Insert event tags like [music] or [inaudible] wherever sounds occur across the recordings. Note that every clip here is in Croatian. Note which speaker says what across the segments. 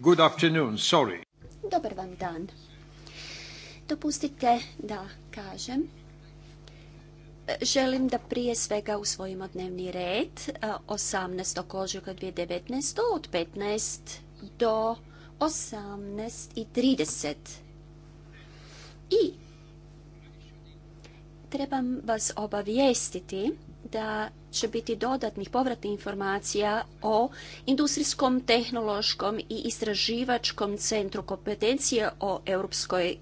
Speaker 1: Good afternoon, sorry.
Speaker 2: Dobar vam dan. Dopustite da kažem želim da prije svega usvojimo dnevni red 18. ožujka 2019. od 15 do 18.30. I trebam vas obavijestiti da će biti dodatnih povratnih informacija o industrijskom, tehnološkom i istraživačkom centru kompetencije o europskoj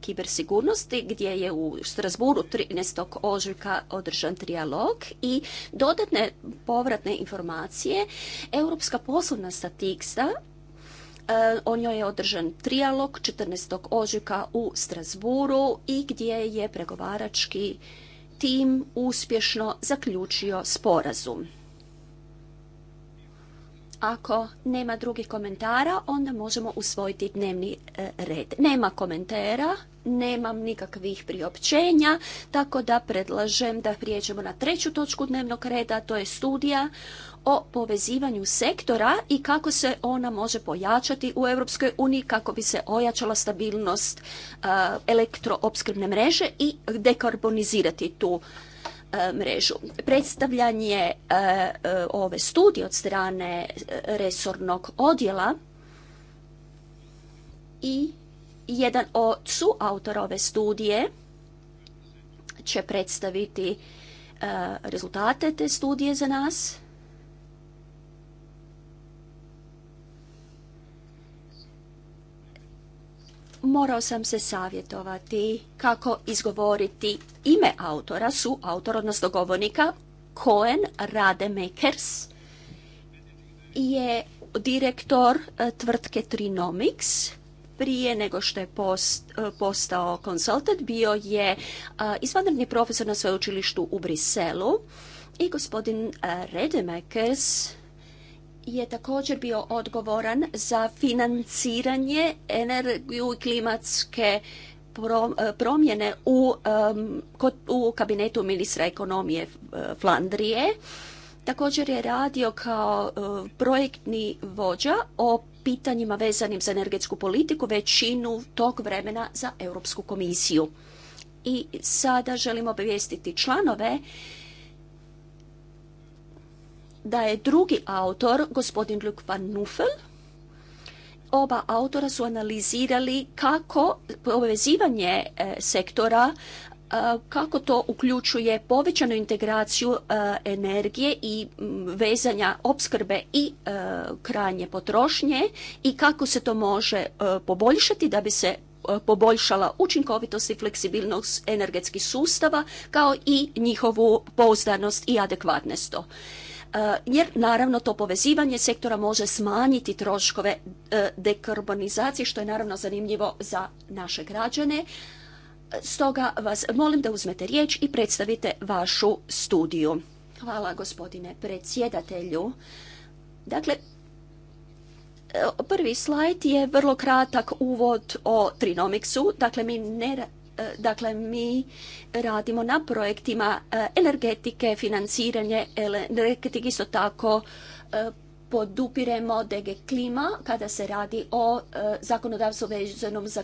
Speaker 2: kibersigurnosti gdje je u Strasburu 13. ožujka održan trijalog i dodatne povratne informacije Europska poslovna statiksta, eh, o njoj je održan trijalog 14. ožujka u Strasburu i gdje je pregovarački tim uspješno zaključio sporazum. Ako nema drugih komentara, onda možemo usvojiti dnevni e, red. Nema komentara, nemam nikakvih priopćenja, tako da predlažem da prijeđemo na treću točku dnevnog reda, to je studija o povezivanju sektora i kako se ona može pojačati u Europskoj uniji kako bi se ojačala stabilnost e, elektroopskrbne mreže i dekarbonizirati tu e, mrežu. Predstavljanje e, ove studije od strane resornog odjela i jedan od suautora ove studije će predstaviti rezultate te studije za nas morao sam se savjetovati kako izgovoriti ime autora, su autor, odnosno govornika, Cohen Rademakers je direktor e, tvrtke Trinomics, prije nego što je e, postao konsultant, bio je e, izvanredni profesor na sveučilištu u Briselu i gospodin Rademakers je također bio odgovoran za financiranje energiju i klimatske e, promjene u, kabinetu ministra ekonomije e, Flandrije. Također je radio kao e, projektni vođa o pitanjima vezanim za energetsku politiku većinu tog vremena za Europsku komisiju. I sada želim obavijestiti članove da je drugi autor, gospodin Luc van Nuffel, oba autora su analizirali kako povezivanje e, sektora e, kako to uključuje povećanu integraciju e, energije i vezanja opskrbe i krajnje potrošnje i kako se to može poboljšati da bi se poboljšala učinkovitost i fleksibilnost energetskih sustava kao i njihovu pouzdanost i adekvatnost. Eh, jer naravno to povezivanje sektora može smanjiti troškove eh, dekarbonizacije, što je naravno zanimljivo za naše građane. Stoga vas molim da uzmete riječ i predstavite vašu studiju. Hvala gospodine predsjedatelju. Dakle, eh, prvi slajd je vrlo kratak uvod o trinomiksu. Dakle, mi ne E, dakle, mi radimo na projektima e, energetike, financiranje energetike, isto tako e, podupiremo DG Klima kada se radi o zakonodavstvu vezanom za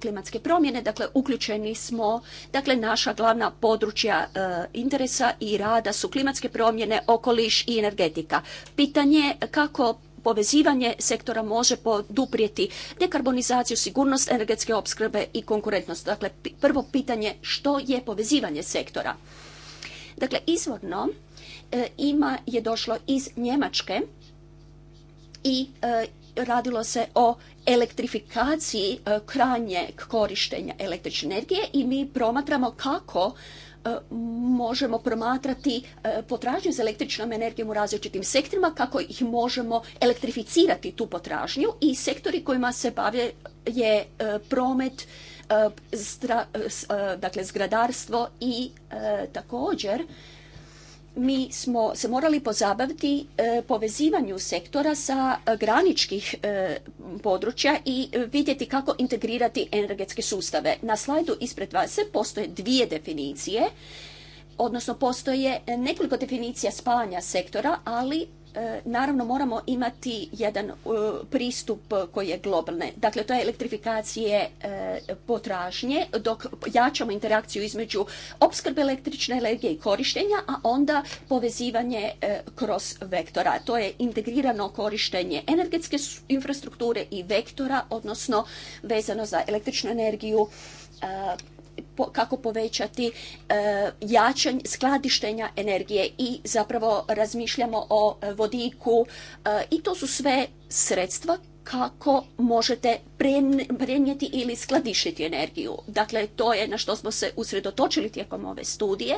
Speaker 2: klimatske promjene. Dakle, uključeni smo, dakle, naša glavna područja interesa i rada su klimatske promjene, okoliš i energetika. Pitanje kako povezivanje sektora može poduprijeti dekarbonizaciju, sigurnost energetske opskrbe i konkurentnost. Dakle, prvo pitanje što je povezivanje sektora? Dakle, izvorno e, ima je došlo iz Njemačke i e, radilo se o elektrifikaciji e, krajnjeg korištenja električne energije i mi promatramo kako E, možemo promatrati e, potražnju za električnom energijom u različitim sektorima, kako ih možemo elektrificirati tu potražnju i sektori kojima se bave je e, promet, dakle zgradarstvo i također mi smo se morali pozabaviti e, povezivanju sektora sa e, graničkih e, područja i vidjeti kako integrirati energetske sustave. Na slajdu ispred vas postoje dvije definicije, odnosno postoje nekoliko definicija spajanja sektora, ali E, naravno moramo imati jedan e, pristup koji je globalne. Dakle, to je elektrifikacije e, potražnje, dok jačamo interakciju između opskrbe električne energije i korištenja, a onda povezivanje kroz vektora. To je integrirano korištenje energetske infrastrukture i vektora, odnosno vezano za električnu energiju, kako povećati e, jačanje skladištenja energije i zapravo razmišljamo o e, vodiku e, i to su sve sredstva kako možete prenijeti ili skladištiti energiju. Dakle, to je na što smo se usredotočili tijekom ove studije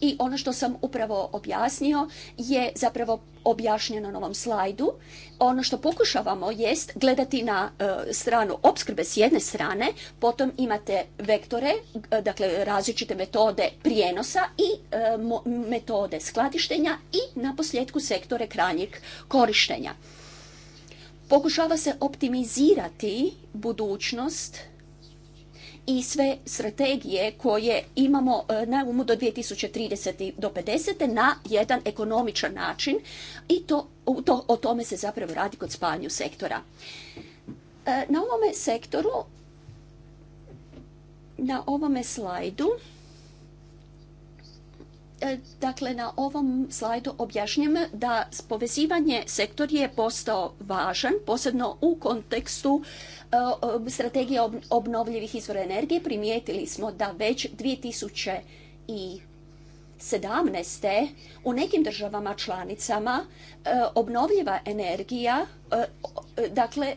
Speaker 2: i ono što sam upravo objasnio je zapravo objašnjeno na ovom slajdu. Ono što pokušavamo jest gledati na e, stranu opskrbe s jedne strane, potom imate vektore, e, dakle različite metode prijenosa i e, metode skladištenja i na posljedku sektore krajnjeg korištenja. Pokušava se optimizirati budućnost i sve strategije koje imamo e, na umu do 2030. do 50. na jedan ekonomičan način i to, to, o tome se zapravo radi kod spajanju sektora. E, na ovome sektoru, na ovome slajdu, e, Dakle, na ovom slajdu objašnjam da povezivanje sektor je postao važan, posebno u kontekstu E, strategije obnovljivih izvora energije primijetili smo da već 2017. u nekim državama članicama e, obnovljiva energija, e, dakle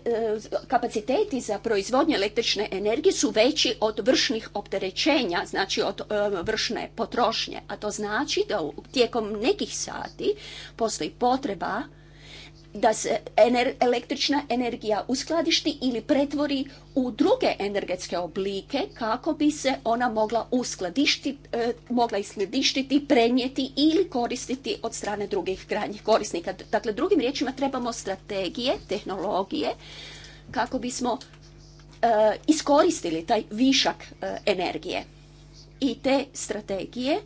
Speaker 2: kapaciteti za proizvodnju električne energije su veći od vršnih opterećenja, znači od vršne potrošnje, a to znači da tijekom nekih sati postoji potreba da se električna energija uskladišti ili pretvori u druge energetske oblike kako bi se ona mogla uskladištiti, e, mogla iskladištiti, prenijeti ili koristiti od strane drugih krajnjih korisnika. Dakle, drugim riječima trebamo strategije, tehnologije kako bismo e, iskoristili taj višak e, energije i te strategije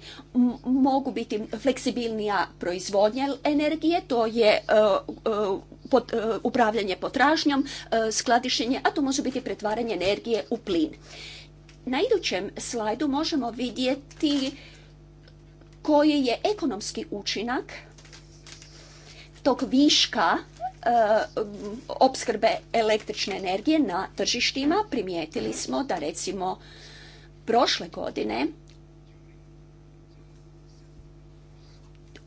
Speaker 2: mogu biti fleksibilnija proizvodnja energije, to je e, e, e, upravljanje potražnjom, skladišenje skladištenje, a to može biti pretvaranje energije u plin. Na idućem slajdu možemo vidjeti koji je ekonomski učinak tog viška opskrbe električne energije na tržištima. Primijetili smo da recimo Prošle godine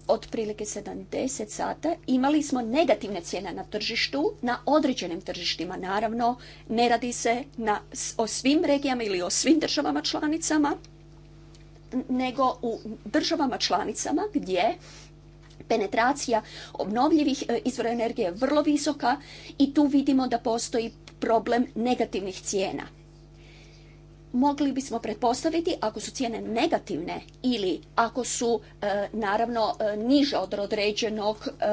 Speaker 2: otprilike 70 sata imali smo negativne cijene na tržištu, na određenim tržištima naravno, ne radi se na, o svim regijama ili o svim državama članicama, nego u državama članicama gdje penetracija obnovljivih e, izvora energije je vrlo visoka i tu vidimo da postoji problem negativnih cijena mogli bismo pretpostaviti ako su cijene negativne ili ako su e, naravno e, niže od određenog e,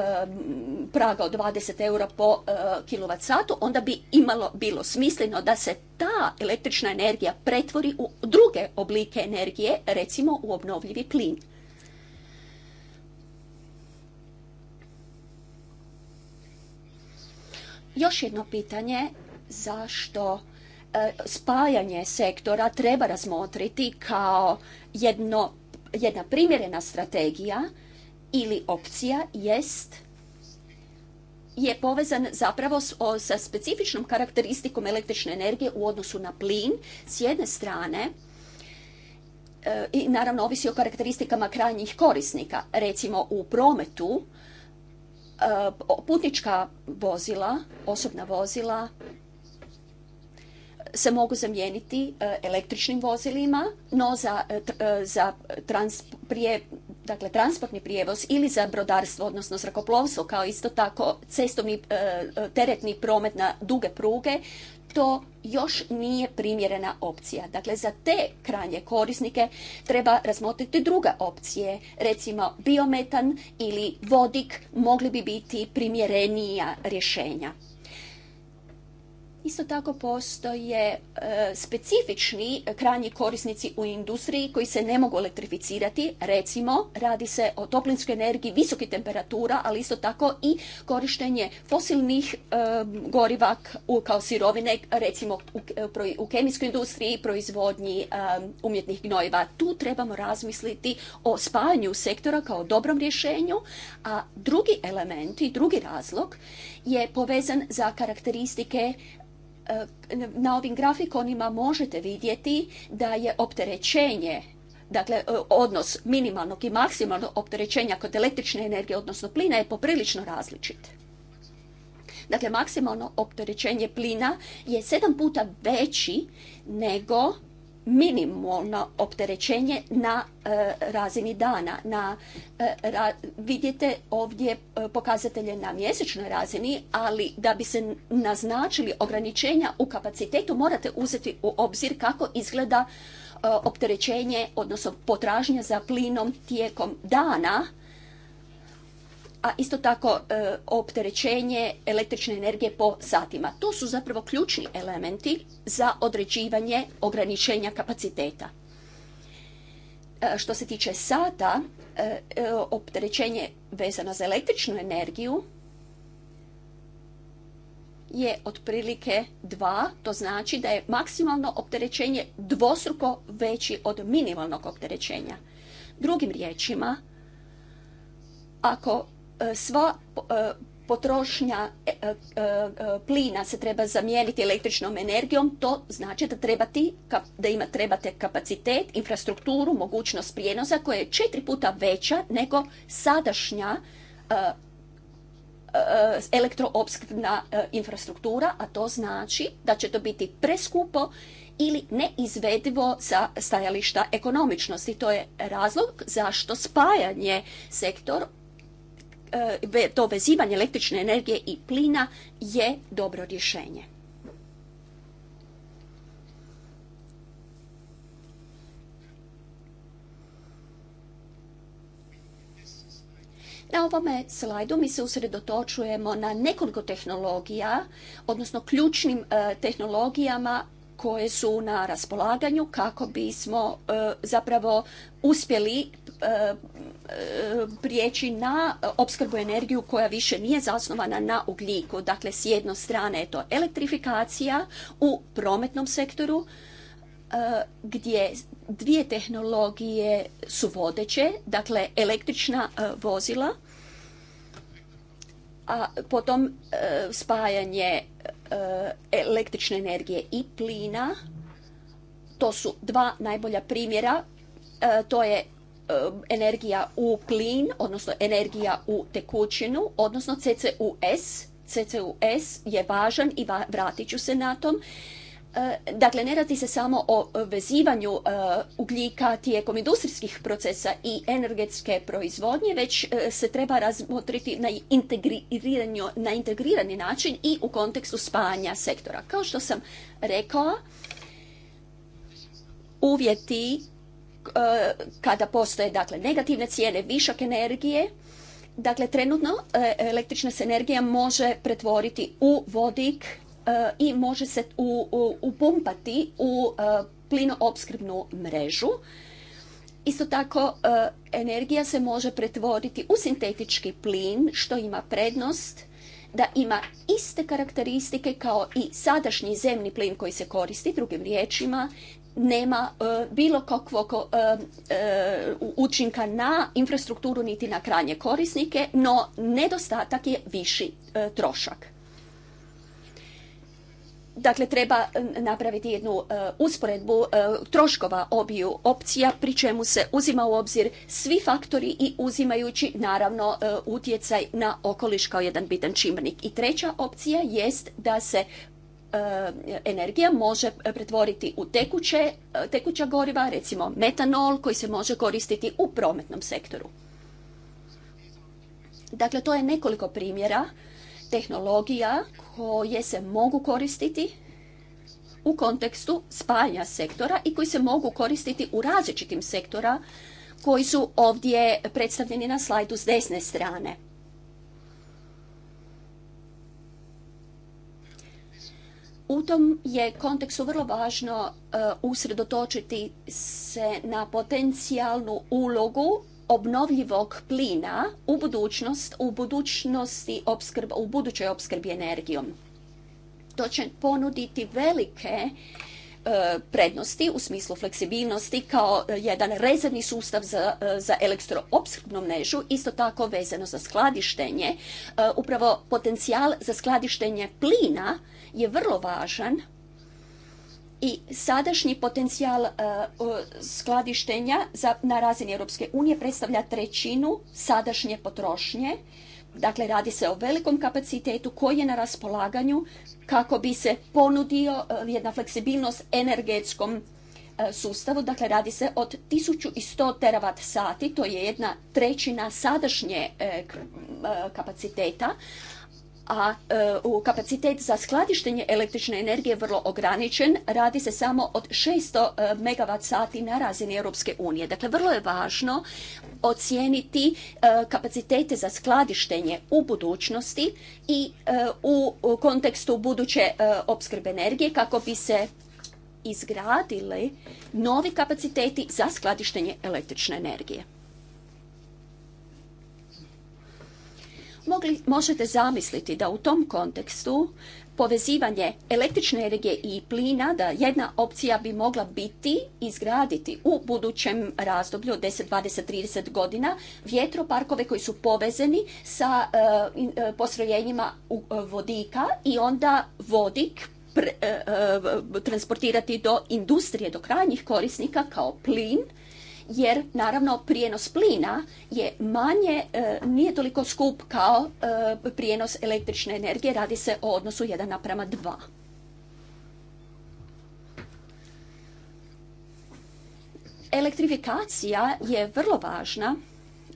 Speaker 2: praga od 20 eura po kilovat satu, onda bi imalo bilo smisleno da se ta električna energija pretvori u druge oblike energije, recimo u obnovljivi plin. Još jedno pitanje, zašto E, spajanje sektora treba razmotriti kao jedno, jedna primjerena strategija ili opcija jest je povezan zapravo sa specifičnom karakteristikom električne energije u odnosu na plin. S jedne strane, e, i naravno ovisi o karakteristikama krajnjih korisnika. Recimo u prometu e, putnička vozila, osobna vozila se mogu zamijeniti e, električnim vozilima, no za, e, e, dakle, transportni prijevoz ili za brodarstvo, odnosno zrakoplovstvo, kao isto tako cestovni teretni promet na duge pruge, to još nije primjerena opcija. Dakle, za te krajnje korisnike treba razmotriti druga opcije. Recimo, biometan ili vodik mogli bi biti primjerenija rješenja. Isto tako postoje e, specifični krajnji korisnici u industriji koji se ne mogu elektrificirati. Recimo, radi se o toplinskoj energiji visokih temperatura, ali isto tako i korištenje fosilnih e, goriva kao sirovine, recimo u, kemijskoj industriji, proizvodnji e, umjetnih gnojeva. Tu trebamo razmisliti o spajanju sektora kao dobrom rješenju, a drugi element i drugi razlog je povezan za karakteristike E, na ovim grafikonima možete vidjeti da je opterećenje dakle e, odnos minimalnog i maksimalnog opterećenja kod električne energije, odnosno plina, je poprilično različit. Dakle, maksimalno opterećenje plina je sedam puta veći nego minimalno opterećenje na e, razini dana. Na, e, vidite ovdje e, pokazatelje na mjesečnoj razini, ali da bi se naznačili ograničenja u kapacitetu morate uzeti u obzir kako izgleda opterećenje, odnosno potražnja za plinom tijekom dana a isto tako e, opterećenje električne energije po satima. To su zapravo ključni elementi za određivanje ograničenja kapaciteta. E, što se tiče sata, e, opterećenje vezano za električnu energiju je otprilike dva, to znači da je maksimalno opterećenje dvosruko veći od minimalnog opterećenja. Drugim riječima, ako E, sva e, potrošnja e, plina se treba zamijeniti električnom energijom, to znači da, trebati, da ima, trebate kapacitet, infrastrukturu, mogućnost prijenosa koja je četiri puta veća nego sadašnja elektroopskrbna infrastruktura, a to znači da će to biti preskupo ili neizvedivo sa stajališta ekonomičnosti. To je razlog zašto spajanje sektor E, to vezivanje električne energije i plina je dobro rješenje. Na ovome slajdu mi se usredotočujemo na nekoliko tehnologija, odnosno ključnim e, tehnologijama koje su na raspolaganju kako bismo e, zapravo uspjeli e, e, prijeći na opskrbu energiju koja više nije zasnovana na ugljiku. Dakle, s jedne strane je to elektrifikacija u prometnom sektoru, gdje dvije tehnologije su vodeće, dakle električna vozila a potom e, spajanje e, električne energije i plina. To su dva najbolja primjera. E, to je energija u plin, odnosno energija u tekućinu, odnosno CCUS. CCUS je važan i vratit ću se na tom. E, dakle, ne radi se samo o vezivanju e, ugljika tijekom industrijskih procesa i energetske proizvodnje, već e, se treba razmotriti na, integrirani način i u kontekstu spajanja sektora. Kao što sam rekla, uvjeti kada postoje dakle, negativne cijene, višak energije, Dakle, trenutno električna se energija može pretvoriti u vodik E, i može se upumpati u e, plinoopskrbnu mrežu. Isto tako, e, energija se može pretvoriti u sintetički plin, što ima prednost da ima iste karakteristike kao i sadašnji zemni plin koji se koristi, drugim riječima, nema bilo kakvog učinka na infrastrukturu niti na krajnje korisnike, no nedostatak je viši trošak. Dakle, treba e, napraviti jednu e, usporedbu e, troškova obiju opcija, pri čemu se uzima u obzir svi faktori i uzimajući naravno utjecaj na okoliš kao jedan bitan čimbenik. I treća opcija jest da se energija može pretvoriti u tekuća goriva, recimo metanol koji se može koristiti u prometnom sektoru. Dakle, to je nekoliko primjera tehnologija koje se mogu koristiti u kontekstu spajanja sektora i koji se mogu koristiti u različitim sektora koji su ovdje predstavljeni na slajdu s desne strane. U tom je kontekstu vrlo važno e, usredotočiti se na potencijalnu ulogu obnovljivog plina u budućnost, u budućnosti obskrb, u budućoj opskrbi energijom. To će ponuditi velike e, prednosti u smislu fleksibilnosti kao jedan rezervni sustav za, e, za elektroopskrbnu mrežu, isto tako vezano za skladištenje. E, upravo potencijal za skladištenje plina je vrlo važan i sadašnji potencijal e, skladištenja na razini Europske unije predstavlja trećinu sadašnje potrošnje. Dakle, radi se o velikom kapacitetu koji je na raspolaganju kako bi se ponudio e, jedna fleksibilnost energetskom e, sustavu. Dakle, radi se od 1100 teravat sati, to je jedna trećina sadašnje kapaciteta, a e, u kapacitet za skladištenje električne energije je vrlo ograničen. Radi se samo od 600 e, MW sati na razini Europske unije. Dakle, vrlo je važno ocijeniti e, kapacitete za skladištenje u budućnosti i u, u kontekstu buduće opskrbe energije kako bi se izgradili novi kapaciteti za skladištenje električne energije. možete zamisliti da u tom kontekstu povezivanje električne energije i plina, da jedna opcija bi mogla biti izgraditi u budućem razdoblju od 10, 20, 30 godina vjetroparkove koji su povezani sa e, e, postrojenjima e, vodika i onda vodik transportirati do industrije, do krajnjih korisnika kao plin jer naravno prijenos plina je manje, e, nije toliko skup kao e, prijenos električne energije, radi se o odnosu 1 naprama 2. Elektrifikacija je vrlo važna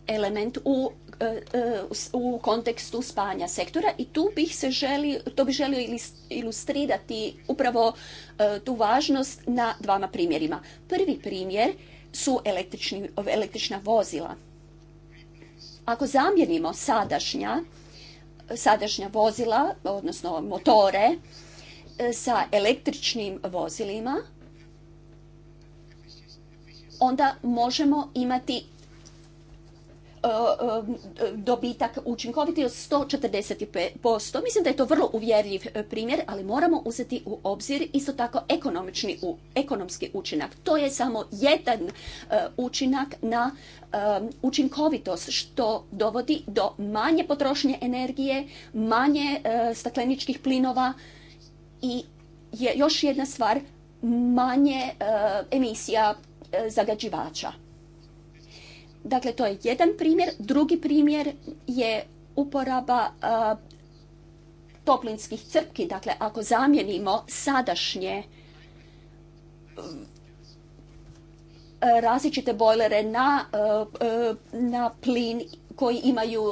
Speaker 2: element u, e, u kontekstu spanja sektora i tu bih se želi, to bi želio ilustrirati upravo tu važnost na dvama primjerima. Prvi primjer su električni, električna vozila. Ako zamijenimo sadašnja, sadašnja vozila, odnosno motore, e, sa električnim vozilima, onda možemo imati E, e, dobitak učinkoviti od 140%. Mislim da je to vrlo uvjerljiv e, primjer, ali moramo uzeti u obzir isto tako ekonomični, ekonomski učinak. To je samo jedan učinak na učinkovitost što dovodi do manje potrošnje energije, manje stakleničkih plinova i je još jedna stvar manje emisija zagađivača. Dakle, to je jedan primjer. Drugi primjer je uporaba e, toplinskih crpki. Dakle, ako zamijenimo sadašnje e, različite bojlere e, na plin koji imaju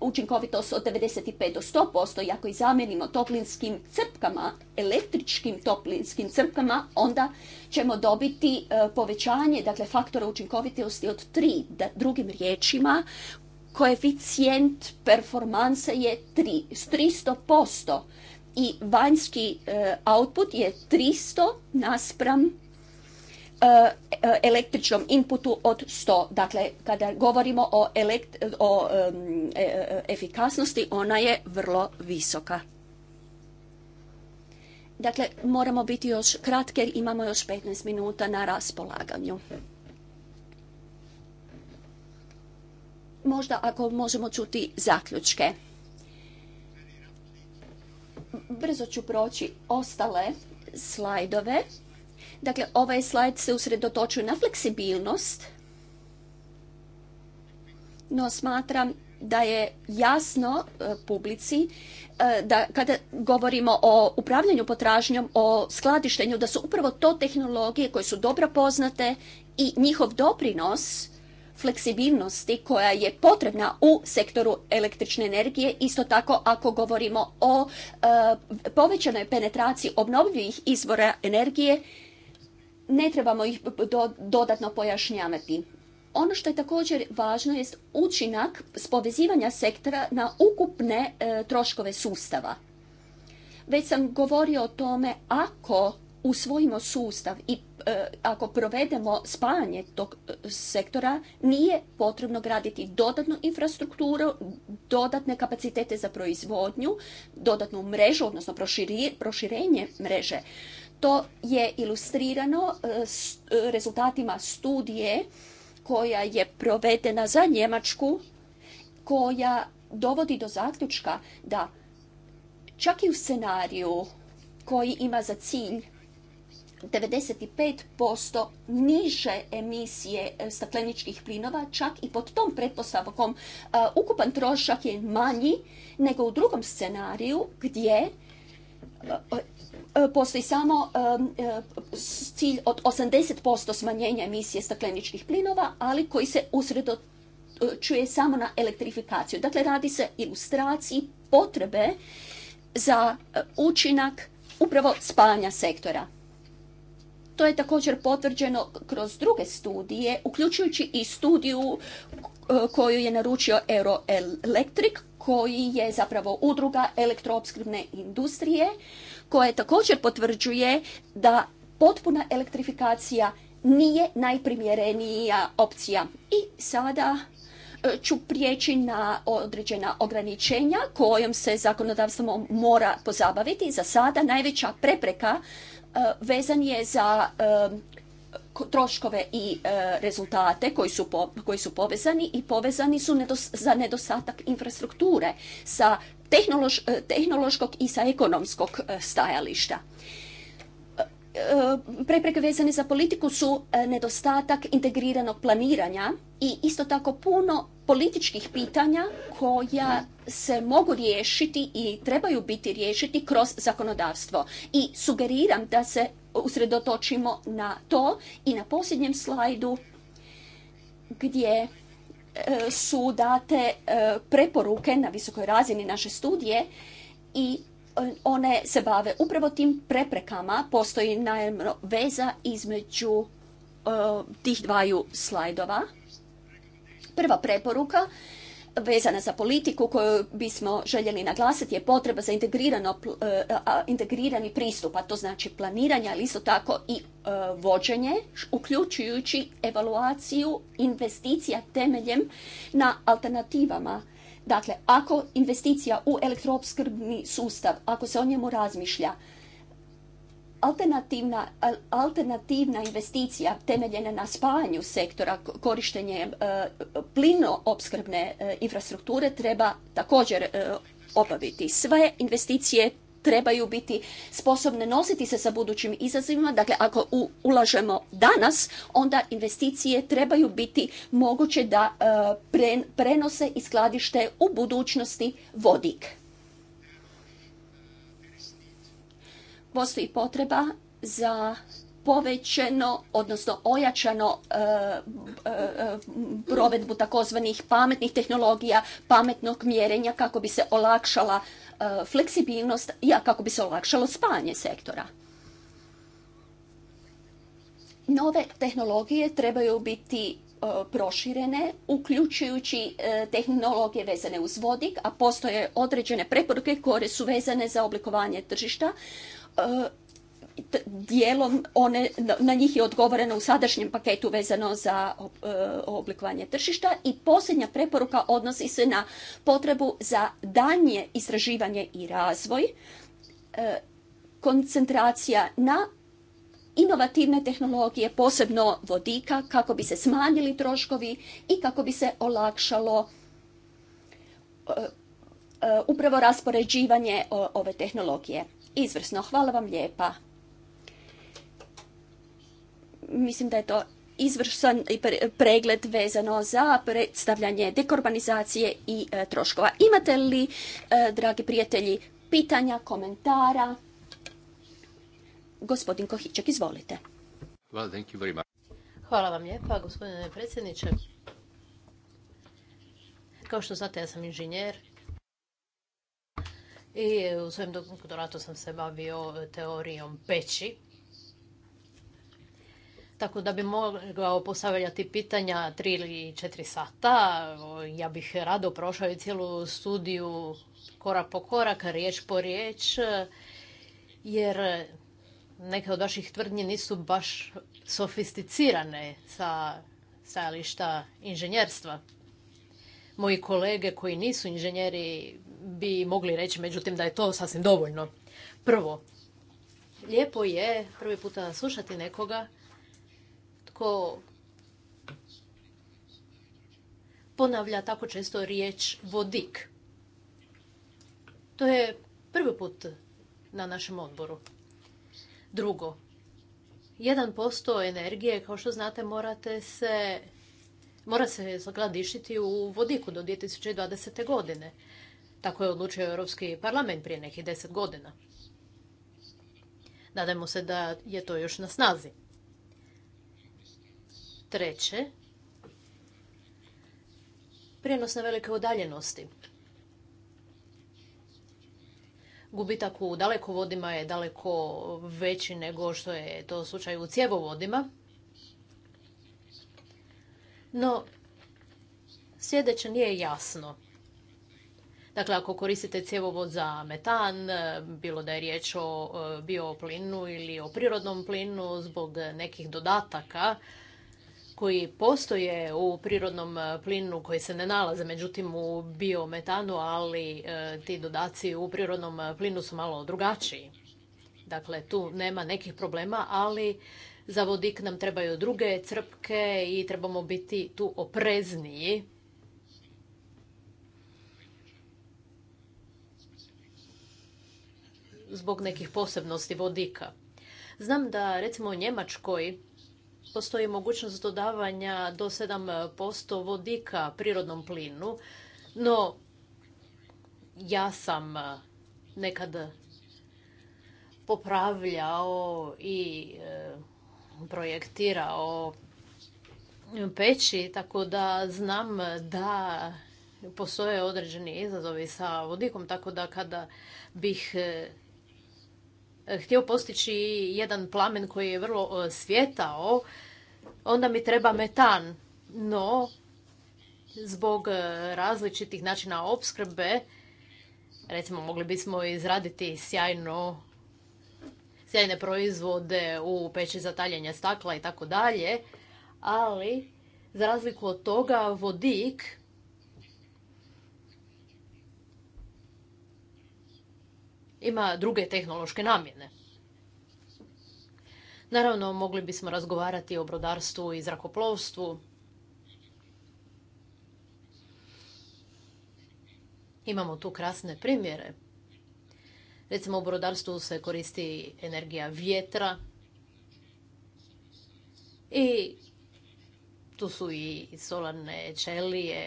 Speaker 2: učinkovitost od 95 do 100% i ako ih zamenimo toplinskim crpkama, električkim toplinskim crpkama, onda ćemo dobiti e, povećanje dakle, faktora učinkovitosti od 3. drugim riječima, koeficijent performansa je 3, 300% i vanjski e, output je 300 naspram E, e, električnom inputu od 100. Dakle, kada govorimo o, e, efikasnosti, ona je vrlo visoka. Dakle, moramo biti još kratke imamo još 15 minuta na raspolaganju. Možda ako možemo čuti zaključke. Brzo ću proći ostale slajdove. Dakle, ovaj slajd se usredotočuje na fleksibilnost, no smatram da je jasno e, publici e, da kada govorimo o upravljanju potražnjom, o skladištenju, da su upravo to tehnologije koje su dobro poznate i njihov doprinos fleksibilnosti koja je potrebna u sektoru električne energije. Isto tako ako govorimo o e, povećanoj penetraciji obnovljivih izvora energije, ne trebamo ih dodatno pojašnjavati. Ono što je također važno jest učinak spovezivanja sektora na ukupne e, troškove sustava. Već sam govorio o tome ako usvojimo sustav i e, ako provedemo spajanje tog e, sektora, nije potrebno graditi dodatnu infrastrukturu, dodatne kapacitete za proizvodnju, dodatnu mrežu, odnosno proširenje mreže. To je ilustrirano e, e, rezultatima studije koja je provedena za Njemačku, koja dovodi do zaključka da čak i u scenariju koji ima za cilj 95% niže emisije e, stakleničkih plinova, čak i pod tom pretpostavkom ukupan trošak je manji nego u drugom scenariju gdje E, e, postoji samo e, cilj od 80% smanjenja emisije stakleničkih plinova, ali koji se usredočuje samo na elektrifikaciju. Dakle, radi se ilustraciji potrebe za učinak upravo spajanja sektora. To je također potvrđeno kroz druge studije, uključujući i studiju E, koju je naručio Euroelectric koji je zapravo udruga elektroopskrbne industrije koja također potvrđuje da potpuna elektrifikacija nije najprimjerenija opcija. I sada e, ću prijeći na određena ograničenja kojom se zakonodavstvo mora pozabaviti. Za sada najveća prepreka e, vezan je za troškove i e, rezultate koji su, povezani i povezani su za nedostatak infrastrukture sa e, tehnološkog i sa ekonomskog e, stajališta. Prepreke vezane za politiku su nedostatak integriranog planiranja i isto tako puno političkih pitanja koja se mogu riješiti i trebaju biti riješiti kroz zakonodavstvo. I sugeriram da se usredotočimo na to. I na posljednjem slajdu gdje e, su date e, preporuke na visokoj razini naše studije i e, one se bave upravo tim preprekama. Postoji najemno veza između tih dvaju slajdova. Prva preporuka vezana za politiku koju bismo željeli naglasiti je potreba za integrirano, e, integrirani pristup, a to znači planiranje, ali isto tako i e, vođenje, uključujući evaluaciju investicija temeljem na alternativama. Dakle, ako investicija u elektroopskrbni sustav, ako se o njemu razmišlja, Alternativna, alternativna investicija temeljena na spajanju sektora korištenjem e, plino e, infrastrukture treba također e, obaviti. Sve investicije trebaju biti sposobne nositi se sa budućim izazivima. Dakle, ako ulažemo danas, onda investicije trebaju biti moguće da prenose i skladište u budućnosti vodik. postoji potreba za povećeno, odnosno ojačano e, e, provedbu takozvanih pametnih tehnologija, pametnog mjerenja kako bi se olakšala e, fleksibilnost i kako bi se olakšalo spanje sektora. Nove tehnologije trebaju biti proširene, uključujući tehnologije vezane uz vodik, a postoje određene preporuke koje su vezane za oblikovanje tržišta dijelom one, na njih je odgovoreno u sadašnjem paketu vezano za e, oblikovanje tržišta i posljednja preporuka odnosi se na potrebu za danje istraživanje i razvoj, e, koncentracija na inovativne tehnologije, posebno vodika, kako bi se smanjili troškovi i kako bi se olakšalo e, upravo raspoređivanje ove tehnologije izvrsno. Hvala vam lijepa. Mislim da je to izvršan pregled vezano za predstavljanje dekorbanizacije i e, troškova. Imate li, e, dragi prijatelji, pitanja, komentara? Gospodin Kohičak, izvolite. Hvala vam lijepa,
Speaker 1: gospodine predsjedniče. Kao što znate, ja sam inženjer i u svojem doktoratu sam se bavio e, teorijom peći. Tako da bi mogao postavljati pitanja tri ili četiri sata. Ja bih rado prošao i cijelu studiju korak po korak, riječ po riječ, jer neke od vaših tvrdnji nisu baš sofisticirane sa stajališta inženjerstva moji kolege koji nisu inženjeri bi mogli reći, međutim, da je to sasvim dovoljno. Prvo, lijepo je prvi puta slušati nekoga tko ponavlja tako često riječ vodik. To je prvi put na našem odboru. Drugo, 1% energije, kao što znate, morate se mora se zagladišiti u vodiku do 2020. godine. Tako je odlučio Europski parlament prije nekih deset godina. Nadajmo se da je to još na snazi. Treće, prijenos na velike udaljenosti. Gubitak u dalekovodima je daleko veći nego što je to slučaj u cjevovodima. No, sljedeće nije jasno. Dakle, ako koristite cjevovod za metan, e, bilo da je riječ o e, bioplinu ili o prirodnom plinu zbog nekih dodataka koji postoje u prirodnom e, plinu koji se ne nalaze međutim u biometanu, ali ti dodaci u prirodnom plinu su malo drugačiji. Dakle, tu nema nekih problema, ali za vodik nam trebaju druge crpke i trebamo biti tu oprezniji. Zbog nekih posebnosti vodika. Znam da recimo u Njemačkoj postoji mogućnost dodavanja do 7% vodika prirodnom plinu, no ja sam nekad popravljao i e, projektirao peći, tako da znam da postoje određeni izazovi sa vodikom, tako da kada bih e, htio postići jedan plamen koji je vrlo e, svjetao, onda mi treba metan. No, zbog e, različitih načina opskrbe, recimo mogli bismo izraditi sjajno sjajne proizvode u peći za taljenje stakla i tako dalje, ali za razliku od toga vodik ima druge tehnološke namjene. Naravno, mogli bismo razgovarati o brodarstvu i zrakoplovstvu. Imamo tu krasne primjere. Recimo u brodarstvu se koristi energija vjetra i tu su i solarne čelije,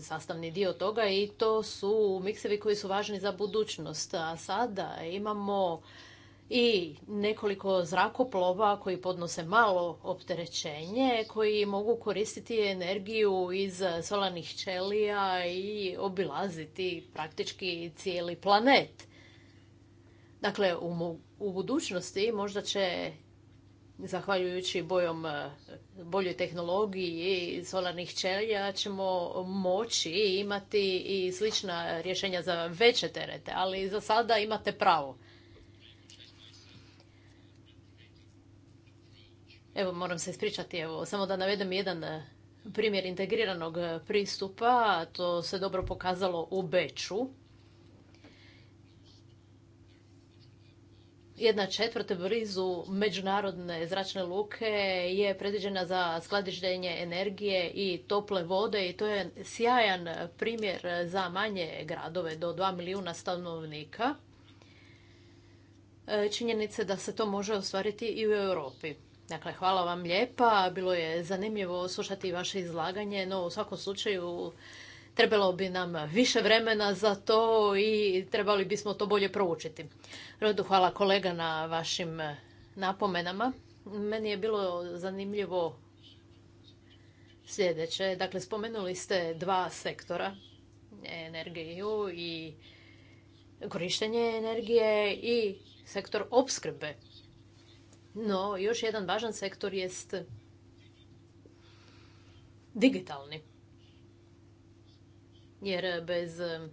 Speaker 1: sastavni dio toga i to su miksevi koji su važni za budućnost. A sada imamo i nekoliko zrakoplova koji podnose malo opterećenje, koji mogu koristiti energiju iz solarnih čelija i obilaziti praktički cijeli planet. Dakle, u, u budućnosti možda će zahvaljujući bojom, e, boljoj tehnologiji solarnih ćelija ćemo moći imati i slična rješenja za veće terete, ali za sada imate pravo. Evo, moram se ispričati, evo, samo da navedem jedan e, primjer integriranog pristupa, to se dobro pokazalo u Beču. jedna četvrta brizu međunarodne zračne luke je predviđena za skladištenje energije i tople vode i to je sjajan primjer za manje gradove do 2 milijuna stanovnika. E, Činjenice da se to može ostvariti i u Europi. Dakle, hvala vam lijepa. Bilo je zanimljivo slušati vaše izlaganje, no u svakom slučaju Trebalo bi nam više vremena za to i trebali bismo to bolje proučiti. Rodu hvala kolega na vašim napomenama. Meni je bilo zanimljivo sljedeće. Dakle, spomenuli ste dva sektora, energiju i korištenje energije i sektor opskrbe. No, još jedan važan sektor jest digitalni jer e, bez e,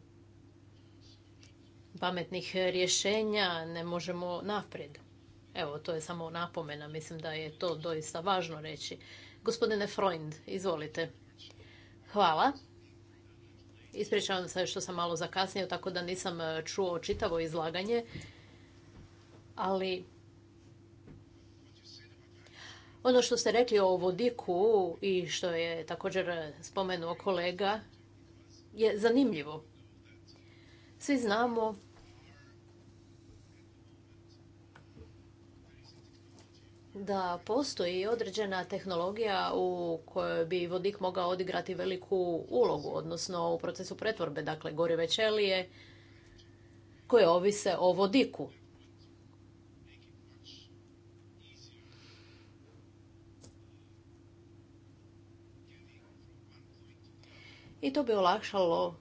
Speaker 1: pametnih e, rješenja ne možemo naprijed. Evo, to je samo napomena, mislim da je to doista važno reći. Gospodine Freund, izvolite. Hvala. Ispričavam se što sam malo zakasnio, tako da nisam čuo čitavo izlaganje. Ali ono što ste rekli o vodiku i što je također spomenuo kolega je zanimljivo. Svi znamo da postoji određena tehnologija u kojoj bi vodik mogao odigrati veliku ulogu, odnosno u procesu pretvorbe, dakle gorive ćelije koje ovise o vodiku. i to bi olakšalo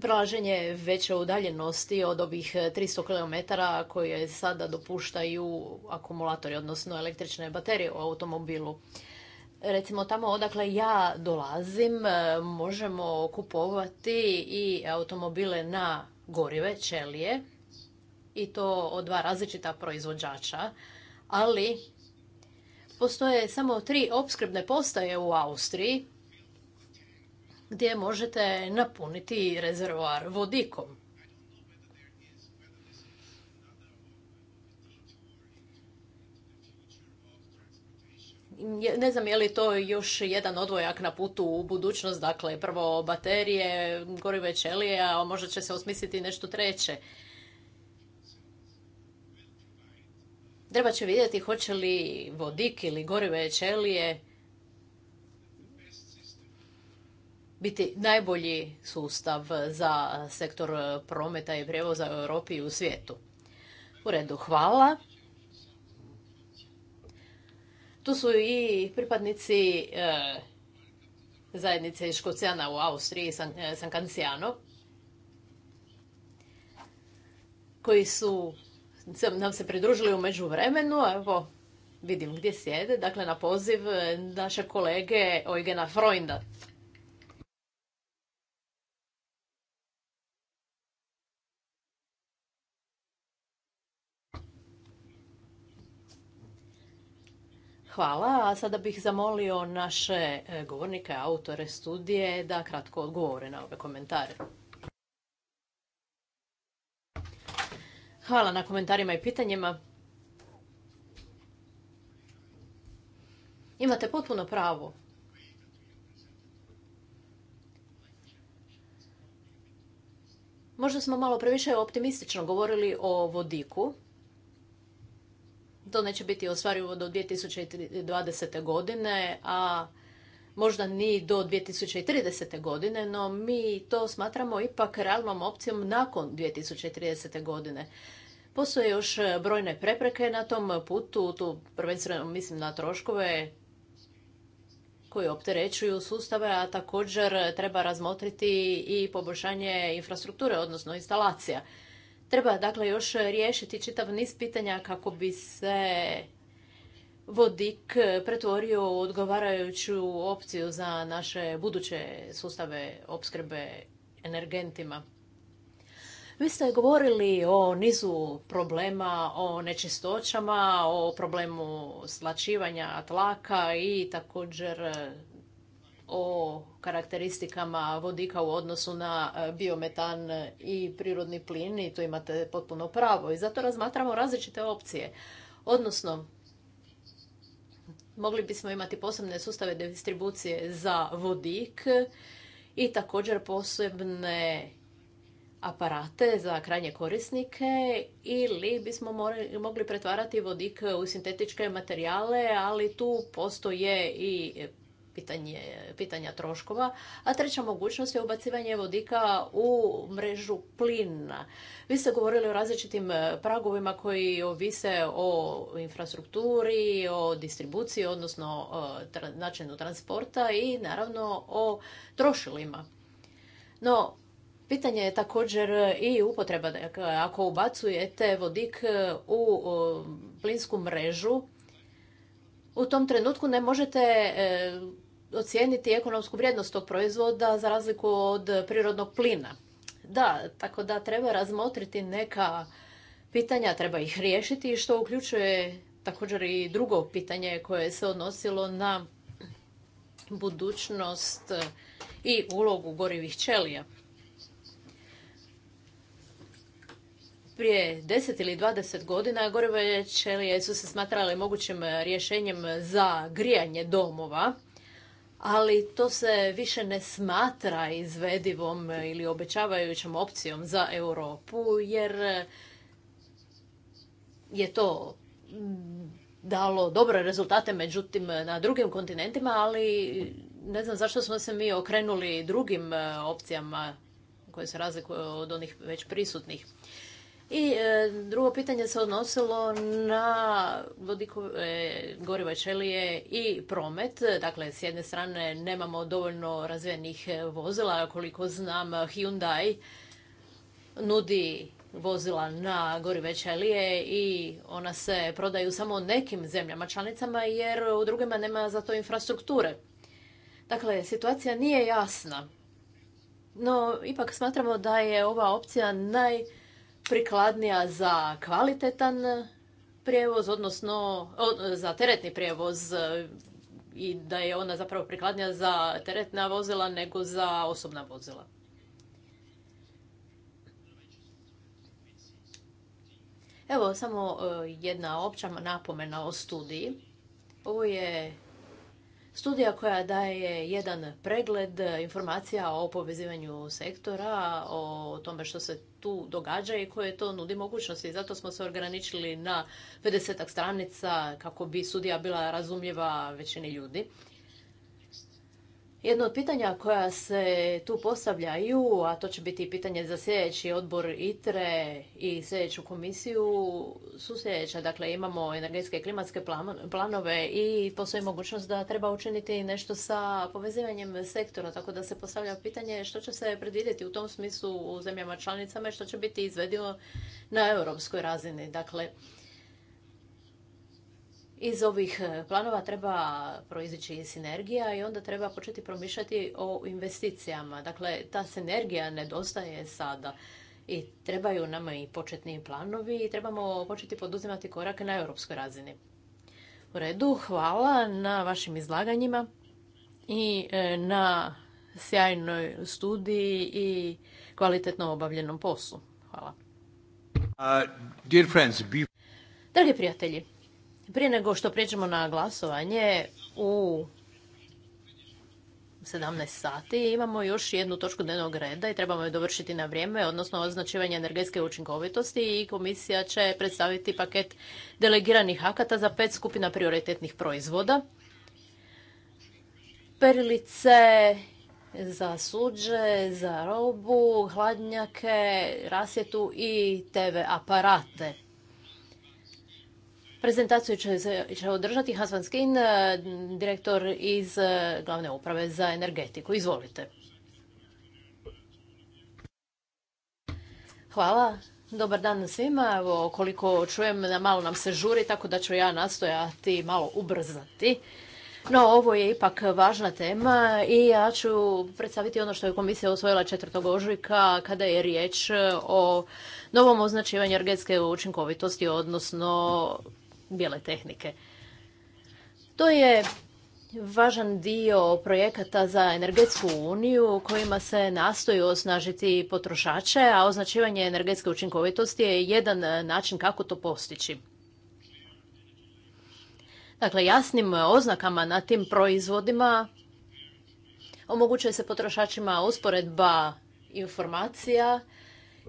Speaker 1: prelaženje veće udaljenosti od ovih 300 km koje sada dopuštaju akumulatori, odnosno električne baterije u automobilu. Recimo tamo odakle ja dolazim e, možemo kupovati i automobile na gorive, čelije i to od dva različita proizvođača, ali postoje samo tri opskrbne postaje u Austriji gdje možete napuniti rezervoar vodikom. ne znam je li to još jedan odvojak na putu u budućnost, dakle prvo baterije, gorive čelije, a možda će se osmisliti nešto treće. Treba će vidjeti hoće li vodik ili gorive čelije biti najbolji sustav za sektor prometa i prijevoza u Europi i u svijetu. U redu, hvala. Tu su i pripadnici e, zajednice zajednice Škocijana u Austriji, San, e, San koji su nam se pridružili u međuvremenu. Evo, vidim gdje sjede, dakle na poziv e, naše kolege Eugena Freunda. Hvala, a sada bih zamolio naše e, govornike, autore studije da kratko odgovore na ove komentare. Hvala na komentarima i pitanjima. Imate potpuno pravo. Možda smo malo previše optimistično govorili o vodiku. To neće biti ostvarivo do 2020. godine, a možda ni do 2030. godine, no mi to smatramo ipak realnom opcijom nakon 2030. godine. Postoje još brojne prepreke na tom putu, tu prvenstveno mislim na troškove koji opterećuju sustave, a također treba razmotriti i poboljšanje infrastrukture, odnosno instalacija. Treba dakle još riješiti čitav niz pitanja kako bi se vodik eh, pretvorio odgovarajuću opciju za naše buduće sustave opskrbe energentima. Vi ste govorili o nizu problema, o nečistoćama, o problemu slačivanja tlaka i također eh, o karakteristikama vodika u odnosu na eh, biometan i prirodni plin i tu imate potpuno pravo i zato razmatramo različite opcije. Odnosno, Mogli bismo imati posebne sustave distribucije za vodik i također posebne aparate za krajnje korisnike ili bismo mogli pretvarati vodik u sintetičke materijale, ali tu postoje i pitanje, pitanja troškova, a treća mogućnost je ubacivanje vodika u mrežu plina. Vi ste govorili o različitim e, pragovima koji ovise o infrastrukturi, o distribuciji, odnosno e, načinu transporta i naravno o trošilima. No, Pitanje je također i upotreba. Dakle, ako ubacujete vodik e, u plinsku mrežu, u tom trenutku ne možete ocijeniti ekonomsku vrijednost tog proizvoda za razliku od prirodnog plina. Da, tako da treba razmotriti neka pitanja, treba ih riješiti, i što uključuje također i drugo pitanje koje se odnosilo na budućnost i ulogu gorivih ćelija. Prije 10 ili 20 godina gorive ćelije su se smatrale mogućim rješenjem za grijanje domova, ali to se više ne smatra izvedivom ili obećavajućom opcijom za Europu, jer je to mm, dalo dobre rezultate, međutim, na drugim kontinentima, ali ne znam zašto smo se mi okrenuli drugim e, opcijama koje se razlikuju od onih već prisutnih. I e, drugo pitanje se odnosilo na vodikove e, goriva čelije i promet. Dakle, s jedne strane nemamo dovoljno razvijenih vozila, koliko znam Hyundai nudi vozila na gorive čelije i ona se prodaju samo nekim zemljama članicama jer u drugima nema za to infrastrukture. Dakle, situacija nije jasna. No, ipak smatramo da je ova opcija naj prikladnija za kvalitetan prijevoz, odnosno za teretni prijevoz e, i da je ona zapravo prikladnija za teretna vozila nego za osobna vozila. Evo samo e, jedna opća napomena o studiji. Ovo je Studija koja daje jedan pregled informacija o povezivanju sektora, o tome što se tu događa i koje to nudi mogućnosti. Zato smo se ograničili na 50 stranica kako bi studija bila razumljiva većini ljudi. Jedno od pitanja koja se tu postavljaju, a to će biti pitanje za sljedeći odbor ITRE i sljedeću komisiju, su sljedeća. Dakle, imamo energetske i klimatske planove i postoji mogućnost da treba učiniti nešto sa povezivanjem sektora, tako da se postavlja pitanje što će se predvidjeti u tom smislu u zemljama članicama i što će biti izvedivo na europskoj razini. Dakle, iz ovih e, planova treba proizići i sinergija i onda treba početi promišljati o investicijama. Dakle, ta sinergija nedostaje sada i trebaju nama i početni planovi i trebamo početi poduzimati korake na europskoj razini. U redu, hvala na vašim izlaganjima i e, na sjajnoj studiji i kvalitetno obavljenom poslu. Hvala. Uh, Dragi prijatelji, prije nego što prijeđemo na glasovanje, u 17 sati imamo još jednu točku dnevnog reda i trebamo je dovršiti na vrijeme, odnosno označivanje energetske učinkovitosti i komisija će predstaviti paket delegiranih akata za pet skupina prioritetnih proizvoda. Perilice, za suđe, za robu, hladnjake, rasjetu i TV aparate. Prezentaciju će, se, održati Hasvan Skin, e, direktor iz e, glavne uprave za energetiku. Izvolite. Hvala. Dobar dan svima. Evo, koliko čujem, malo nam se žuri, tako da ću ja nastojati malo ubrzati. No, ovo je ipak važna tema i ja ću predstaviti ono što je komisija osvojila 4. ožujka kada je riječ o novom označivanju energetske učinkovitosti, odnosno bijele tehnike. To je važan dio projekata za energetsku uniju kojima se nastoji osnažiti potrošače, a označivanje energetske učinkovitosti je jedan e, način kako to postići. Dakle, jasnim oznakama na tim proizvodima omogućuje se potrošačima usporedba informacija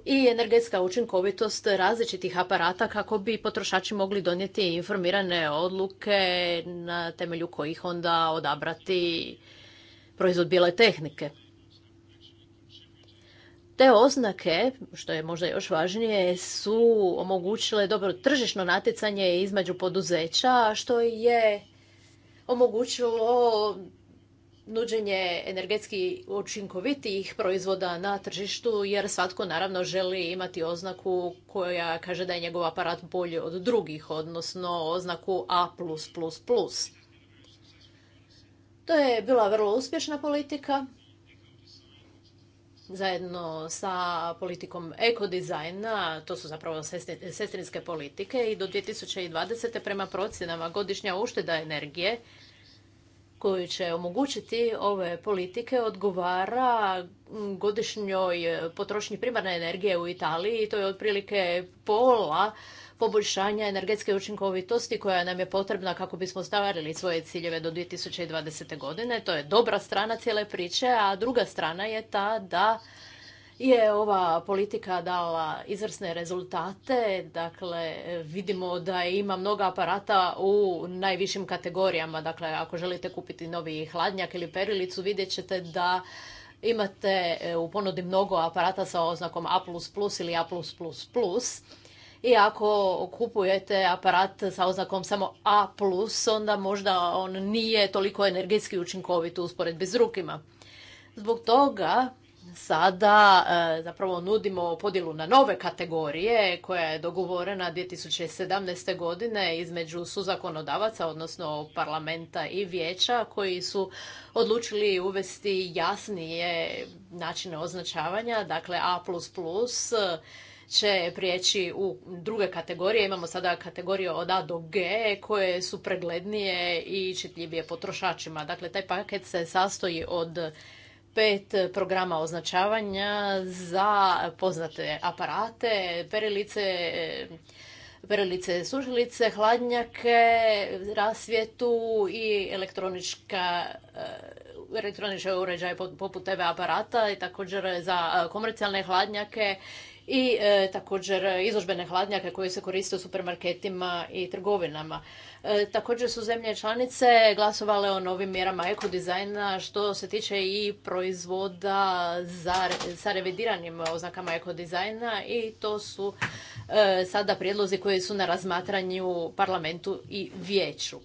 Speaker 1: i energetska učinkovitost različitih aparata kako bi potrošači mogli donijeti informirane odluke na temelju kojih onda odabrati proizvod bile tehnike. Te oznake, što je možda još važnije, su omogućile dobro tržišno natjecanje između poduzeća, što je omogućilo nuđenje energetski učinkovitijih proizvoda na tržištu, jer svatko naravno želi imati oznaku koja kaže da je njegov aparat bolji od drugih, odnosno oznaku A++. To je bila vrlo uspješna politika, zajedno sa politikom ekodizajna, to su zapravo sestrinske politike, i do 2020. prema procjenama godišnja ušteda energije koju će omogućiti ove politike odgovara mm, godišnjoj e, potrošnji primarne energije u Italiji i to je otprilike pola poboljšanja energetske učinkovitosti koja nam je potrebna kako bismo ostvarili svoje ciljeve do 2020. godine. To je dobra strana cijele priče, a druga strana je ta da je ova politika dala izvrsne rezultate, dakle vidimo da ima mnogo aparata u najvišim kategorijama, dakle ako želite kupiti novi hladnjak ili perilicu vidjet ćete da imate e, u ponudi mnogo aparata sa oznakom A++ ili A++++. I ako kupujete aparat sa oznakom samo A+, onda možda on nije toliko energetski učinkovit u usporedbi s drugima. Zbog toga sada e, zapravo nudimo podjelu na nove kategorije koja je dogovorena 2017. godine između suzakonodavaca, odnosno parlamenta i vijeća koji su odlučili uvesti jasnije načine označavanja, dakle A++ će prijeći u druge kategorije. Imamo sada kategorije od A do G koje su preglednije i čitljivije potrošačima. Dakle, taj paket se sastoji od pet programa označavanja za poznate aparate, perilice, perilice sužilice, hladnjake, rasvjetu i elektronička e, elektroničke uređaje poput TV aparata i također za e, komercijalne hladnjake i e, također izložbene hladnjake koje se koriste u supermarketima i trgovinama. E, također su zemlje članice glasovale o novim mjerama ekodizajna što se tiče i proizvoda za, sa revidiranim oznakama ekodizajna i to su e, sada prijedlozi koji su na razmatranju parlamentu i vijeću.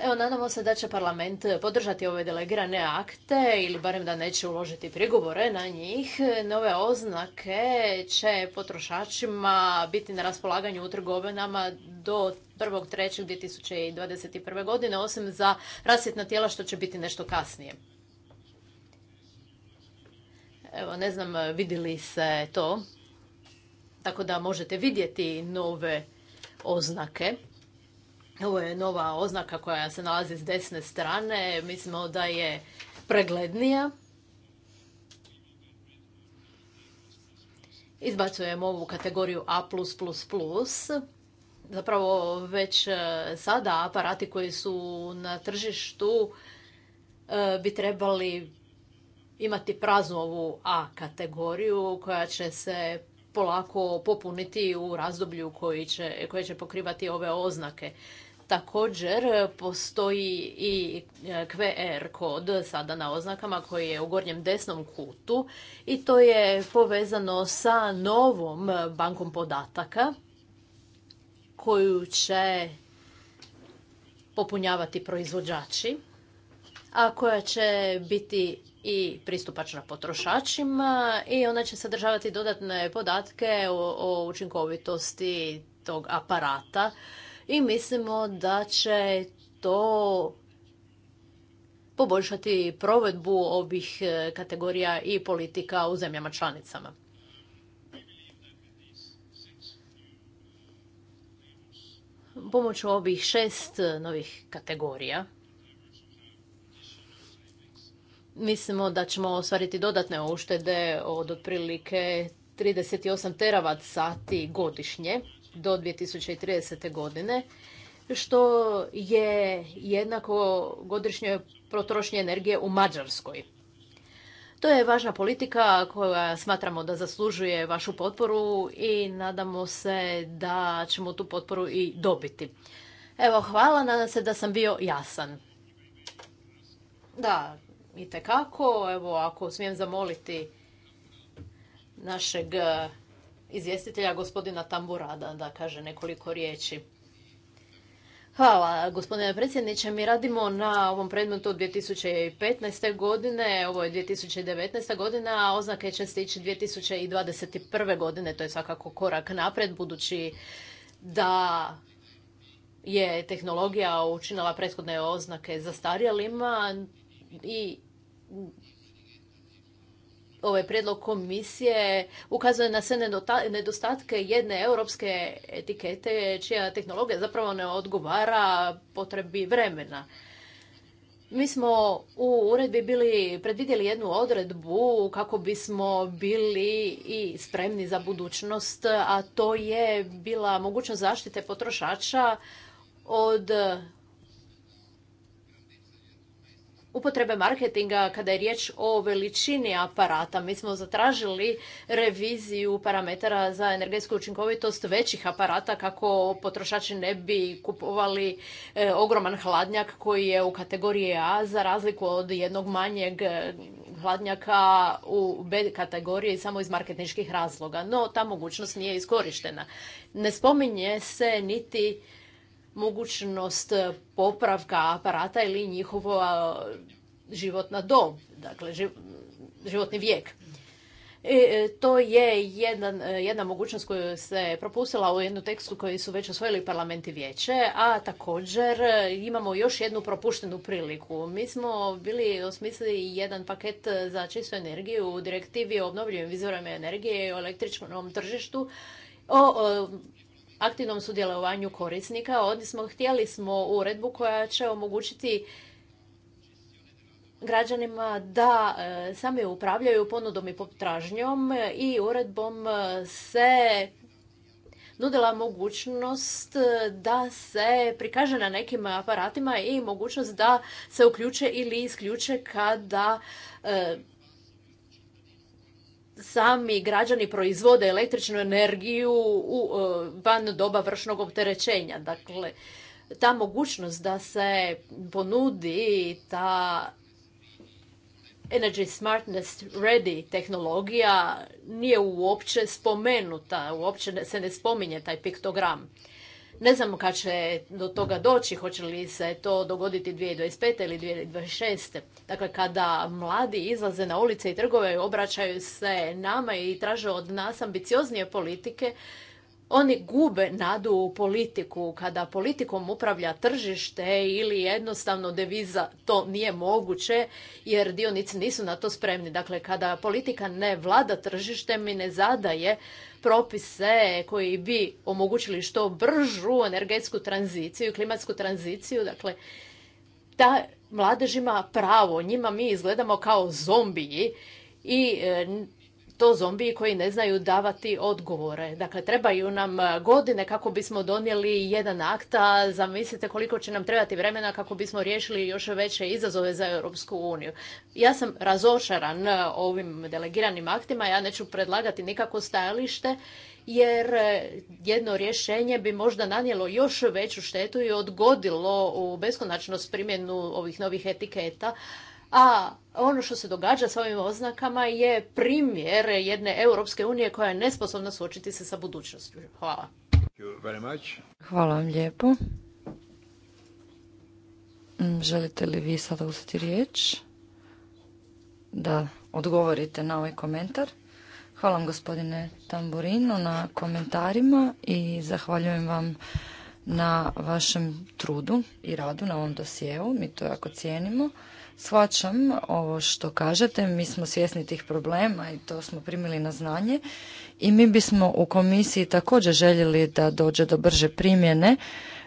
Speaker 1: Evo, nadamo se da će parlament podržati ove delegirane akte ili barem da neće uložiti prigovore na njih. Nove oznake će potrošačima biti na raspolaganju u trgovinama do 1.3.2021. godine, osim za rasvjetna tijela što će biti nešto kasnije. Evo, ne znam vidjeli se to, tako da možete vidjeti nove oznake. Ovo je nova oznaka koja se nalazi s desne strane. Mislimo da je preglednija. Izbacujemo ovu kategoriju A++. Zapravo već e, sada aparati koji su na tržištu e, bi trebali imati praznu ovu A kategoriju koja će se polako popuniti u razdoblju koji će, koje će pokrivati ove oznake. Također postoji i e, QR kod sada na oznakama koji je u gornjem desnom kutu i to je povezano sa novom bankom podataka koju će popunjavati proizvođači, a koja će biti i pristupačna potrošačima i ona će sadržavati dodatne podatke o, o učinkovitosti tog aparata i mislimo da će to poboljšati provedbu ovih e, kategorija i politika u zemljama članicama. Pomoću ovih šest novih kategorija Mislimo da ćemo ostvariti dodatne uštede od otprilike 38 teravat sati godišnje do 2030. godine, što je jednako godišnjoj potrošnji energije u Mađarskoj. To je važna politika koja smatramo da zaslužuje vašu potporu i nadamo se da ćemo tu potporu i dobiti. Evo, hvala, nadam se da sam bio jasan. Da, i tekako, evo ako smijem zamoliti našeg eh, izvjestitelja gospodina Tamburada da kaže nekoliko riječi. Hvala gospodine predsjedniče, mi radimo na ovom predmetu od 2015. godine, ovo je 2019. godina, a oznake će stići 2021. godine, to je svakako korak napred budući da je tehnologija učinila prethodne oznake zastarjelima, i mm, ovaj prijedlog komisije ukazuje na sve nedostatke jedne europske etikete čija tehnologija zapravo ne odgovara potrebi vremena. Mi smo u uredbi bili predvidjeli jednu odredbu kako bismo bili i spremni za budućnost, a to je bila mogućnost zaštite potrošača od upotrebe marketinga kada je riječ o veličini aparata. Mi smo zatražili reviziju parametara za energetsku učinkovitost većih aparata kako potrošači ne bi kupovali e, ogroman hladnjak koji je u kategoriji A za razliku od jednog manjeg e, hladnjaka u B kategoriji samo iz marketinških razloga. No, ta mogućnost nije iskorištena. Ne spominje se niti mogućnost popravka aparata ili njihova životna dom, dakle životni vijek. E, e, to je jedan, e, jedna mogućnost koju se propustila u jednu tekstu koji su već osvojili parlamenti vijeće, a također imamo još jednu propuštenu priliku. Mi smo bili osmislili jedan paket za čistu energiju u direktivi o obnovljivim izvorima energije i o električnom tržištu, o aktivnom sudjelovanju korisnika. smo htjeli smo uredbu koja će omogućiti građanima da e, sami upravljaju ponudom i potražnjom i uredbom se nudila mogućnost da se prikaže na nekim aparatima i mogućnost da se uključe ili isključe kada e, sami građani proizvode električnu energiju u e, van doba vršnog opterećenja. Dakle, ta mogućnost da se ponudi ta Energy Smartness Ready tehnologija nije uopće spomenuta, uopće se ne spominje taj piktogram. Ne znamo kad će do toga doći, hoće li se to dogoditi 2025. ili 2026. Dakle, kada mladi izlaze na ulice i trgove, i obraćaju se nama i traže od nas ambicioznije politike, oni gube nadu u politiku. Kada politikom upravlja tržište ili jednostavno deviza, to nije moguće jer dionici nisu na to spremni. Dakle, kada politika ne vlada tržištem i ne zadaje propise koji bi omogućili što bržu energetsku tranziciju i klimatsku tranziciju. Dakle, ta mladež ima pravo, njima mi izgledamo kao zombiji i e, to zombiji koji ne znaju davati odgovore. Dakle, trebaju nam e, godine kako bismo donijeli jedan akta. Zamislite koliko će nam trebati vremena kako bismo riješili još veće izazove za Europsku uniju. Ja sam razočaran e, ovim delegiranim aktima. Ja neću predlagati nikako stajalište jer e, jedno rješenje bi možda nanijelo još veću štetu i odgodilo u beskonačnost primjenu ovih novih etiketa a ono što se događa s ovim oznakama je primjer jedne Europske unije koja je nesposobna suočiti se sa budućnošću. Hvala.
Speaker 3: Hvala vam lijepo. Mm, želite li vi sada uzeti riječ? Da odgovorite na ovaj komentar. Hvala vam gospodine Tamburino na komentarima i zahvaljujem vam na vašem trudu i radu na ovom dosjeu. Mi to jako cijenimo. Shvaćam ovo što kažete, mi smo svjesni tih problema i to smo primili na znanje i mi bismo u komisiji također željeli da dođe do brže primjene,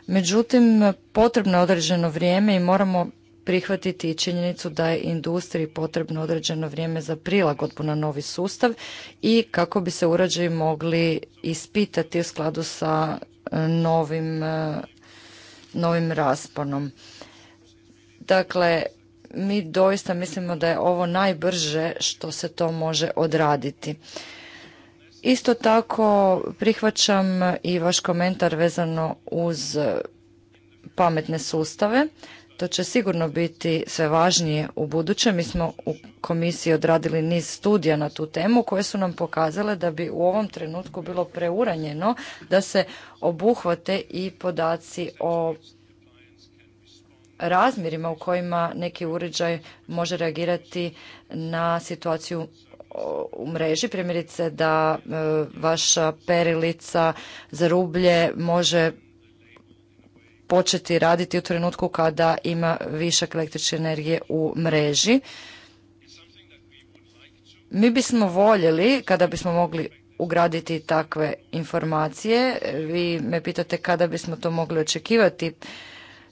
Speaker 3: međutim potrebno je određeno vrijeme i moramo prihvatiti činjenicu da je industriji potrebno određeno vrijeme za prilagodbu na novi sustav i kako bi se uređaji mogli ispitati u skladu sa e, novim, e, novim rasponom. Dakle, mi doista mislimo da je ovo najbrže što se to može odraditi. Isto tako prihvaćam i vaš komentar vezano uz pametne sustave. To će sigurno biti sve važnije u buduće. Mi smo u komisiji odradili niz studija na tu temu koje su nam pokazale da bi u ovom trenutku bilo preuranjeno da se obuhvate i podaci o razmjerima u kojima neki uređaj može reagirati na situaciju u mreži, primjerice da e, vaša perilica za rublje može početi raditi u trenutku kada ima višak električne energije u mreži. Mi bismo voljeli, kada bismo mogli ugraditi takve informacije, vi me pitate kada bismo to mogli očekivati,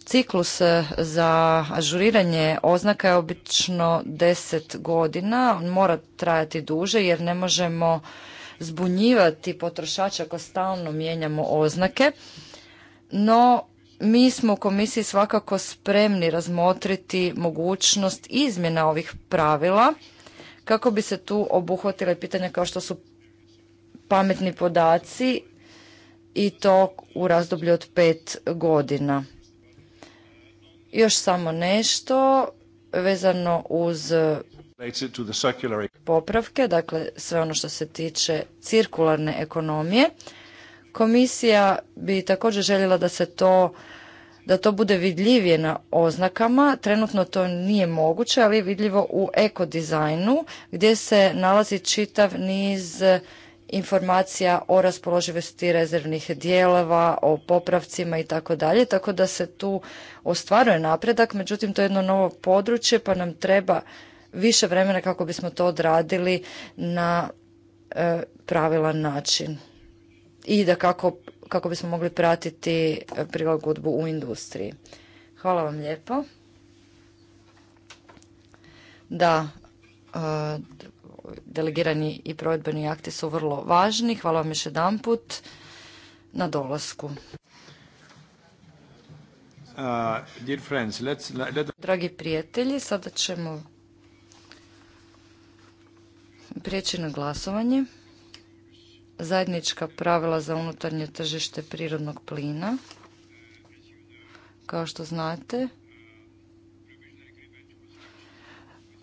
Speaker 3: Ciklus e, za ažuriranje oznaka je obično 10 godina, On mora trajati duže jer ne možemo zbunjivati potrošača ako stalno mijenjamo oznake. No, mi smo u komisiji svakako spremni razmotriti mogućnost izmjena ovih pravila kako bi se tu obuhvatile pitanja kao što su pametni podaci i to u razdoblju od pet godina. Još samo nešto vezano uz popravke, dakle sve ono što se tiče cirkularne ekonomije. Komisija bi također željela da se to da to bude vidljivije na oznakama. Trenutno to nije moguće, ali je vidljivo u ekodizajnu gdje se nalazi čitav niz informacija o raspoloživosti rezervnih dijelova, o popravcima i tako dalje, tako da se tu ostvaruje napredak, međutim to je jedno novo područje pa nam treba više vremena kako bismo to odradili na e, pravilan način i da kako, kako bismo mogli pratiti e, prilagodbu u industriji. Hvala vam lijepo. Da, e, delegirani i provedbeni akti su vrlo važni. Hvala vam još jedanput na dolasku. Uh, Dragi prijatelji, sada ćemo prijeći na glasovanje. Zajednička pravila za unutarnje tržište prirodnog plina. Kao što znate,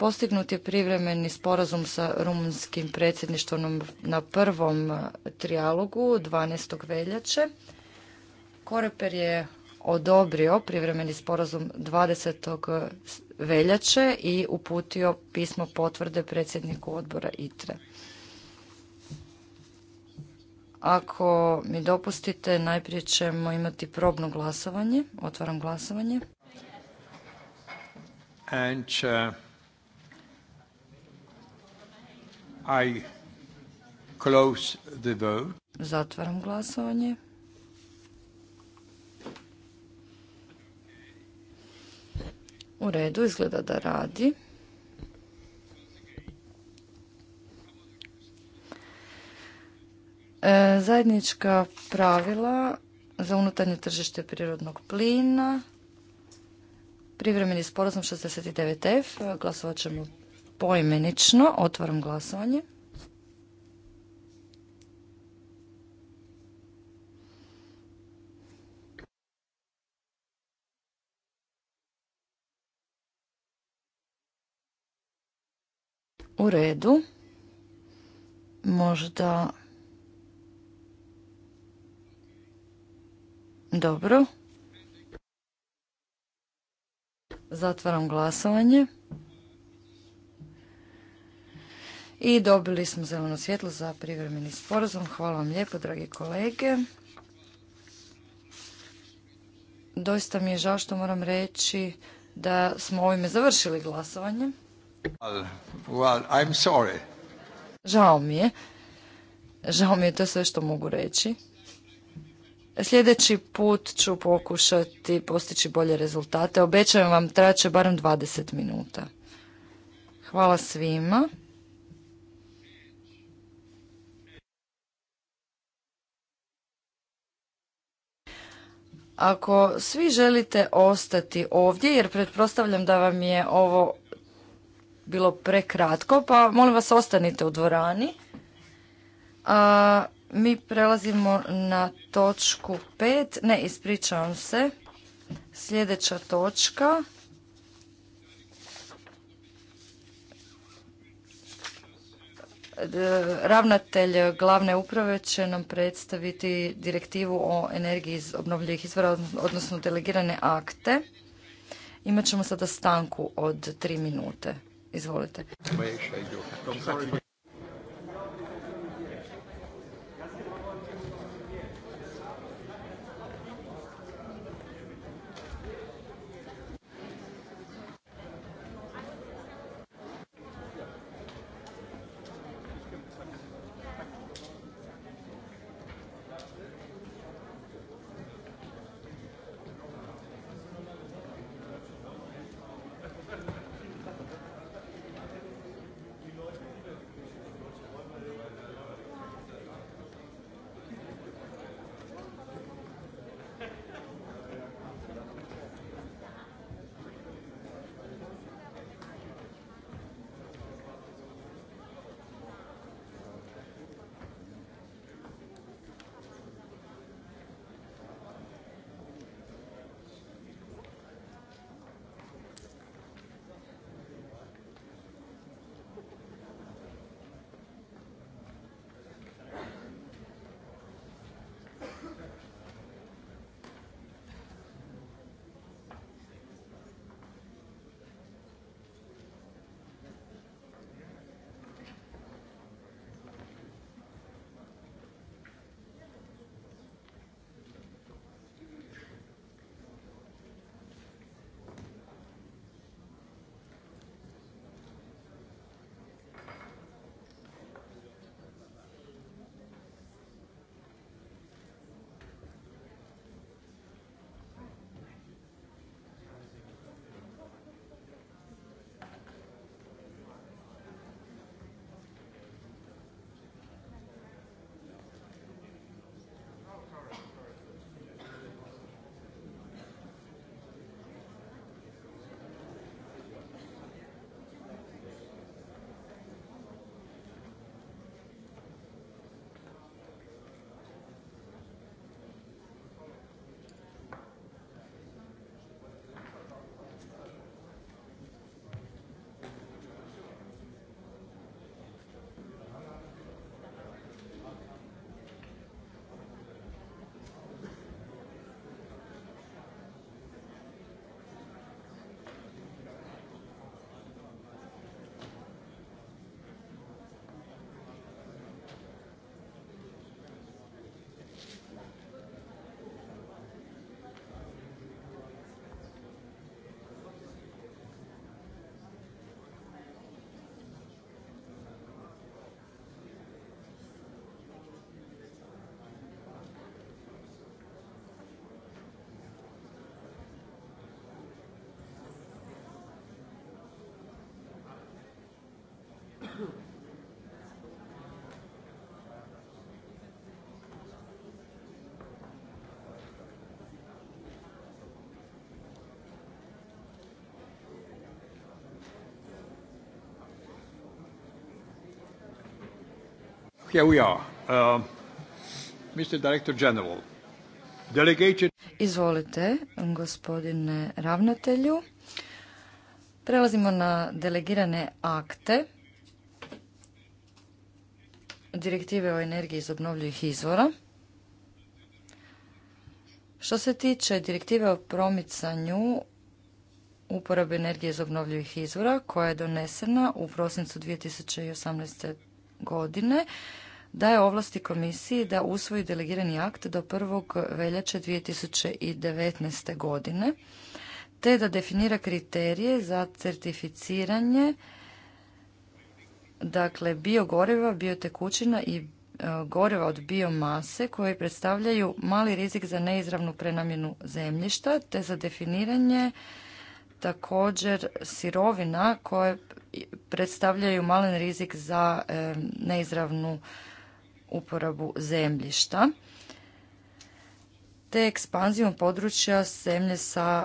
Speaker 3: Postignut je privremeni sporazum sa rumunskim predsjedništvom na prvom e, trijalogu 12. veljače. Koreper je odobrio privremeni sporazum 20. E, veljače i uputio pismo potvrde predsjedniku odbora ITRE. Ako mi dopustite, najprije ćemo imati probno glasovanje. Otvaram glasovanje. Uh, I Zatvaram glasovanje. U redu, izgleda da radi. E, zajednička pravila za unutarnje tržište prirodnog plina. Privremeni sporazum 69F. Glasovat ćemo poimenično. Otvaram glasovanje. U redu. Možda... Dobro. Zatvaram glasovanje. i dobili smo zeleno svjetlo za privremeni sporazum. Hvala vam lijepo, dragi kolege. Doista mi je žao što moram reći da smo ovime završili glasovanje. Žao mi je. Žao mi je, to sve što mogu reći. Sljedeći put ću pokušati postići bolje rezultate. Obećajem vam, će barem 20 minuta. Hvala svima. Ako svi želite ostati ovdje, jer pretpostavljam da vam je ovo bilo prekratko, pa molim vas ostanite u dvorani. A, mi prelazimo na točku 5. Ne, ispričavam se. Sljedeća točka Ravnatelj glavne uprave će nam predstaviti direktivu o energiji iz obnovljivih izvora, odnosno delegirane akte. Imat ćemo sada stanku od tri minute. Izvolite.
Speaker 1: Here Mr. Um, Director General.
Speaker 3: Izvolite, gospodine ravnatelju. Prelazimo na delegirane akte direktive o energiji iz obnovljivih izvora. Što se tiče direktive o promicanju uporabe energije iz obnovljivih izvora koja je donesena u prosincu 2018 godine daje ovlasti komisiji da usvoji delegirani akt do 1. veljače 2019. godine te da definira kriterije za certificiranje dakle biogoriva, biotekućina i e, goriva od biomase koje predstavljaju mali rizik za neizravnu prenamjenu zemljišta te za definiranje također sirovina koje predstavljaju malen rizik za neizravnu uporabu zemljišta te ekspanzijom područja zemlje sa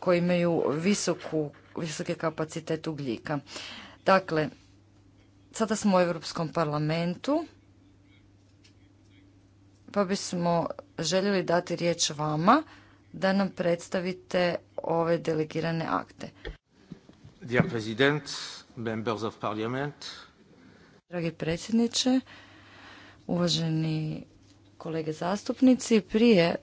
Speaker 3: koji imaju visoku, visoke kapacitet ugljika. Dakle, sada smo u Europskom parlamentu, pa bismo željeli dati riječ vama da nam predstavite ove delegirane akte. Dragi predsjedniče, uvaženi kolege zastupnici, prije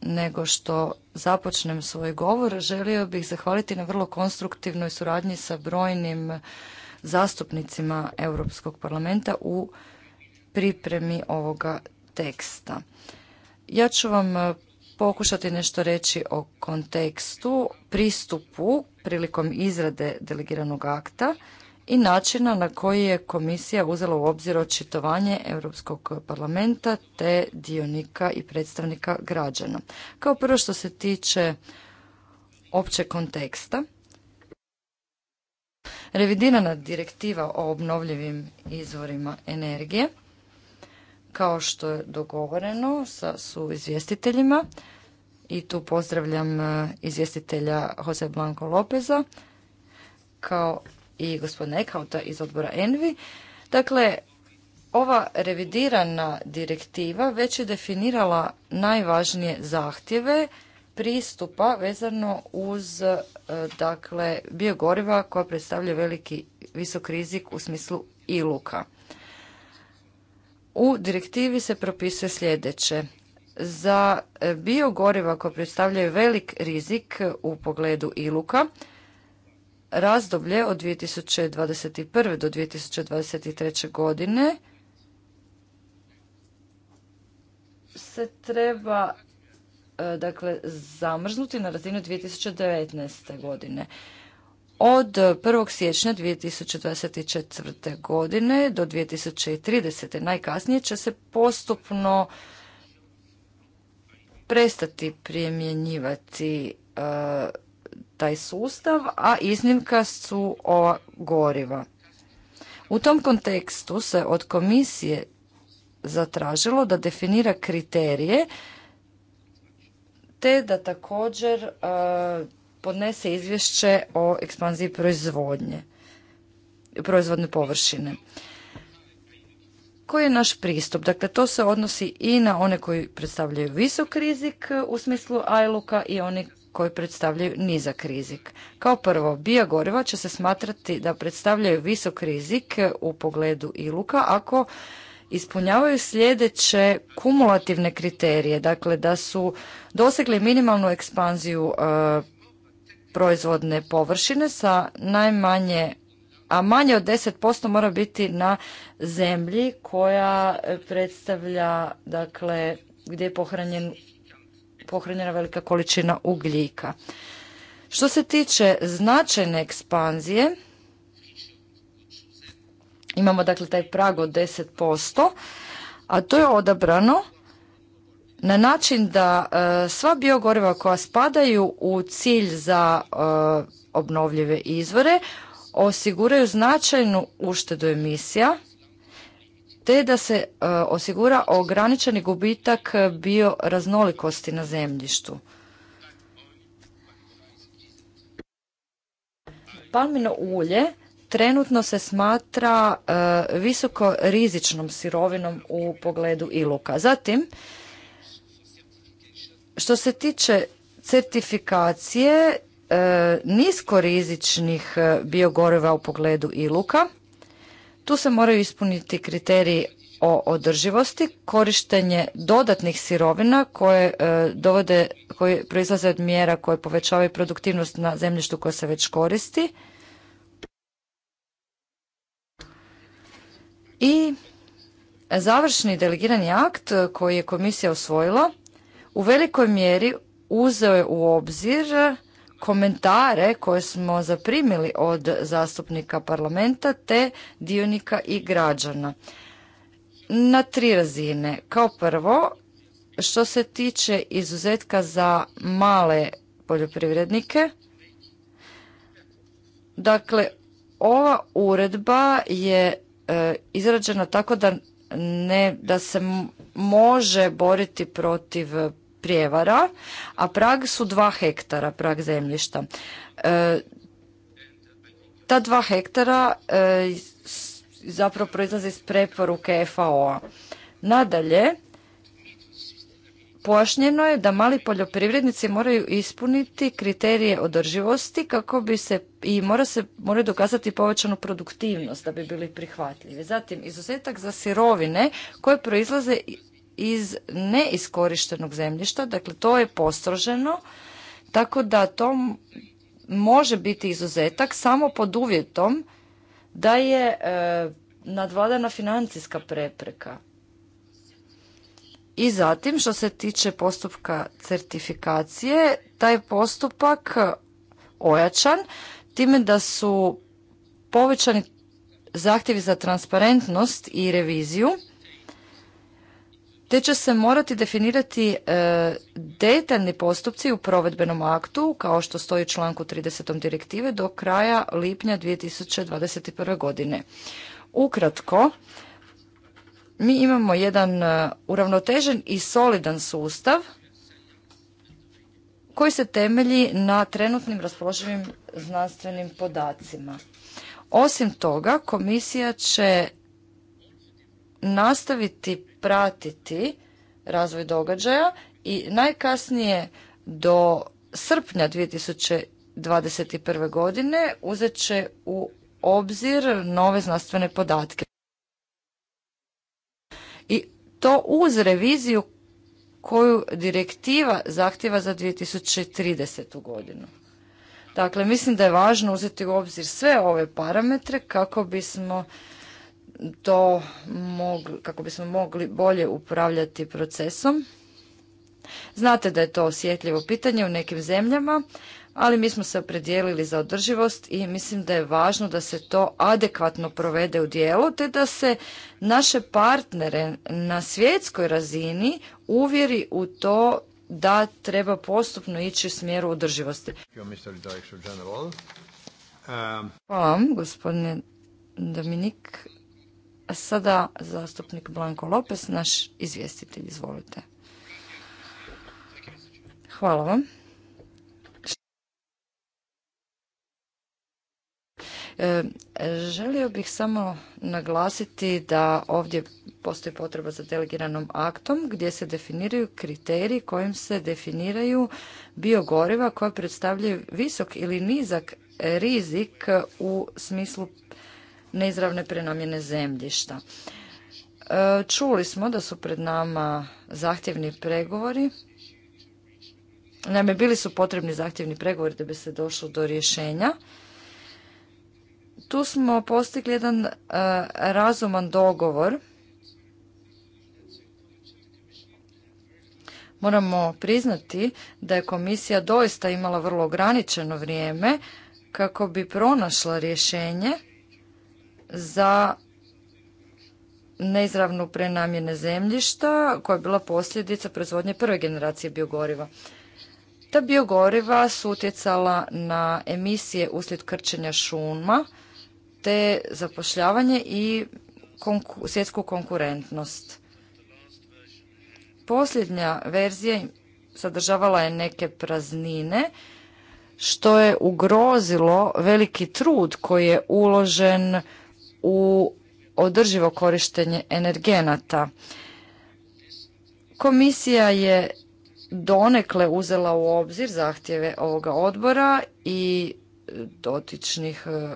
Speaker 3: nego što započnem svoj govor, želio bih zahvaliti na vrlo konstruktivnoj suradnji sa brojnim zastupnicima Europskog parlamenta u pripremi ovoga teksta. Ja ću vam pokušati nešto reći o kontekstu, pristupu prilikom izrade delegiranog akta i načina na koji je komisija uzela u obzir očitovanje Europskog parlamenta te dionika i predstavnika građana. Kao prvo što se tiče općeg konteksta, revidirana direktiva o obnovljivim izvorima energije, kao što je dogovoreno sa suizvjestiteljima, i tu pozdravljam e, izvjestitelja Jose Blanco Lopeza kao i gospodina Ekauta iz odbora Envi. Dakle, ova revidirana direktiva već je definirala najvažnije zahtjeve pristupa vezano uz e, dakle biogoriva koja predstavlja veliki visok rizik u smislu iluka. U direktivi se propisuje sljedeće za e, biogoriva koje predstavljaju velik rizik u pogledu iluka, razdoblje od 2021. do 2023. godine se treba e, dakle zamrznuti na razinu 2019. godine. Od 1. siječnja 2024. godine do 2030. najkasnije će se postupno prestati primjenjivati e, taj sustav, a iznimka su ova goriva. U tom kontekstu se od komisije zatražilo da definira kriterije te da također e, podnese izvješće o ekspanziji proizvodnje, proizvodne površine koji je naš pristup? Dakle, to se odnosi i na one koji predstavljaju visok rizik e, u smislu ajluka i oni koji predstavljaju nizak rizik. Kao prvo, biogoriva će se smatrati da predstavljaju visok rizik e, u pogledu iluka ako ispunjavaju sljedeće kumulativne kriterije, dakle da su dosegli minimalnu ekspanziju e, proizvodne površine sa najmanje a manje od 10% mora biti na zemlji koja e, predstavlja, dakle, gdje je pohranjen, pohranjena velika količina ugljika. Što se tiče značajne ekspanzije, imamo dakle taj prag od 10%, a to je odabrano na način da e, sva biogoriva koja spadaju u cilj za e, obnovljive izvore osiguraju značajnu uštedu emisija te da se e, osigura ograničeni gubitak bioraznolikosti na zemljištu. Palmino ulje trenutno se smatra e, visoko rizičnom sirovinom u pogledu iluka. Zatim, što se tiče certifikacije E, niskorizičnih e, biogoriva u pogledu iluka. Tu se moraju ispuniti kriteriji o održivosti, korištenje dodatnih sirovina koje e, dovode, koje proizlaze od mjera koje povećavaju produktivnost na zemljištu koje se već koristi. I završni delegirani akt koji je komisija osvojila u velikoj mjeri uzeo je u obzir komentare koje smo zaprimili od zastupnika parlamenta te dionika i građana. Na tri razine. Kao prvo, što se tiče izuzetka za male poljoprivrednike, dakle, ova uredba je e, izrađena tako da ne da se može boriti protiv prijevara, a prag su dva hektara, prag zemljišta. E, ta dva hektara e, zapravo proizlaze iz preporuke FAO-a. Nadalje, pojašnjeno je da mali poljoprivrednici moraju ispuniti kriterije održivosti kako bi se i mora se, moraju dokazati povećanu produktivnost da bi bili prihvatljivi. Zatim, izuzetak za sirovine koje proizlaze iz neiskorištenog zemljišta, dakle to je postroženo, tako da to može biti izuzetak samo pod uvjetom da je e, nadvladana financijska prepreka. I zatim, što se tiče postupka certifikacije, taj postupak ojačan time da su povećani zahtjevi za transparentnost i reviziju te će se morati definirati e, detaljni postupci u provedbenom aktu, kao što stoji u članku 30. direktive, do kraja lipnja 2021. godine. Ukratko, mi imamo jedan e, uravnotežen i solidan sustav koji se temelji na trenutnim raspoloživim znanstvenim podacima. Osim toga, komisija će nastaviti pratiti razvoj događaja i najkasnije do srpnja 2021. godine uzet će u obzir nove znanstvene podatke. I to uz reviziju koju direktiva zahtjeva za 2030. godinu. Dakle, mislim da je važno uzeti u obzir sve ove parametre kako bismo to mogli, kako bismo mogli bolje upravljati procesom. Znate da je to osjetljivo pitanje u nekim zemljama, ali mi smo se opredijelili za održivost i mislim da je važno da se to adekvatno provede u dijelu, te da se naše partnere na svjetskoj razini uvjeri u to da treba postupno ići u smjeru održivosti. Um, Hvala vam, gospodine Dominik. Sada zastupnik Blanko Lopes, naš izvjestitelj, izvolite. Hvala vam. E, želio bih samo naglasiti da ovdje postoji potreba za delegiranom aktom gdje se definiraju kriteriji kojim se definiraju biogoriva koja predstavljaju visok ili nizak rizik u smislu neizravne prenamjene zemljišta. E, čuli smo da su pred nama zahtjevni pregovori. Naime, bili su potrebni zahtjevni pregovori da bi se došlo do rješenja. Tu smo postigli jedan e, razuman dogovor. Moramo priznati da je komisija doista imala vrlo ograničeno vrijeme kako bi pronašla rješenje za neizravnu prenamjene zemljišta koja je bila posljedica proizvodnje prve generacije biogoriva. Ta biogoriva su utjecala na emisije uslijed krčenja šuma te zapošljavanje i svjetsku konkurentnost. Posljednja verzija sadržavala je neke praznine što je ugrozilo veliki trud koji je uložen u održivo korištenje energenata. Komisija je donekle uzela u obzir zahtjeve ovoga odbora i dotičnih e,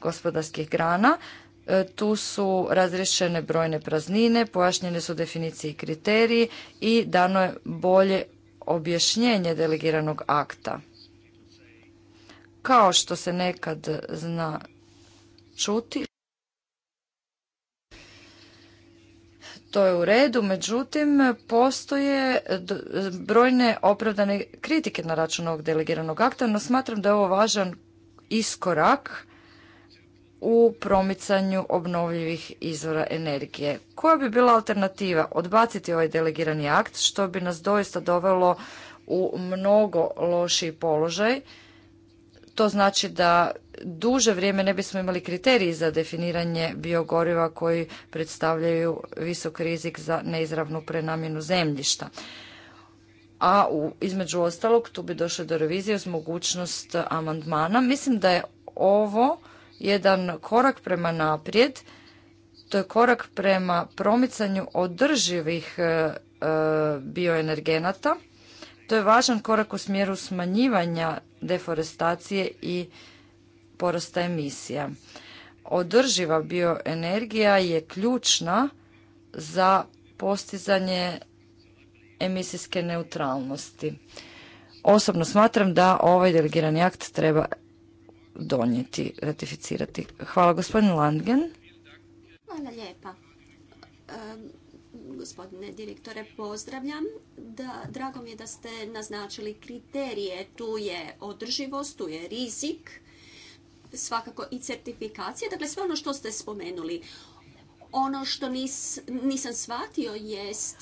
Speaker 3: gospodarskih grana. E, tu su razriješene brojne praznine, pojašnjene su definicije i kriteriji i dano je bolje objašnjenje delegiranog akta. Kao što se nekad zna čuti, to je u redu, međutim postoje brojne opravdane kritike na račun ovog delegiranog akta, no smatram da je ovo važan iskorak u promicanju obnovljivih izvora energije. Koja bi bila alternativa? Odbaciti ovaj delegirani akt, što bi nas doista dovelo u mnogo lošiji položaj to znači da duže vrijeme ne bismo imali kriteriji za definiranje biogoriva koji predstavljaju visok rizik za neizravnu prenamjenu zemljišta. A u, između ostalog tu bi došlo do revizije uz mogućnost amandmana. Mislim da je ovo jedan korak prema naprijed, to je korak prema promicanju održivih e, e, bioenergenata to je važan korak u smjeru smanjivanja deforestacije i porasta emisija. Održiva bioenergija je ključna za postizanje emisijske neutralnosti. Osobno smatram da ovaj delegirani akt treba donijeti, ratificirati. Hvala gospodin Landgen.
Speaker 2: Hvala lijepa gospodine direktore, pozdravljam. Da, drago mi je da ste naznačili kriterije. Tu je održivost, tu je rizik, svakako i certifikacija. Dakle, sve ono što ste spomenuli. Ono što nisam shvatio jest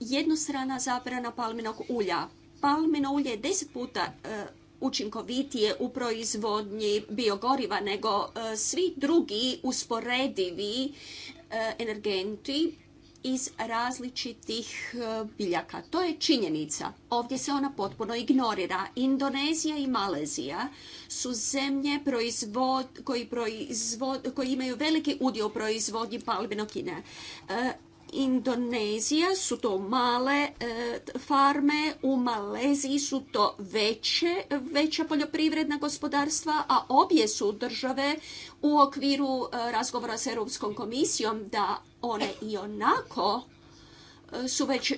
Speaker 2: jednostrana zabrana palminog ulja. Palmino ulje je deset puta e, učinkovitije u proizvodnji biogoriva nego e, svi drugi usporedivi E, energenti iz različitih e, biljaka. To je činjenica. Ovdje se ona potpuno ignorira. Indonezija i Malezija su zemlje koji, imaju veliki udio u proizvodnji palbinokine. E, Indonezija su to male farme, u Maleziji su to veće, veća poljoprivredna gospodarstva, a obje su države u okviru e, razgovora s Europskom komisijom da one i onako e, su već e,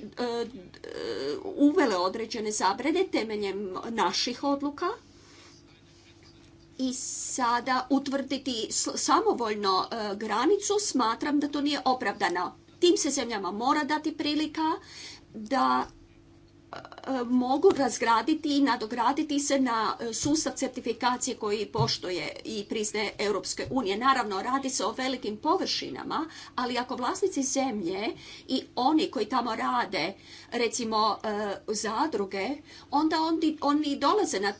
Speaker 2: uvele određene zabrede temeljem naših odluka i sada utvrditi samovoljno granicu smatram da to nije opravdano. Tim se zemljama mora dati prilika da E, mogu razgraditi i nadograditi se na e, sustav certifikacije koji poštuje i priznaje Europske unije. Naravno, radi se o velikim površinama, ali ako vlasnici zemlje i oni koji tamo rade, recimo e, zadruge, onda oni, oni dolaze na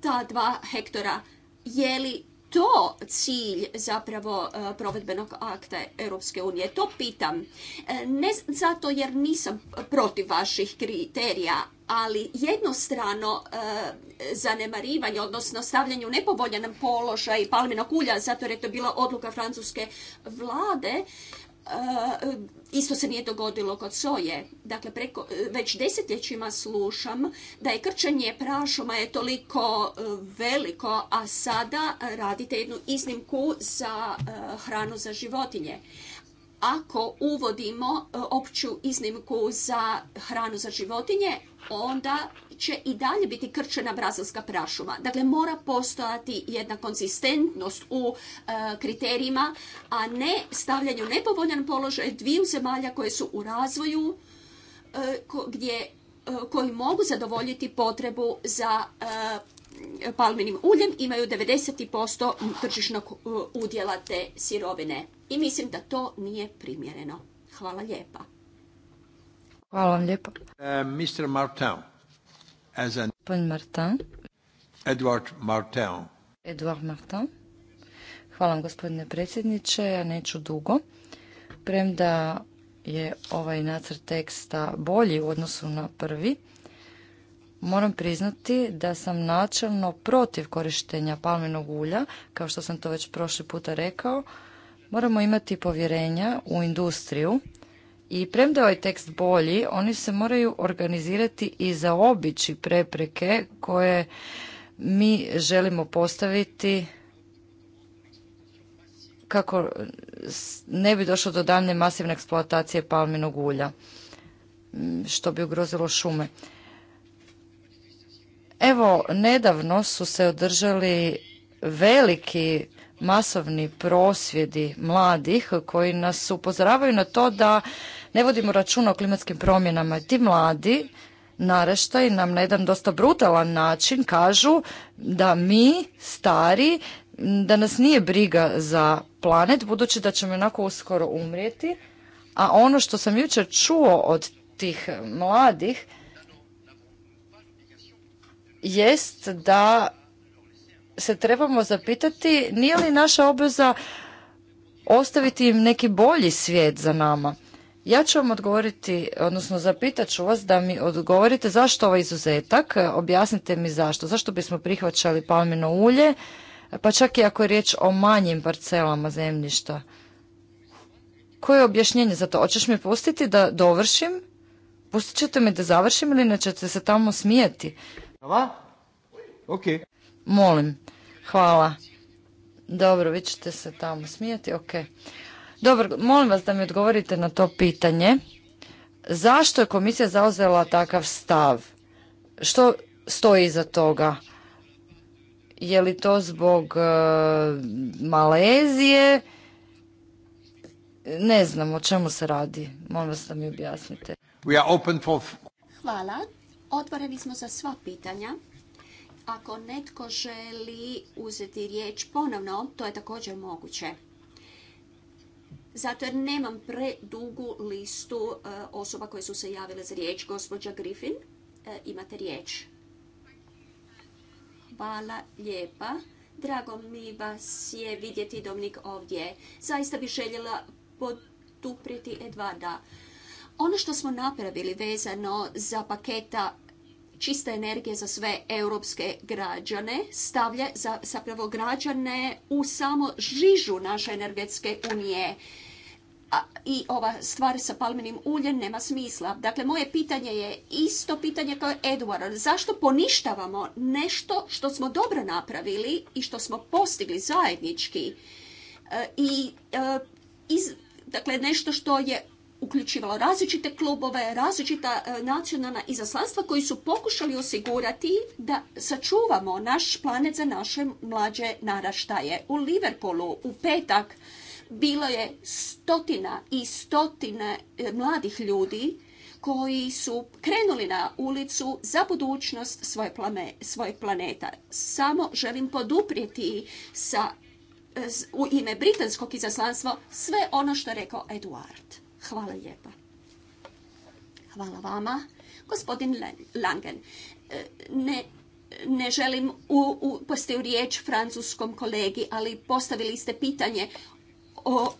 Speaker 2: ta dva hektora. Je li to cilj zapravo e, provedbenog akta Europske unije? To pitam. E, ne zato jer nisam protiv vaših kriterija, ali jednostrano e, zanemarivanje, odnosno stavljanje u nepovoljan položaj palminog ulja, zato jer je to bila odluka francuske vlade, E, isto se nije dogodilo kod soje. Dakle, preko, e, već desetljećima slušam da je krčenje prašuma je toliko e, veliko, a sada radite jednu iznimku za hranu za životinje ako uvodimo opću iznimku za hranu za životinje, onda će i dalje biti krčena brazilska prašuma. Dakle, mora postojati jedna konzistentnost u e, kriterijima, a ne stavljanju nepovoljan položaj dviju zemalja koje su u razvoju, e, gdje, e, koji mogu zadovoljiti potrebu za palminim uljem, imaju 90% tržišnog udjela te sirovine. I mislim da to nije primjereno. Hvala lijepa.
Speaker 3: Hvala vam lijepa. Mr. Martin. An... Martin. Edward Martin. Martin. Hvala vam gospodine predsjedniče, ja neću dugo. Premda je ovaj nacrt teksta bolji u odnosu na prvi, moram priznati da sam načelno protiv korištenja palminog ulja, kao što sam to već prošli puta rekao. Moramo imati povjerenja u industriju i premda je ovaj tekst bolji, oni se moraju organizirati i zaobići prepreke koje mi želimo postaviti kako ne bi došlo do daljne masivne eksploatacije palminog ulja, što bi ugrozilo šume. Evo, nedavno su se održali veliki masovni prosvjedi mladih koji nas upozoravaju na to da ne vodimo računa o klimatskim promjenama. Ti mladi naraštaj nam na jedan dosta brutalan način kažu da mi stari da nas nije briga za planet budući da ćemo onako uskoro umrijeti. A ono što sam jučer čuo od tih mladih jest da se trebamo zapitati nije li naša obveza ostaviti im neki bolji svijet za nama. Ja ću vam odgovoriti, odnosno zapitat ću vas da mi odgovorite zašto ovaj izuzetak, objasnite mi zašto. Zašto bismo prihvaćali palmino ulje, pa čak i ako je riječ o manjim parcelama zemljišta. Koje je objašnjenje za to? Hoćeš mi pustiti da dovršim? Pustit ćete me da završim ili nećete se tamo smijeti? Molim. Hvala. Dobro, vi ćete se tamo smijeti, ok. Dobro, molim vas da mi odgovorite na to pitanje. Zašto je komisija zauzela takav stav? Što stoji iza toga? Je li to zbog e, Malezije? Ne znam o čemu se radi. Molim vas da mi objasnite.
Speaker 2: Hvala. Otvoreni smo za sva pitanja ako netko želi uzeti riječ ponovno, to je također moguće. Zato jer nemam predugu listu e, osoba koje su se javile za riječ. Gospođa Griffin, e, imate riječ. Hvala lijepa. Drago mi vas je vidjeti domnik ovdje. Zaista bi željela poduprijeti Edvarda. Ono što smo napravili vezano za paketa čista energija za sve europske građane stavlja za, zapravo građane u samo žižu naše energetske unije. I ova stvar sa palmenim uljem nema smisla. Dakle, moje pitanje je isto pitanje kao Edward. Zašto poništavamo nešto što smo dobro napravili i što smo postigli zajednički? E, I e, dakle, nešto što je uključivalo različite klubove, različita e, nacionalna izaslanstva koji su pokušali osigurati da sačuvamo naš planet za naše mlađe naraštaje. U Liverpoolu u petak bilo je stotina i stotine e, mladih ljudi koji su krenuli na ulicu za budućnost svoje, planeta. Samo želim poduprijeti sa, e, u ime britanskog izaslanstva sve ono što je rekao Eduard. Hvala lijepa. Hvala vama. Gospodin Langen, e, ne, ne želim u, u, riječ francuskom kolegi, ali postavili ste pitanje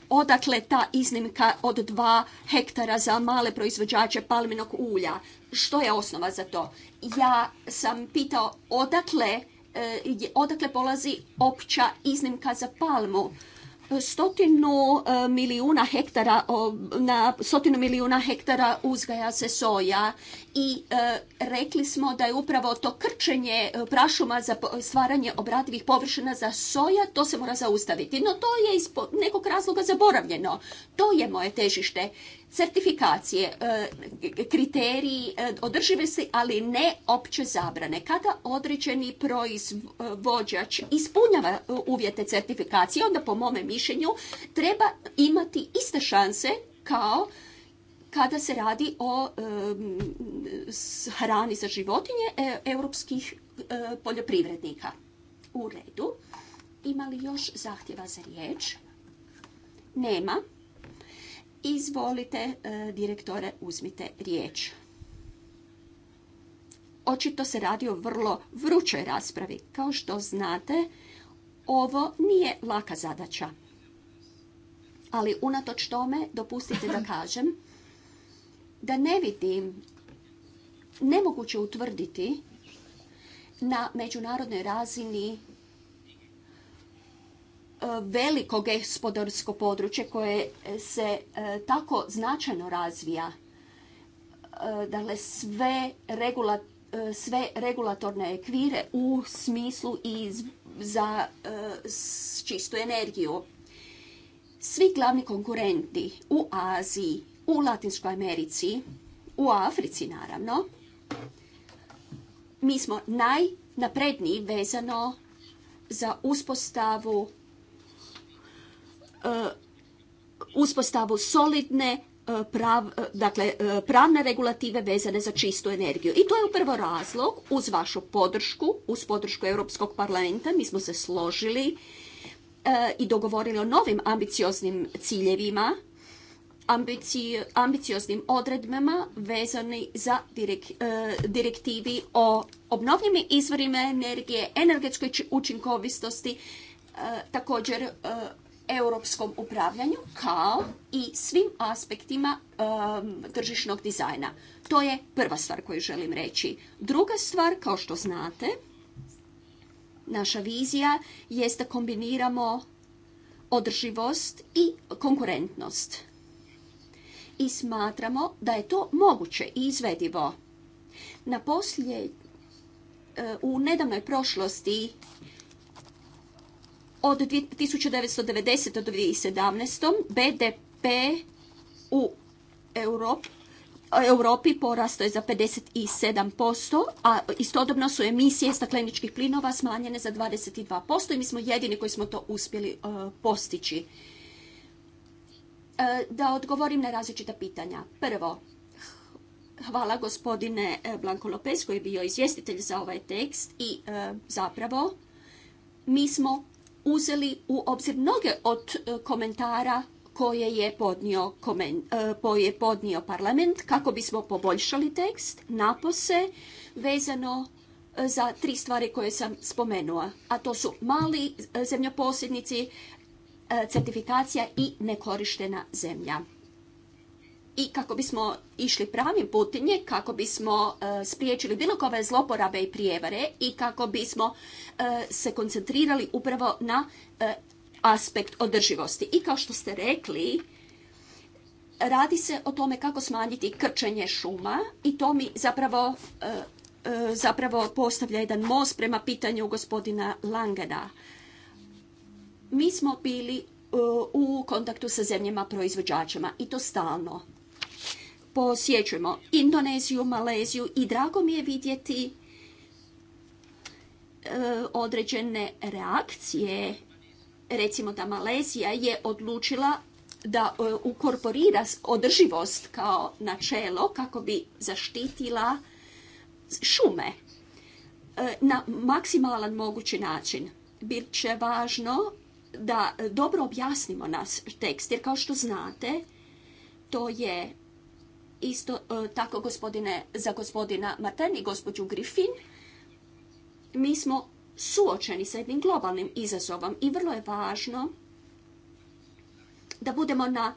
Speaker 2: odakle ta iznimka od dva hektara za male proizvođače palminog ulja. Što je osnova za to? Ja sam pitao odakle, e, odakle polazi opća iznimka za palmu stotinu e, milijuna hektara, na stotinu milijuna hektara uzgaja se soja i e, rekli smo da je upravo to krčenje e, prašuma za stvaranje obradivih površina za soja, to se mora zaustaviti. No to je iz nekog razloga zaboravljeno. To je moje težište certifikacije, e, kriteriji e, održive se, ali ne opće zabrane. Kada određeni proizvođač ispunjava e, uvjete certifikacije, onda po mome mišljenju treba imati iste šanse kao kada se radi o hrani za životinje europskih poljoprivrednika. U redu. Ima li još zahtjeva za riječ? Nema. Izvolite, e, direktore, uzmite riječ. Očito se radi o vrlo vrućoj raspravi. Kao što znate, ovo nije laka zadaća. Ali unatoč tome, dopustite da [laughs] kažem da ne vidim, nemoguće utvrditi na međunarodnoj razini E, veliko gospodarsko područje koje e, se e, tako značajno razvija. Dakle, sve, sve regulatorne ekvire u smislu i za čistu energiju. Svi glavni konkurenti u Aziji, u Latinskoj Americi, u Africi naravno, mi smo najnapredniji vezano za uspostavu E, uspostavu solidne e, prav, e, dakle, pravne regulative vezane za čistu energiju. I to je prvo razlog uz vašu podršku, uz podršku Europskog parlamenta, mi smo se složili i dogovorili o novim ambicioznim ciljevima, ambicioznim odredbama vezani za direktivi o obnovljivim izvorima energije, energetskoj učinkovitosti, također europskom upravljanju kao i svim aspektima tržišnog dizajna. To je prva stvar koju želim reći. Druga stvar, kao što znate, naša vizija jest da kombiniramo održivost i konkurentnost. I smatramo da je to moguće i izvedivo. Na u nedavnoj prošlosti od 1990. do 2017. BDP u Europi Europi porasto je za 57%, a istodobno su emisije stakleničkih plinova smanjene za 22% i mi smo jedini koji smo to uspjeli e, postići. E, da odgovorim na različita pitanja. Prvo, hvala gospodine e, Blanko Lopez koji je bio izvjestitelj za ovaj tekst i zapravo mi smo uzeli u obzir mnoge od e, komentara koje je podnio, komen, e, parlament kako bismo poboljšali tekst napose vezano e, za tri stvari koje sam spomenula, a to su mali zemljoposjednici, certifikacija i nekorištena zemlja i kako bismo išli pravim putinje, kako bismo e, spriječili bilo kove zloporabe i prijevare i kako bismo e, se koncentrirali upravo na e, aspekt održivosti. I kao što ste rekli, radi se o tome kako smanjiti krčenje šuma i to mi zapravo, zapravo postavlja jedan most prema pitanju gospodina Langeda. Mi smo bili u kontaktu sa zemljama proizvođačima i to stalno posjećujemo Indoneziju, Maleziju i drago mi je vidjeti e, određene reakcije. Recimo da Malezija je odlučila da e, ukorporira održivost kao načelo kako bi zaštitila šume e, na maksimalan mogući način. Bit će važno da dobro objasnimo naš tekst, jer kao što znate, to je isto e, tako gospodine, za gospodina Martin i gospođu Griffin, mi smo suočeni sa jednim globalnim izazovom i vrlo je važno da budemo na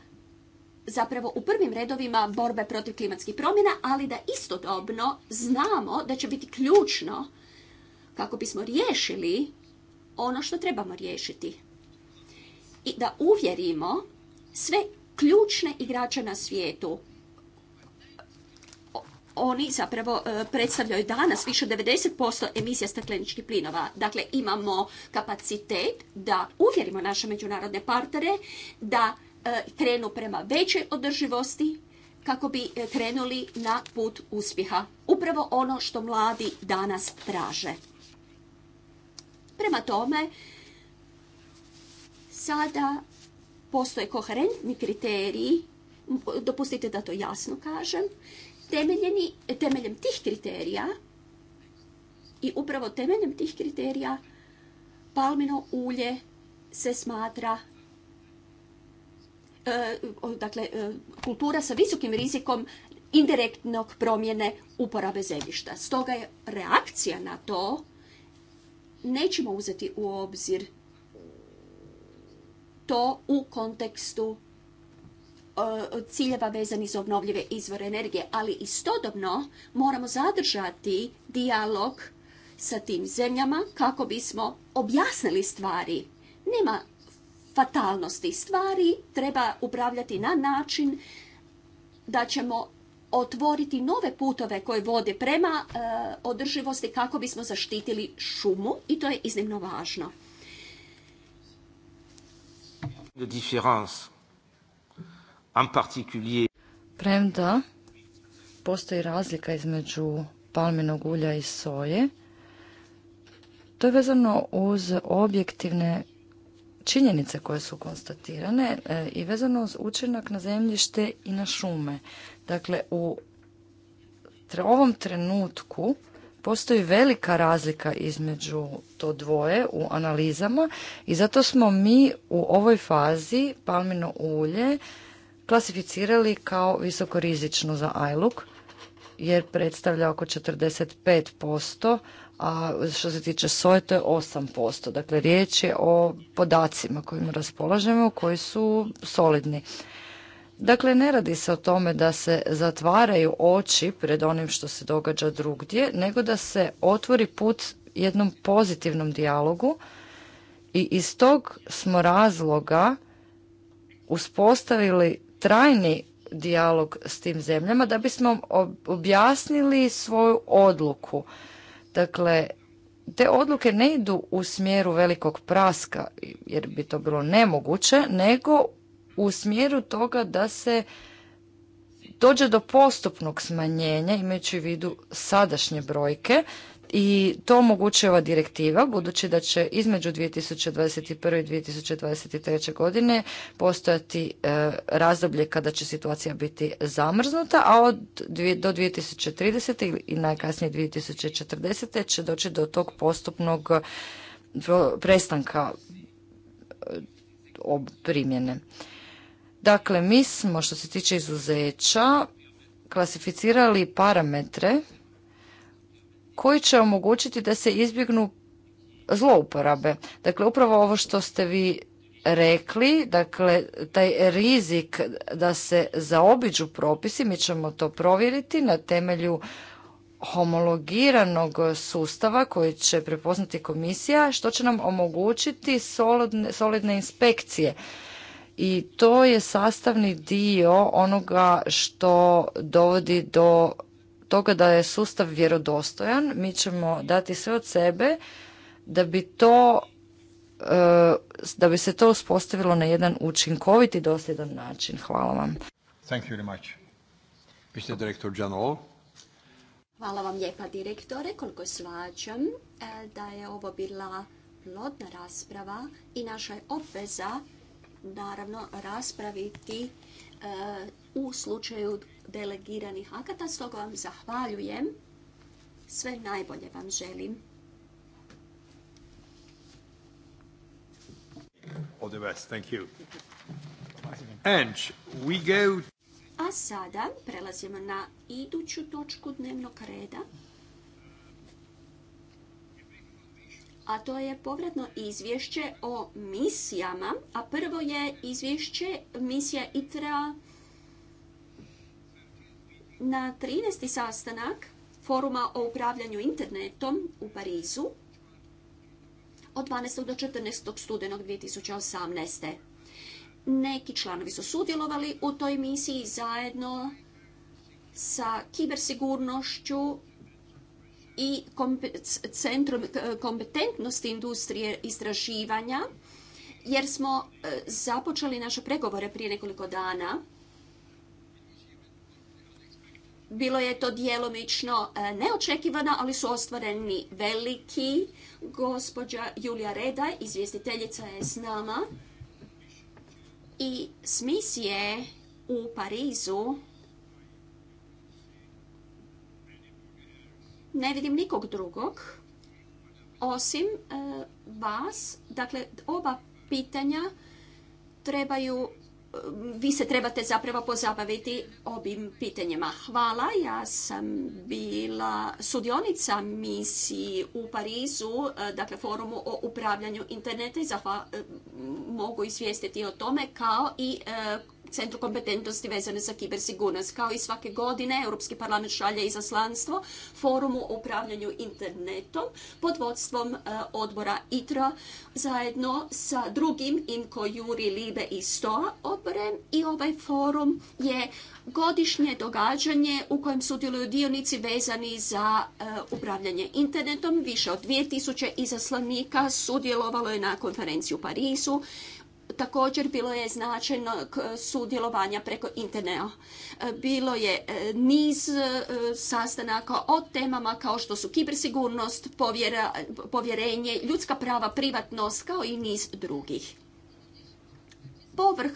Speaker 2: zapravo u prvim redovima borbe protiv klimatskih promjena, ali da istodobno znamo da će biti ključno kako bismo riješili ono što trebamo riješiti. I da uvjerimo sve ključne igrače na svijetu oni zapravo e, predstavljaju danas više od 90% emisija stakleničkih plinova. Dakle, imamo kapacitet da uvjerimo naše međunarodne partnere da e, krenu prema većoj održivosti kako bi e, krenuli na put uspjeha. Upravo ono što mladi danas traže. Prema tome, sada postoje koherentni kriteriji, dopustite da to jasno kažem, temeljem tih kriterija i upravo temeljem tih kriterija palmino ulje se smatra e, dakle e, kultura sa visokim rizikom indirektnog promjene uporabe zemljišta. Stoga je reakcija na to nećemo uzeti u obzir to u kontekstu ciljeva vezani za obnovljive izvore energije, ali istodobno moramo zadržati dijalog sa tim zemljama kako bismo objasnili stvari. Nema fatalnosti stvari, treba upravljati na način da ćemo otvoriti nove putove koje vode prema e, održivosti kako bismo zaštitili šumu i to je iznimno važno.
Speaker 3: Premda postoji razlika između palminog ulja i soje, to je vezano uz objektivne činjenice koje su konstatirane e, i vezano uz učinak na zemljište i na šume. Dakle, u ovom trenutku postoji velika razlika između to dvoje u analizama i zato smo mi u ovoj fazi palmino ulje klasificirali kao visokorizično za iLook jer predstavlja oko 45%, a što se tiče soje to je 8%. Dakle, riječ je o podacima kojima raspolažemo koji su solidni. Dakle, ne radi se o tome da se zatvaraju oči pred onim što se događa drugdje, nego da se otvori put jednom pozitivnom dijalogu i iz tog smo razloga uspostavili trajni dijalog s tim zemljama da bismo objasnili svoju odluku. Dakle, te odluke ne idu u smjeru velikog praska, jer bi to bilo nemoguće, nego u smjeru toga da se dođe do postupnog smanjenja, imajući u vidu sadašnje brojke, i to omogućuje ova direktiva budući da će između 2021. i 2023. godine postojati e, razdoblje kada će situacija biti zamrznuta, a od do 2030. i najkasnije 2040. će doći do tog postupnog e, prestanka e, primjene. Dakle, mi smo što se tiče izuzeća klasificirali parametre koji će omogućiti da se izbjegnu zlouporabe. Dakle, upravo ovo što ste vi rekli, dakle, taj rizik da se zaobiđu propisi, mi ćemo to provjeriti na temelju homologiranog sustava koji će prepoznati komisija, što će nam omogućiti solidne, solidne inspekcije. I to je sastavni dio onoga što dovodi do toga da je sustav vjerodostojan, mi ćemo dati sve od sebe da bi to e, da bi se to uspostavilo na jedan učinkovit i dosljedan način. Hvala vam.
Speaker 2: Hvala vam lijepa direktore, koliko svađam e, da je ovo bila plodna rasprava i naša je obveza naravno raspraviti e, u slučaju delegiranih akata, stoga vam zahvaljujem. Sve najbolje vam želim.
Speaker 3: the best. Thank you.
Speaker 1: And we go...
Speaker 2: A sada prelazimo na iduću točku dnevnog reda. a to je povratno izvješće o misijama, a prvo je izvješće misija ITRA na 13. sastanak foruma o upravljanju internetom u Parizu od 12. do 14. studenog 2018. Neki članovi su sudjelovali u toj misiji zajedno sa kibersigurnošću i Centrom kompetentnosti industrije istraživanja, jer smo e, započeli naše pregovore prije nekoliko dana bilo je to djelomično e, neočekivano, ali su ostvareni veliki. Gospođa Julija Reda, izvjestiteljica je s nama i s misije u Parizu ne vidim nikog drugog osim e, vas. Dakle, oba pitanja trebaju vi se trebate zapravo pozabaviti ovim pitanjima. Hvala, ja sam bila sudionica misiji u Parizu, eh, dakle forumu o upravljanju interneta i eh, mogu izvijestiti o tome kao i eh, centru kompetentnosti vezane za kibersigurnost. Kao i svake godine, Europski parlament šalje izaslanstvo forumu o upravljanju internetom pod vodstvom e, odbora ITRA zajedno sa drugim IMCO, Juri, Libe i STOA odborem i ovaj forum je godišnje događanje u kojem sudjeluju dionici vezani za e, upravljanje internetom. Više od 2000 izaslanika sudjelovalo je na konferenciji u Parizu također bilo je značajnog e, sudjelovanja preko interneta. E, bilo je e, niz sastanaka o temama kao što su kibersigurnost, povjerenje, ljudska prava, privatnost kao i niz drugih. Povrh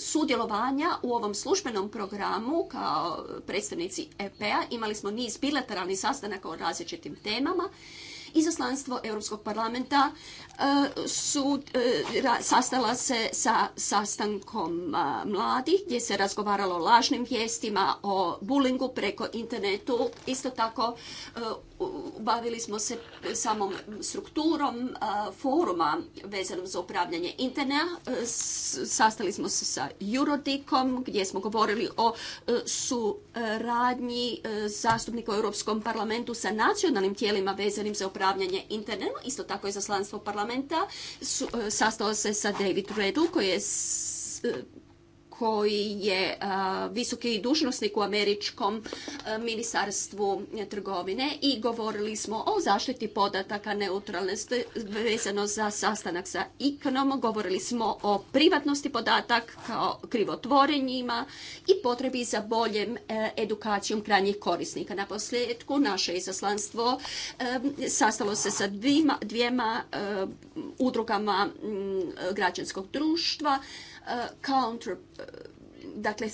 Speaker 2: sudjelovanja u ovom službenom programu kao predstavnici Epa imali smo niz bilateralnih sastanaka o različitim temama izaslanstvo Europskog parlamenta E, su, e, sastala se sa sastankom mladih gdje se razgovaralo o lažnim vijestima, o bulingu preko internetu. Isto tako e, bavili smo se samom strukturom foruma vezanom za upravljanje interneta. Sastali smo se sa Eurodikom gdje smo govorili o suradnji zastupnika u Europskom parlamentu sa nacionalnim tijelima vezanim za upravljanje internetom. Isto tako je zaslanstvo parlamenta parlamenta e, sastao se sa David Redu koji je e, koji je visoki dužnosnik u američkom ministarstvu trgovine i govorili smo o zaštiti podataka neutralne vezano za sastanak sa ikonom, govorili smo o privatnosti podataka kao krivotvorenjima i potrebi za boljem e, edukacijom krajnjih korisnika. Na posljedku naše izaslanstvo e, sastalo se sa dvima, dvijema e, udrugama građanskog društva, counter, dakle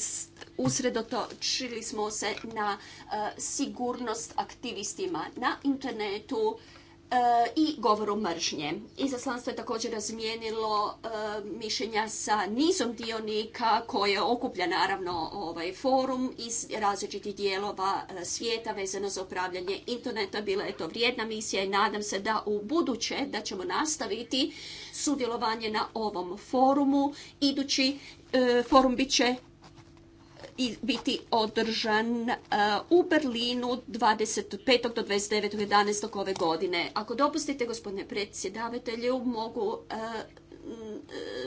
Speaker 2: usredotočili smo se na eh, sigurnost aktivistima na internetu E, i govoru mržnje. Izaslanstvo je također razmijenilo e, mišljenja sa nizom dionika koje okuplja naravno ovaj forum iz različitih dijelova e, svijeta vezano za upravljanje interneta. Bila je to vrijedna misija i nadam se da u buduće da ćemo nastaviti sudjelovanje na ovom forumu. Idući forum bit će biti održan e, u Berlinu 25. do 29. 11. ove godine. Ako dopustite, gospodine predsjedavatelju, mogu e,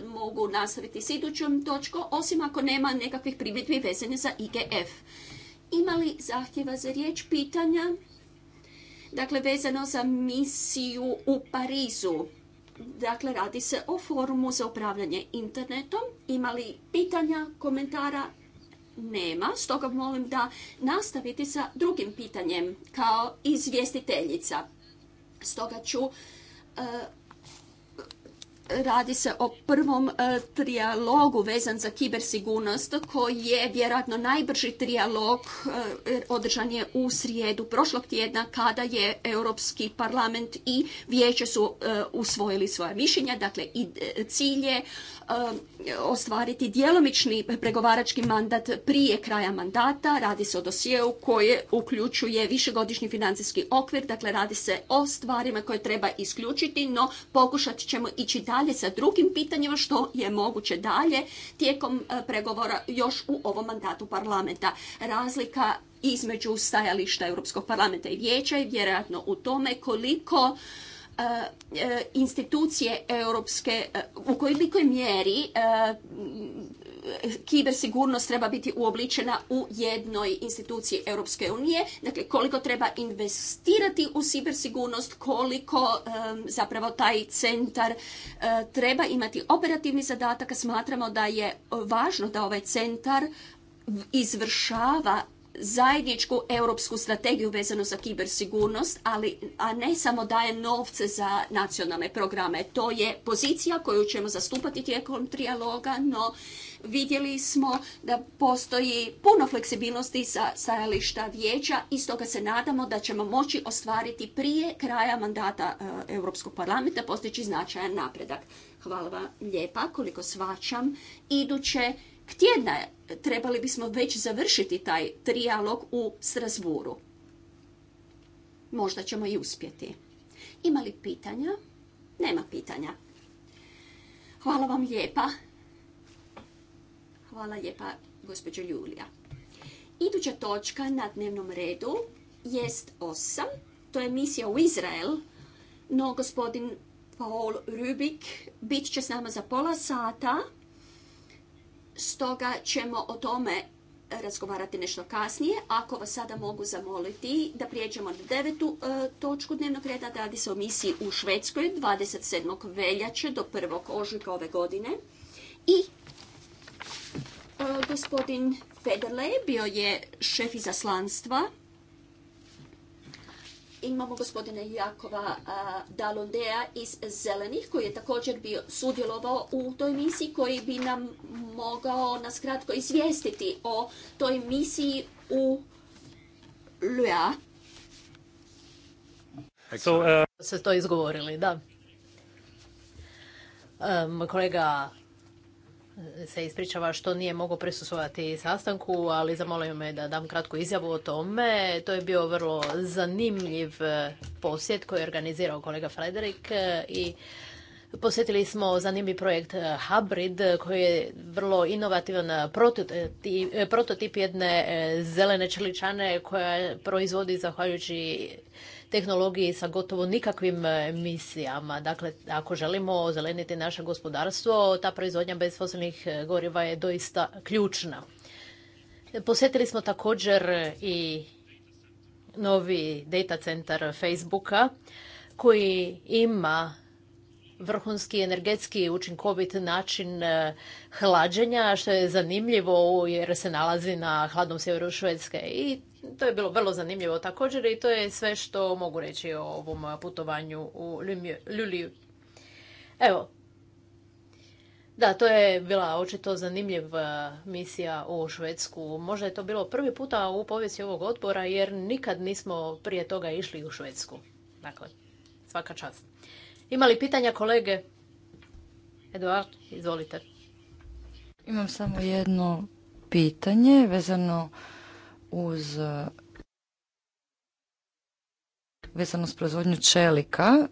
Speaker 2: mogu nastaviti s idućom točkom, osim ako nema nekakvih primjedbi vezane za IGF. Ima li zahtjeva za riječ pitanja? Dakle, vezano za misiju u Parizu. Dakle, radi se o forumu za upravljanje internetom. Ima li pitanja, komentara? nema, stoga molim da nastaviti sa drugim pitanjem kao izvjestiteljica. Stoga ću e, radi se o prvom trialogu e, trijalogu vezan za kibersigurnost koji je vjerojatno najbrži trijalog e, održan je u srijedu prošlog tjedna kada je Europski parlament i vijeće su usvojili svoje mišljenja. Dakle, i cilje... Eh, ostvariti djelomični pregovarački mandat prije kraja mandata. Radi se o dosijeu koje uključuje višegodišnji financijski okvir, dakle radi se o stvarima koje treba isključiti, no pokušat ćemo ići dalje sa drugim pitanjima što je moguće dalje tijekom eh, pregovora još u ovom mandatu parlamenta. Razlika između stajališta Europskog parlamenta i vijeća je vjerojatno u tome koliko Eh, eh, institucije europske, eh, u kojoj mjeri kibersigurnost treba biti uobličena u jednoj instituciji Europske unije, dakle koliko treba investirati u kibersigurnost, koliko zapravo taj centar treba imati operativni zadatak, smatramo da je važno da ovaj centar izvršava zajedničku europsku strategiju vezano za kibersigurnost, ali, a ne samo daje novce za nacionalne programe. To je pozicija koju ćemo zastupati tijekom trijaloga, no vidjeli smo da postoji puno fleksibilnosti sa stajališta vijeća i stoga se nadamo da ćemo moći ostvariti prije kraja mandata e, Europskog parlamenta postići značajan napredak. Hvala vam lijepa, koliko svačam. Iduće tjedna trebali bismo već završiti taj trijalog u Strasburu. Možda ćemo i uspjeti. Ima li pitanja? Nema pitanja. Hvala vam lijepa. Hvala lijepa, gospođo Julija. Iduća točka na dnevnom redu jest 8. To je misija u Izrael. No, gospodin Paul Rubik bit će s nama za pola sata. Stoga ćemo o tome razgovarati nešto kasnije. Ako vas sada mogu zamoliti da prijeđemo na devetu e, točku dnevnog reda, radi se o misiji u Švedskoj 27. veljače do 1. ožujka ove godine. I e, gospodin Federle bio je šef izaslanstva imamo gospodina Jakova Dalondea iz Zelenih, koji je također bio sudjelovao u toj misiji, koji bi nam mogao nas kratko izvijestiti o toj misiji u Lua.
Speaker 1: Se uh, to izgovorili, da. E, kolega se ispričava što nije mogao prisustvovati sastanku, ali zamolio me da dam kratku izjavu o tome. To je bio vrlo zanimljiv e, posjet koji je organizirao kolega Frederik e, i Posjetili smo zanimljiv projekt e, Hubrid koji je vrlo inovativan prototip jedne zelene čeličane koja proizvodi zahvaljujući tehnologiji sa gotovo nikakvim e, emisijama. Dakle, ako želimo zeleniti naše gospodarstvo, ta proizvodnja bez fosilnih e, goriva je doista ključna. Posjetili smo također i novi data centar Facebooka koji ima vrhunski energetski učinkovit način e, hlađenja, što je zanimljivo jer se nalazi na hladnom sjeveru Švedske. I to je bilo vrlo zanimljivo također i to je sve što mogu reći o ovom putovanju u Ljuliju. Evo, da, to je bila očito zanimljiva misija u Švedsku. Možda je to bilo prvi puta u povijesti ovog odbora jer nikad nismo prije toga išli u Švedsku. Dakle, svaka čast. Imali pitanja kolege? Eduard, izvolite.
Speaker 3: Imam samo jedno pitanje vezano uz e, vezano s proizvodnju čelika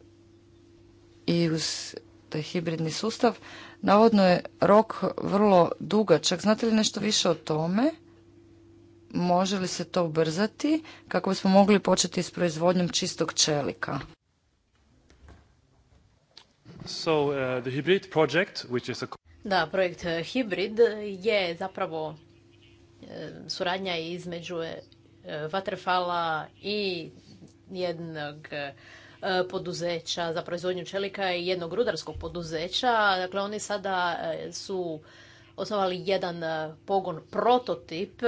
Speaker 3: i uz taj hibridni sustav, navodno je rok vrlo dugačak. Znate li nešto više o tome? Može li se to ubrzati kako bismo mogli početi s proizvodnjom čistog čelika? So, uh, project,
Speaker 1: Da, projekt uh, Hibrid je zapravo suradnja između e, Vatrefala i jednog e, poduzeća za proizvodnju čelika i jednog rudarskog poduzeća. Dakle, oni sada e, su osnovali jedan pogon prototip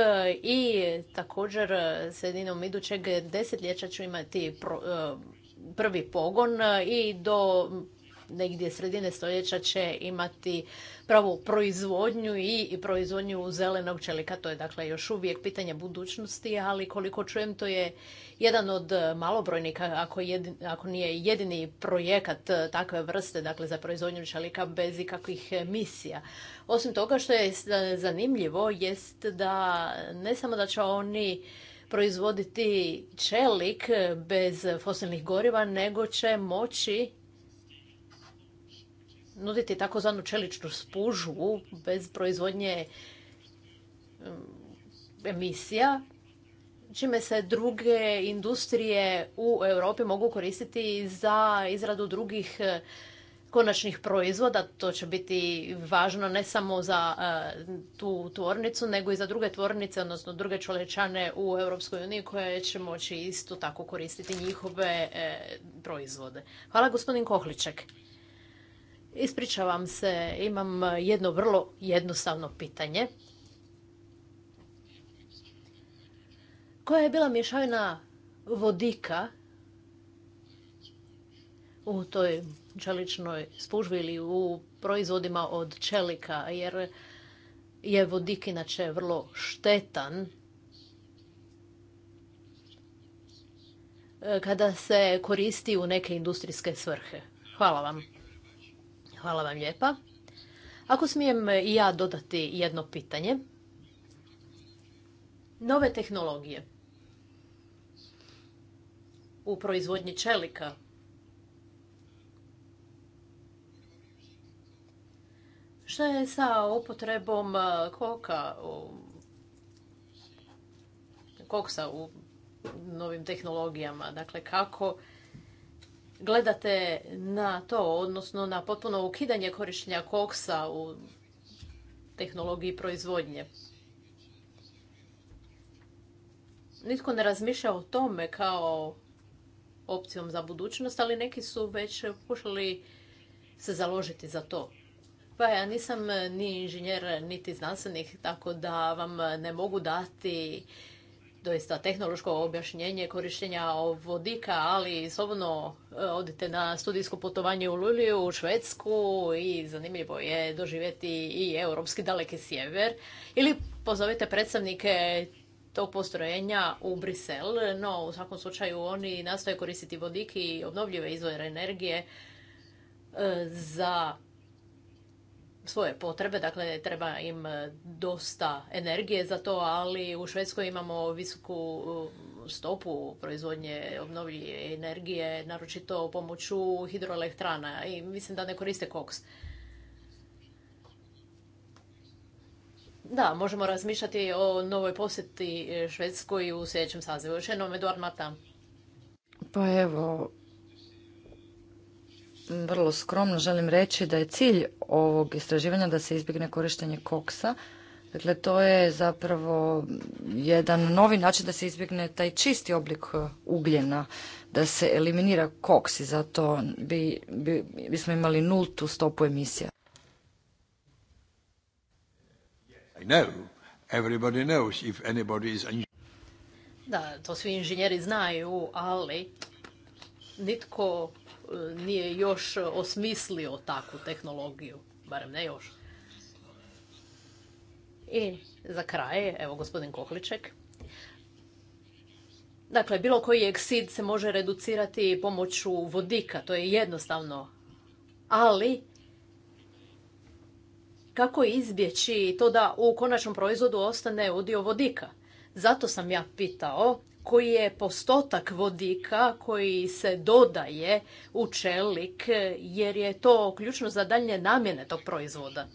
Speaker 1: i također sredinom idućeg desetljeća ću imati prvi pogon i do negdje sredine stoljeća će imati pravu proizvodnju i proizvodnju zelenog čelika. To je dakle još uvijek pitanje budućnosti, ali koliko čujem to je jedan od malobrojnika, ako, jedin, ako nije jedini projekat takve vrste, dakle za proizvodnju čelika bez ikakvih misija. Osim toga što je zanimljivo jest da ne samo da će oni proizvoditi čelik bez fosilnih goriva, nego će moći nuditi takozvanu čeličnu spužu bez proizvodnje emisija, čime se druge industrije u Europi mogu koristiti za izradu drugih e, konačnih proizvoda. To će biti važno ne samo za e, tu tvornicu, nego i za druge tvornice, odnosno druge čolečane u Europskoj uniji koje će moći isto tako koristiti njihove e, proizvode. Hvala gospodin Kohliček. Ispričavam se, imam jedno vrlo jednostavno pitanje. Koja je bila mješavina vodika u toj čeličnoj spužvi ili u proizvodima od čelika, jer je vodik inače vrlo štetan. Kada se koristi u neke industrijske svrhe. Hvala vam. Hvala vam lijepa. Ako smijem i ja dodati jedno pitanje. Nove tehnologije u proizvodnji čelika. Šta je sa upotrebom e, koka, koksa u novim tehnologijama? Dakle, kako gledate na to, odnosno na potpuno ukidanje korištenja koksa u tehnologiji proizvodnje? Nitko ne razmišlja o tome kao opcijom za budućnost, ali neki su već pokušali se založiti za to. Pa ja nisam ni inženjer, niti znanstvenik, tako da vam ne mogu dati doista tehnološko objašnjenje korištenja vodika, ali slobodno e, odite na studijsko putovanje u Luliju, u Švedsku i zanimljivo je doživjeti i europski daleki sjever. Ili pozovite predstavnike tog postrojenja u Brisel, no u svakom slučaju oni nastoje koristiti vodik i obnovljive izvore energije e, za svoje potrebe, dakle treba im e, dosta energije za to, ali u Švedskoj imamo visoku stopu proizvodnje obnovljive energije, naročito pomoću hidroelektrana i mislim da ne koriste koks. Da, možemo razmišljati o novoj posjeti Švedskoj u sljedećem sazivu. Još jednom, Eduard Mata.
Speaker 3: Pa evo, vrlo skromno želim reći da je cilj ovog istraživanja da se izbjegne korištenje koksa. Dakle, to je zapravo jedan novi način da se izbjegne taj čisti oblik e, ugljena, da se eliminira koks i zato bi, bi, bismo imali nultu stopu emisija. Da,
Speaker 1: to svi inženjeri znaju, ali nitko nije još osmislio takvu tehnologiju, barem ne još. I za kraj, evo gospodin Kohliček. Dakle, bilo koji eksid se može reducirati pomoću vodika, to je jednostavno. Ali, kako izbjeći to da u konačnom proizvodu ostane udio vodika? Zato sam ja pitao koji je postotak vodika koji se dodaje u čelik jer je to ključno za daljnje namjene tog proizvoda?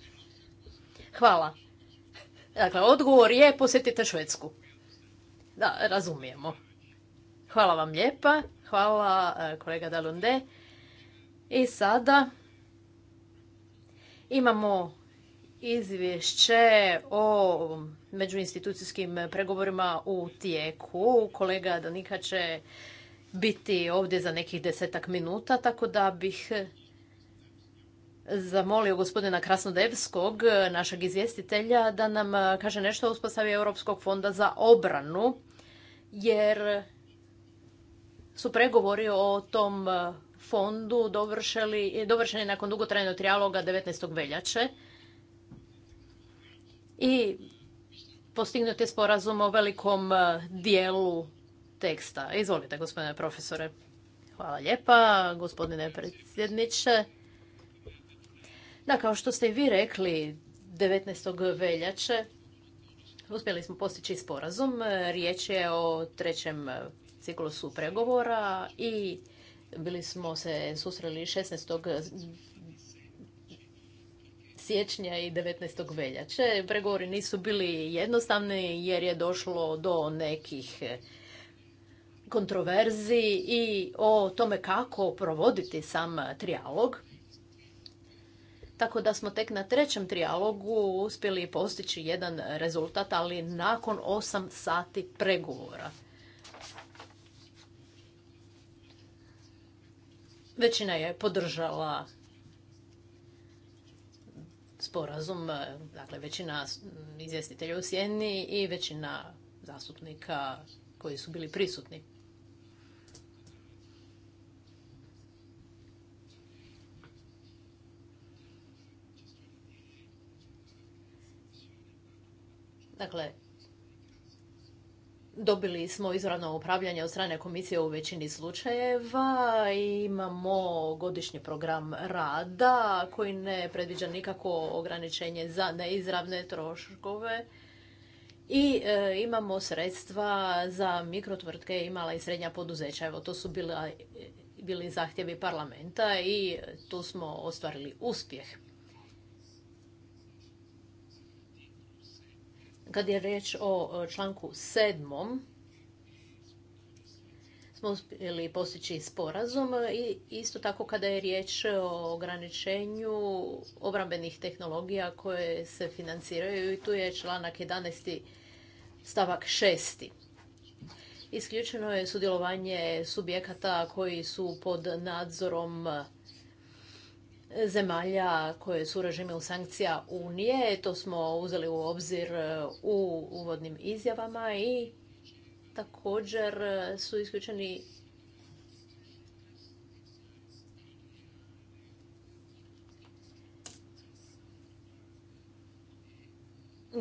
Speaker 1: Hvala. Dakle, odgovor je posjetite Švedsku. Da, razumijemo. Hvala vam lijepa. Hvala e, kolega Dalunde. I sada imamo izvješće o međuinstitucijskim pregovorima u tijeku. Kolega Danika će biti ovdje za nekih desetak minuta, tako da bih zamolio gospodina Krasnodevskog, našeg izvjestitelja, da nam kaže nešto o uspostavi Europskog fonda za obranu, jer su pregovori o tom fondu dovršeni nakon dugotrajnog trijaloga 19. veljače. I postignut je sporazum o velikom e, dijelu teksta. Izvolite, gospodine profesore. Hvala lijepa, gospodine predsjedniče. Da, kao što ste i vi rekli, 19. veljače uspjeli smo postići sporazum. Riječ je o trećem ciklusu pregovora i bili smo se susreli 16 siječnja i 19. veljače. Pregovori nisu bili jednostavni jer je došlo do nekih eh, kontroverzi i o tome kako provoditi sam trijalog. Tako da smo tek na trećem trijalogu uspjeli postići jedan rezultat, ali nakon 8 sati pregovora. Većina je podržala sporazum, e, dakle većina mm, izvjestitelja u Sjeni i većina zastupnika koji su bili prisutni. Dakle, Dobili smo izravno upravljanje od strane komisije u većini slučajeva. Imamo godišnji program rada koji ne predviđa nikako ograničenje za neizravne troškove. I e, imamo sredstva za mikrotvrtke i mala i srednja poduzeća. Evo, to su bili zahtjevi parlamenta i tu smo ostvarili uspjeh. Kad je riječ o e, članku sedmom, smo uspjeli postići sporazum i isto tako kada je riječ o ograničenju obrambenih tehnologija koje se financiraju i tu je članak 11. stavak 6. Isključeno je sudjelovanje subjekata koji su pod nadzorom zemalja koje su u režimu sankcija Unije. To smo uzeli u obzir e, u uvodnim izjavama i također su isključeni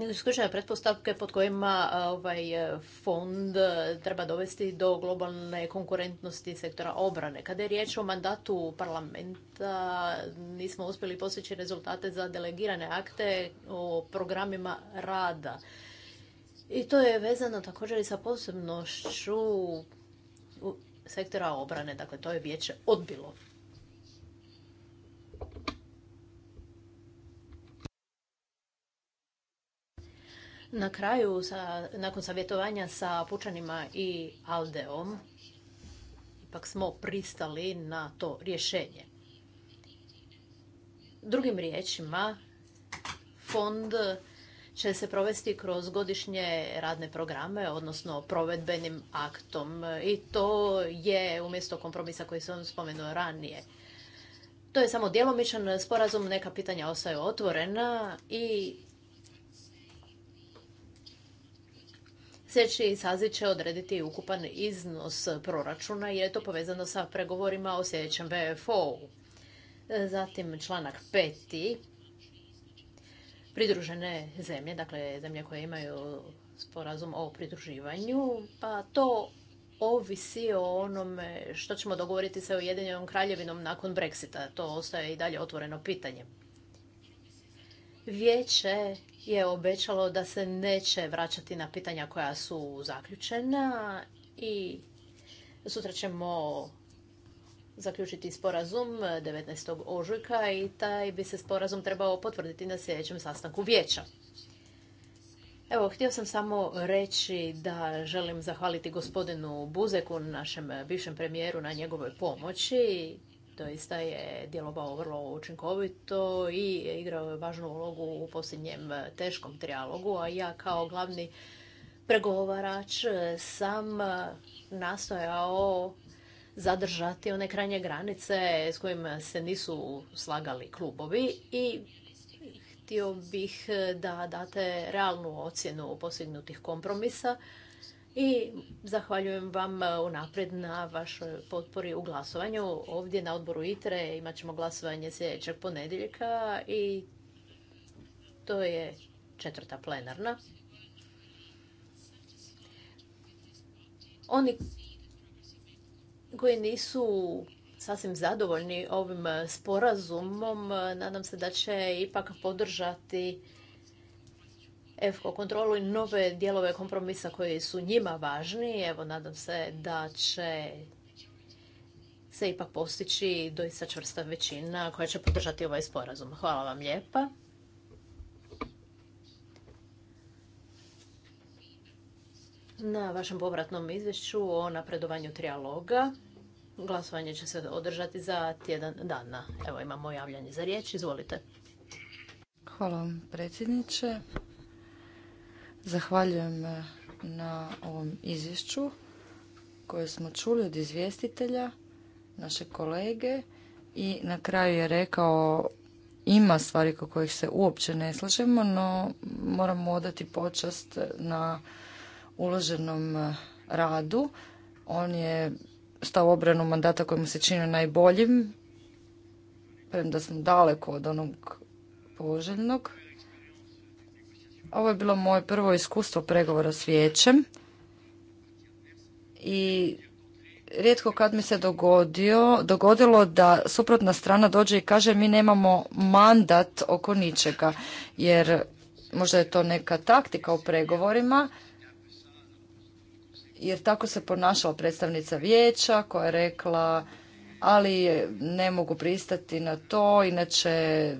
Speaker 1: isključene pretpostavke pod kojima ovaj e, fond e, treba dovesti do globalne konkurentnosti sektora obrane. Kada je riječ o mandatu parlamenta, nismo uspjeli postići rezultate za delegirane akte o programima rada. I to je vezano također i sa posebnošću sektora obrane, dakle to je vijeće odbilo. Na kraju, nakon savjetovanja sa Pučanima i Aldeom, ipak smo pristali na to rješenje. Drugim riječima, fond će se provesti kroz godišnje radne programe, odnosno provedbenim aktom. I to je umjesto kompromisa koji sam spomenuo ranije. To je samo djelomičan sporazum, neka pitanja ostaju otvorena i Sljedeći saziv će odrediti ukupan iznos proračuna jer je to povezano sa pregovorima o sljedećem VFO-u. E, zatim članak peti. Pridružene zemlje, dakle zemlje koje imaju sporazum o pridruživanju, pa to ovisi o onome što ćemo dogovoriti sa Ujedinjenom kraljevinom nakon Brexita. To ostaje i dalje otvoreno pitanje. Vijeće je obećalo da se neće vraćati na pitanja koja su zaključena i sutra ćemo zaključiti sporazum 19. ožujka i taj bi se sporazum trebao potvrditi na sljedećem sastanku vijeća. Evo, htio sam samo reći da želim zahvaliti gospodinu Buzeku, našem bivšem premijeru, na njegovoj pomoći doista je djelovao vrlo učinkovito i igrao je važnu ulogu u posljednjem e, teškom trialogu, a ja kao glavni pregovarač e, sam e, nastojao zadržati one krajnje granice s kojima se nisu slagali klubovi i htio bih da date realnu ocjenu postignutih kompromisa i zahvaljujem vam e, unaprijed na vašoj potpori u glasovanju. Ovdje na odboru ITRE imat ćemo glasovanje sljedećeg ponedjeljka i to je četvrta plenarna. Oni koji nisu sasvim zadovoljni ovim sporazumom, nadam se da će ipak podržati EFKO kontrolu i nove dijelove kompromisa koji su njima važni. Evo, nadam se da će se ipak postići doista čvrsta većina koja će podržati ovaj sporazum. Hvala vam lijepa. Na vašem povratnom izvješću o napredovanju trialoga glasovanje će se održati za tjedan dana. Evo imamo javljanje za riječ, izvolite.
Speaker 3: Hvala vam predsjedniče. Zahvaljujem e, na ovom izvješću koje smo čuli od izvjestitelja, naše kolege i na kraju je rekao ima stvari oko kojih se uopće ne slažemo, no moramo odati počast na uloženom e, radu. On je stao obranu mandata kojemu se čini najboljim, premda smo daleko od onog poželjnog. Ovo je bilo moje prvo iskustvo pregovora s vijećem i rijetko kad mi se dogodio, dogodilo da suprotna strana dođe i kaže mi nemamo mandat oko ničega, jer možda je to neka taktika u pregovorima, jer tako se ponašala predstavnica vijeća koja je rekla ali ne mogu pristati na to, inače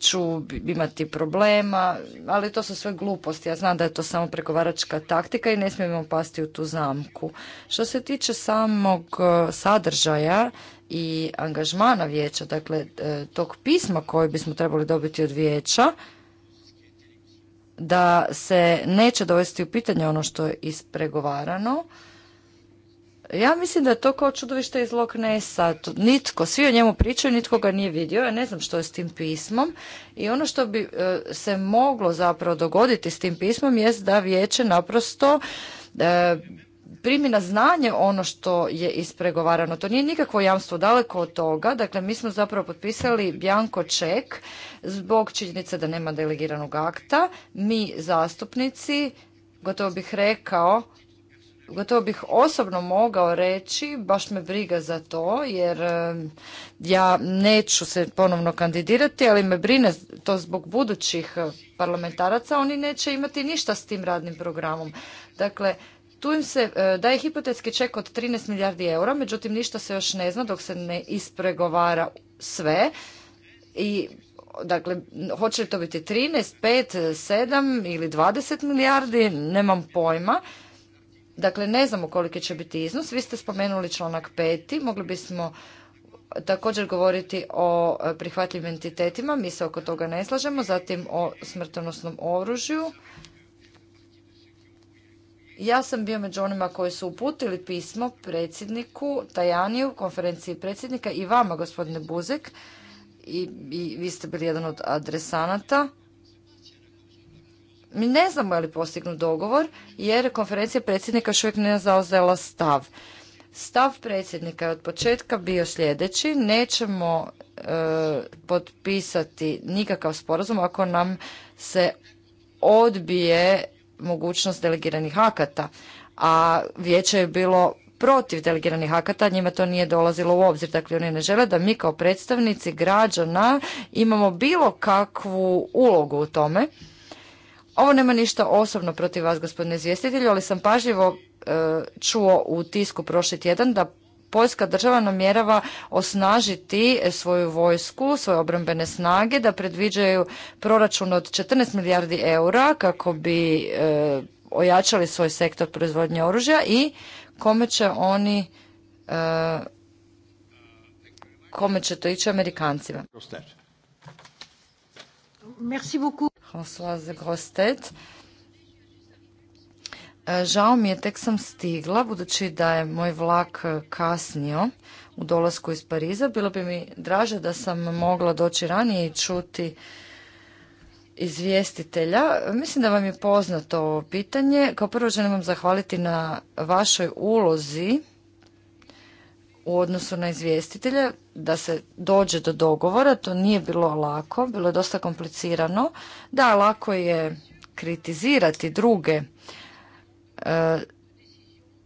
Speaker 3: ću imati problema, ali to su sve gluposti. Ja znam da je to samo pregovaračka taktika i ne smijemo pasti u tu zamku. Što se tiče samog e, sadržaja i angažmana vijeća, dakle e, tog pisma koje bismo trebali dobiti od vijeća, da se neće dovesti u pitanje ono što je ispregovarano, ja mislim da je to kao čudovište iz Loch Nitko, svi o njemu pričaju, nitko ga nije vidio. Ja ne znam što je s tim pismom. I ono što bi e, se moglo zapravo dogoditi s tim pismom jest da vijeće naprosto e, primi na znanje ono što je ispregovarano. To nije nikakvo jamstvo daleko od toga. Dakle, mi smo zapravo potpisali bjanko ček zbog činjenice da nema delegiranog akta. Mi zastupnici, gotovo bih rekao, gotovo bih osobno mogao reći, baš me briga za to, jer eh, ja neću se ponovno kandidirati, ali me brine to zbog budućih eh, parlamentaraca, oni neće imati ništa s tim radnim programom. Dakle, tu im se eh, daje hipotetski ček od 13 milijardi eura, međutim ništa se još ne zna dok se ne ispregovara sve i dakle, hoće li to biti 13, 5, 7 ili 20 milijardi, nemam pojma. Dakle, ne znamo koliki će biti iznos. Vi ste spomenuli članak peti. Mogli bismo također govoriti o e, prihvatljivim entitetima. Mi se oko toga ne slažemo. Zatim o smrtonosnom oružju. Ja sam bio među onima koji su uputili pismo predsjedniku Tajaniju, konferenciji predsjednika i vama, gospodine Buzek. I, i vi ste bili jedan od adresanata. Mi ne znamo je li postignut dogovor jer konferencija predsjednika još uvijek ne zauzela stav. Stav predsjednika je od početka bio sljedeći, nećemo e, potpisati nikakav sporazum ako nam se odbije mogućnost delegiranih akata, a vijeće je bilo protiv delegiranih akata, njima to nije dolazilo u obzir. Dakle, oni ne žele da mi kao predstavnici građana imamo bilo kakvu ulogu u tome. Ovo nema ništa osobno protiv vas, gospodine izvjestitelju, ali sam pažljivo e, čuo u tisku prošli tjedan da Poljska država namjerava osnažiti svoju vojsku, svoje obrambene snage, da predviđaju proračun od 14 milijardi eura kako bi e, ojačali svoj sektor proizvodnje oružja i kome će oni e, kome će to ići Amerikancima. Merci beaucoup. Françoise Grostet. E, žao mi je, tek sam stigla, budući da je moj vlak e, kasnio u dolasku iz Pariza. Bilo bi mi draže da sam mogla doći ranije i čuti izvjestitelja. Mislim da vam je poznato ovo pitanje. Kao prvo želim vam zahvaliti na vašoj ulozi u odnosu na izvjestitelje da se dođe do dogovora. To nije bilo lako, bilo je dosta komplicirano. Da, lako je kritizirati druge. E,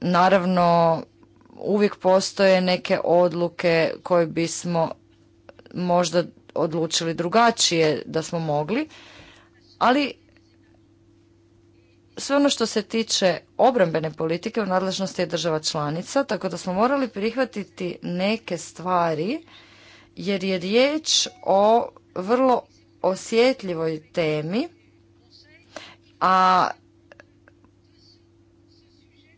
Speaker 3: naravno, uvijek postoje neke odluke koje bismo možda odlučili drugačije da smo mogli, ali sve ono što se tiče obrambene politike u nadležnosti je država članica, tako da smo morali prihvatiti neke stvari jer je riječ o vrlo osjetljivoj temi, a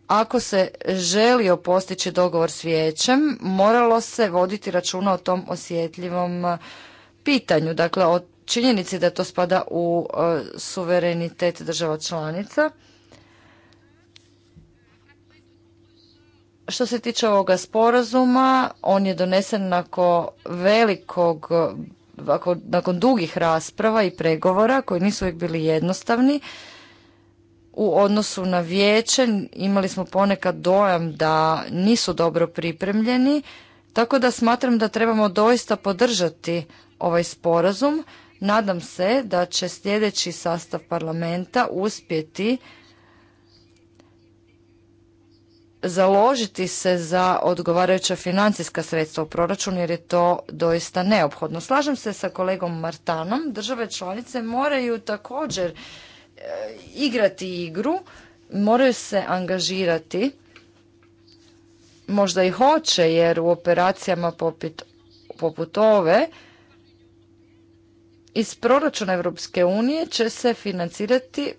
Speaker 3: ako se želio postići dogovor s vijećem, moralo se voditi računa o tom osjetljivom pitanju, dakle o činjenici da to spada u e, suverenitet država članica. Što se tiče ovoga sporazuma, on je donesen nakon velikog nakon dugih rasprava i pregovora koji nisu uvijek bili jednostavni u odnosu na vijeće imali smo ponekad dojam da nisu dobro pripremljeni tako da smatram da trebamo doista podržati ovaj sporazum Nadam se da će sljedeći sastav parlamenta uspjeti založiti se za odgovarajuća financijska sredstva u proračunu jer je to doista neophodno. Slažem se sa kolegom Martanom, države članice moraju također e, igrati igru, moraju se angažirati, možda i hoće jer u operacijama poput ove iz proračuna Europske unije će se financirati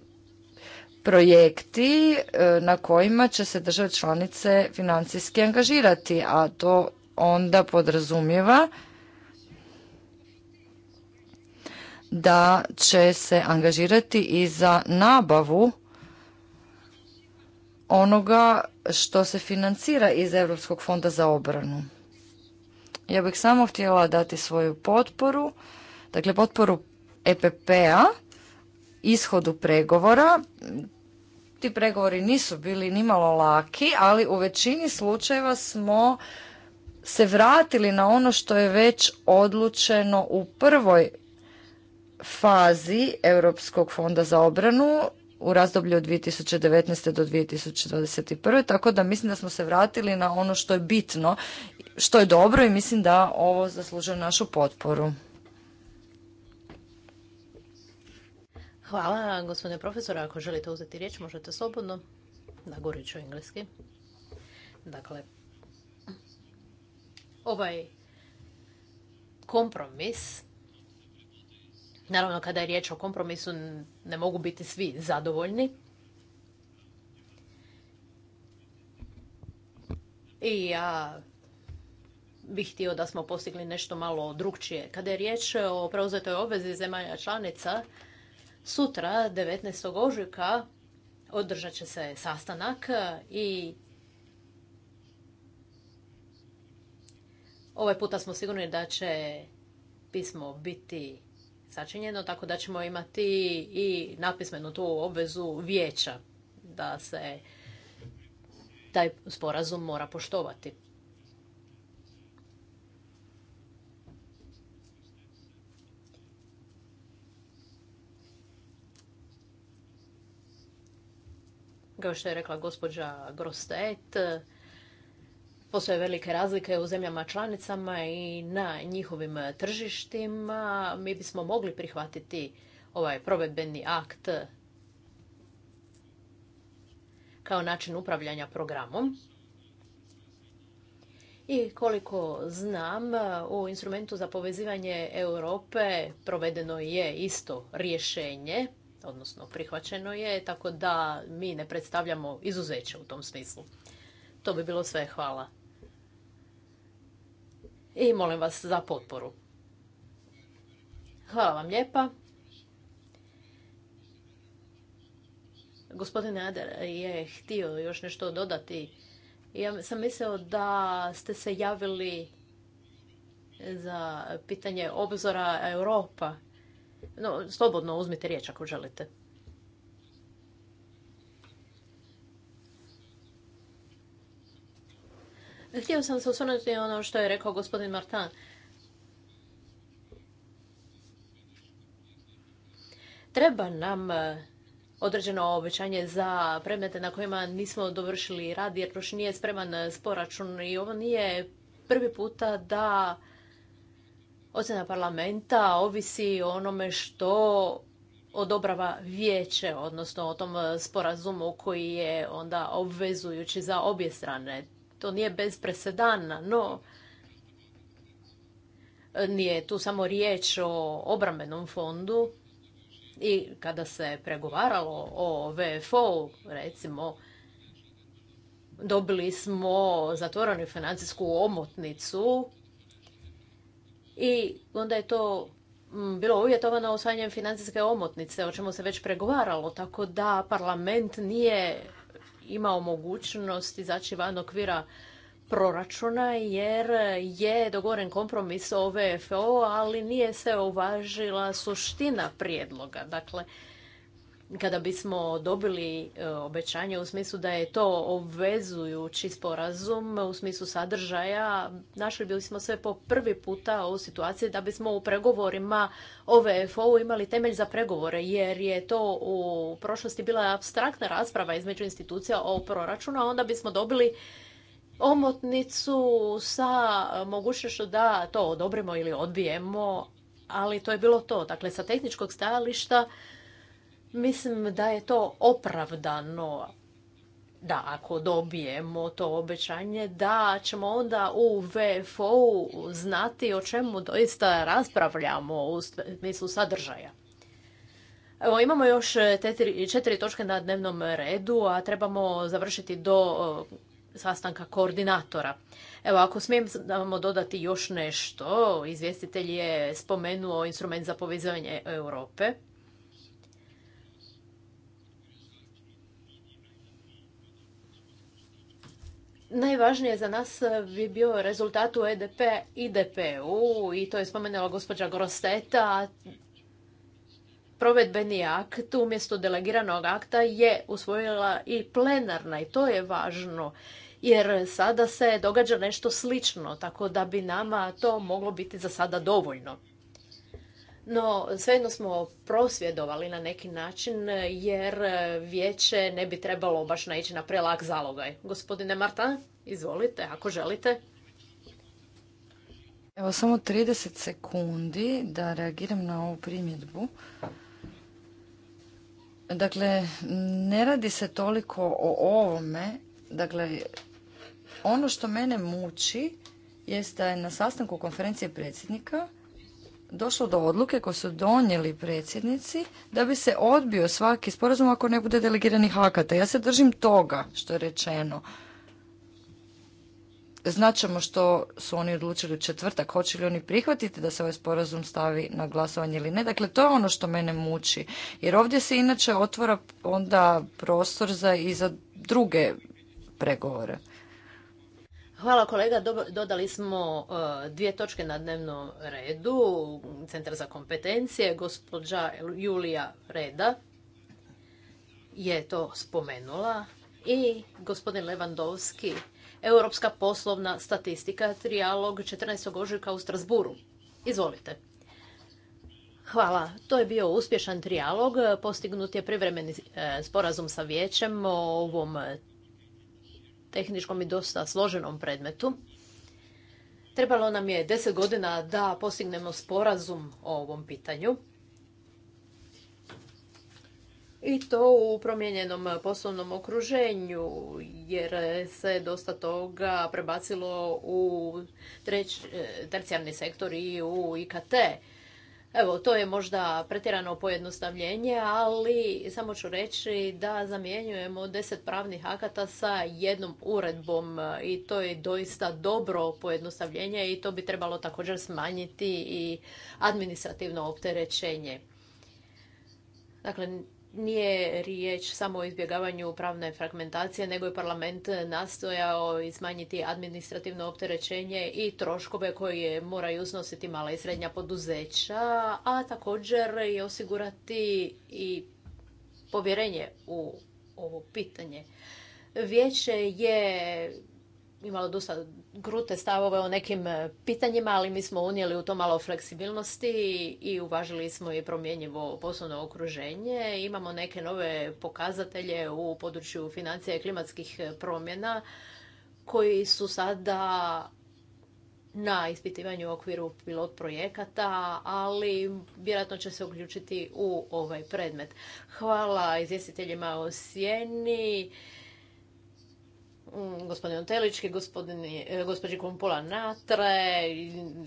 Speaker 3: projekti e, na kojima će se države članice financijski angažirati, a to onda podrazumijeva da će se angažirati i za nabavu onoga što se financira iz Europskog fonda za obranu. Ja bih samo htjela dati svoju potporu Dakle, potporu EPP-a, ishodu pregovora, ti pregovori nisu bili ni malo laki, ali u većini slučajeva smo se vratili na ono što je već odlučeno u prvoj fazi Europskog fonda za obranu u razdoblju od 2019. do 2021. Tako da mislim da smo se vratili na ono što je bitno, što je dobro i mislim da ovo zaslužuje našu potporu. Hvala,
Speaker 1: gospodine profesore. Ako želite uzeti riječ, možete slobodno. na ću engleski. Dakle, ovaj kompromis, naravno kada je riječ o kompromisu ne mogu biti svi zadovoljni. I ja bih htio da smo postigli nešto malo drugčije. Kada je riječ o preuzetoj obvezi zemalja članica, Sutra, 19. ožujka, održat će se sastanak i ovaj puta smo sigurni da će pismo biti sačinjeno, tako da ćemo imati i napismenu tu obvezu vijeća da se taj sporazum mora poštovati. Kao što je rekla gospođa Grostet, postoje velike razlike u zemljama članicama i na njihovim tržištima. Mi bismo mogli prihvatiti ovaj provedbeni akt kao način upravljanja programom. I koliko znam, u instrumentu za povezivanje Europe provedeno je isto rješenje odnosno prihvaćeno je, tako da mi ne predstavljamo izuzeće u tom smislu. To bi bilo sve, hvala. I molim vas za potporu. Hvala vam lijepa. Gospodin Ader je htio još nešto dodati. Ja sam mislio da ste se javili za pitanje obzora Europa. No, slobodno uzmite riječ ako želite. Htio sam se osvrnuti ono što je rekao gospodin Martan. Treba nam e, određeno obećanje za predmete na kojima nismo dovršili rad jer još nije spreman e, sporačun i ovo nije prvi puta da ocjena parlamenta ovisi o onome što odobrava vijeće, odnosno o tom e, sporazumu koji je onda obvezujući za obje strane. To nije bez presedana, no e, nije tu samo riječ o obrambenom fondu i kada se pregovaralo o VFO, recimo, dobili smo zatvorenu financijsku omotnicu i onda je to mm, bilo uvjetovano osvajanjem financijske omotnice, o čemu se već pregovaralo, tako da parlament nije imao mogućnost izaći van okvira proračuna jer je dogovoren kompromis o VFO, ali nije se uvažila suština prijedloga. Dakle, kada bismo dobili e, obećanje u smislu da je to obvezujući sporazum u smislu sadržaja, našli bismo sve po prvi puta u situaciji da bismo u pregovorima o VFO-u imali temelj za pregovore, jer je to u prošlosti bila abstraktna rasprava između institucija o proračunu, a onda bismo dobili omotnicu sa mogućnošću da to odobrimo ili odbijemo, ali to je bilo to. Dakle, sa tehničkog stajališta Mislim da je to opravdano da ako dobijemo to obećanje, da ćemo onda u VFO znati o čemu doista raspravljamo u smislu sadržaja. Evo, imamo još tetri, četiri točke na dnevnom redu, a trebamo završiti do sastanka koordinatora. Evo, ako smijem dodati još nešto, izvjestitelj je spomenuo instrument za povezivanje Europe. najvažnije za nas eh, bi bio rezultat u EDP i DPU i to je spomenula gospođa Grosteta. Provedbeni akt umjesto delegiranog akta je usvojila i plenarna i to je važno jer sada se događa nešto slično, tako da bi nama to moglo biti za sada dovoljno. No, svejedno smo prosvjedovali na neki način jer vijeće ne bi trebalo baš naići na prelak zalogaj. Gospodine Marta, izvolite ako želite.
Speaker 3: Evo samo 30 sekundi da reagiram na ovu primjedbu. Dakle, ne radi se toliko o ovome. Dakle, ono što mene muči jest da je na sastanku konferencije predsjednika došlo do odluke koju su donijeli predsjednici da bi se odbio svaki sporazum ako ne bude delegiranih akata. Ja se držim toga što je rečeno. Značamo što su oni odlučili u četvrtak. Hoće li oni prihvatiti da se ovaj sporazum stavi na glasovanje ili ne? Dakle, to je ono što mene muči. Jer ovdje se inače otvora onda prostor za i za druge pregovore.
Speaker 1: Hvala kolega, dodali smo e, dvije točke na dnevnom redu. Centar za kompetencije, gospođa Julija Reda je to spomenula i gospodin Levandovski, Europska poslovna statistika, trijalog 14. ožujka u Strasburu. Izvolite. Hvala. To je bio uspješan trijalog. Postignut je privremeni e, sporazum sa vijećem o ovom tehničkom i dosta složenom predmetu. Trebalo nam je deset godina da postignemo sporazum o ovom pitanju. I to u promijenjenom poslovnom okruženju, jer se dosta toga prebacilo u tercijarni sektor i u IKT. Evo, to je možda pretjerano pojednostavljenje, ali samo ću reći da zamjenjujemo deset pravnih akata sa jednom uredbom i to je doista dobro pojednostavljenje i to bi trebalo također smanjiti i administrativno opterećenje. Dakle, nije riječ samo o izbjegavanju pravne fragmentacije, nego je parlament nastojao izmanjiti administrativno opterećenje i troškove koje moraju snositi mala i srednja poduzeća, a također i osigurati i povjerenje u ovo pitanje. Vijeće je imalo dosta grute stavove o nekim e, pitanjima, ali mi smo unijeli u to malo fleksibilnosti i uvažili smo i promjenjivo poslovno okruženje. Imamo neke nove pokazatelje u području financija i klimatskih e, promjena koji su sada na ispitivanju u okviru pilot projekata, ali vjerojatno će se uključiti u ovaj predmet. Hvala izvjestiteljima o sjeni Mm, Gospodine Telički, e, gospođi Kumpula Natre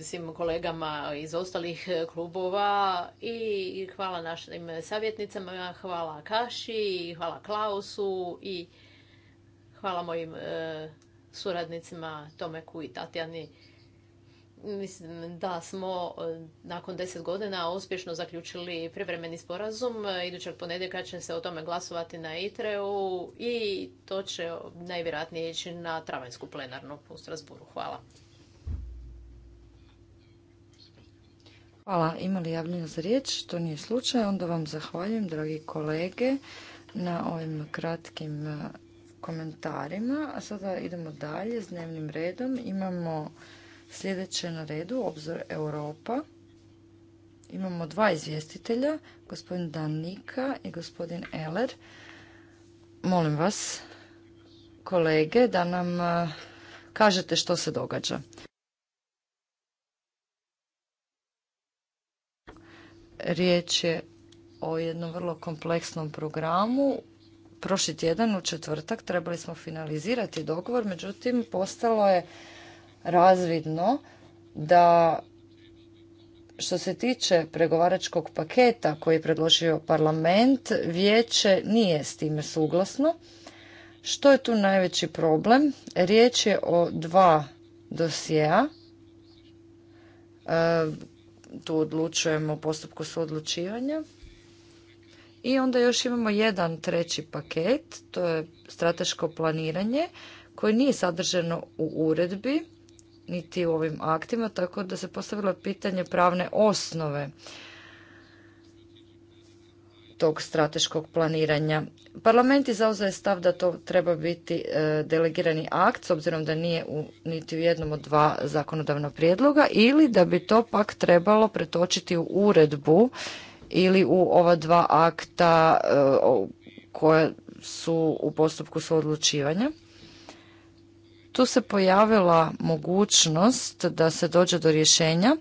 Speaker 1: svim kolegama iz ostalih e, klubova i hvala našim savjetnicama, hvala Kaši, hvala Klausu i hvala mojim e, suradnicima Tomeku i Tatjani Mislim da smo e, nakon deset godina uspješno zaključili privremeni sporazum. E, idućeg ponedjeljka će se o tome glasovati na ITRE-u i to će najvjerojatnije ići na travanjsku plenarnu u Strasburu. Hvala.
Speaker 3: Hvala. Ima li za riječ? To nije slučaj. Onda vam zahvaljujem, dragi kolege, na ovim kratkim e, komentarima. A sada idemo dalje s dnevnim redom. Imamo Sljedeće na redu, obzor Europa. Imamo dva izvjestitelja, gospodin Danika i gospodin Eler. Molim vas, kolege, da nam e, kažete što se događa. Riječ je o jednom vrlo kompleksnom programu. Prošli tjedan u četvrtak trebali smo finalizirati dogovor, međutim postalo je razvidno da što se tiče pregovaračkog paketa koji je predložio parlament, vijeće nije s time suglasno. Što je tu najveći problem? Riječ je o dva dosjea. E, tu odlučujemo o postupku suodlučivanja. I onda još imamo jedan treći paket, to je strateško planiranje, koje nije sadrženo u uredbi, niti u ovim aktima, tako da se postavilo pitanje pravne osnove tog strateškog planiranja. Parlament je stav da to treba biti e, delegirani akt s obzirom da nije u niti u jednom od dva zakonodavna prijedloga ili da bi to pak trebalo pretočiti u uredbu ili u ova dva akta e, koja su u postupku suodlučivanja. Tu se pojavila mogućnost da se dođe do rješenja.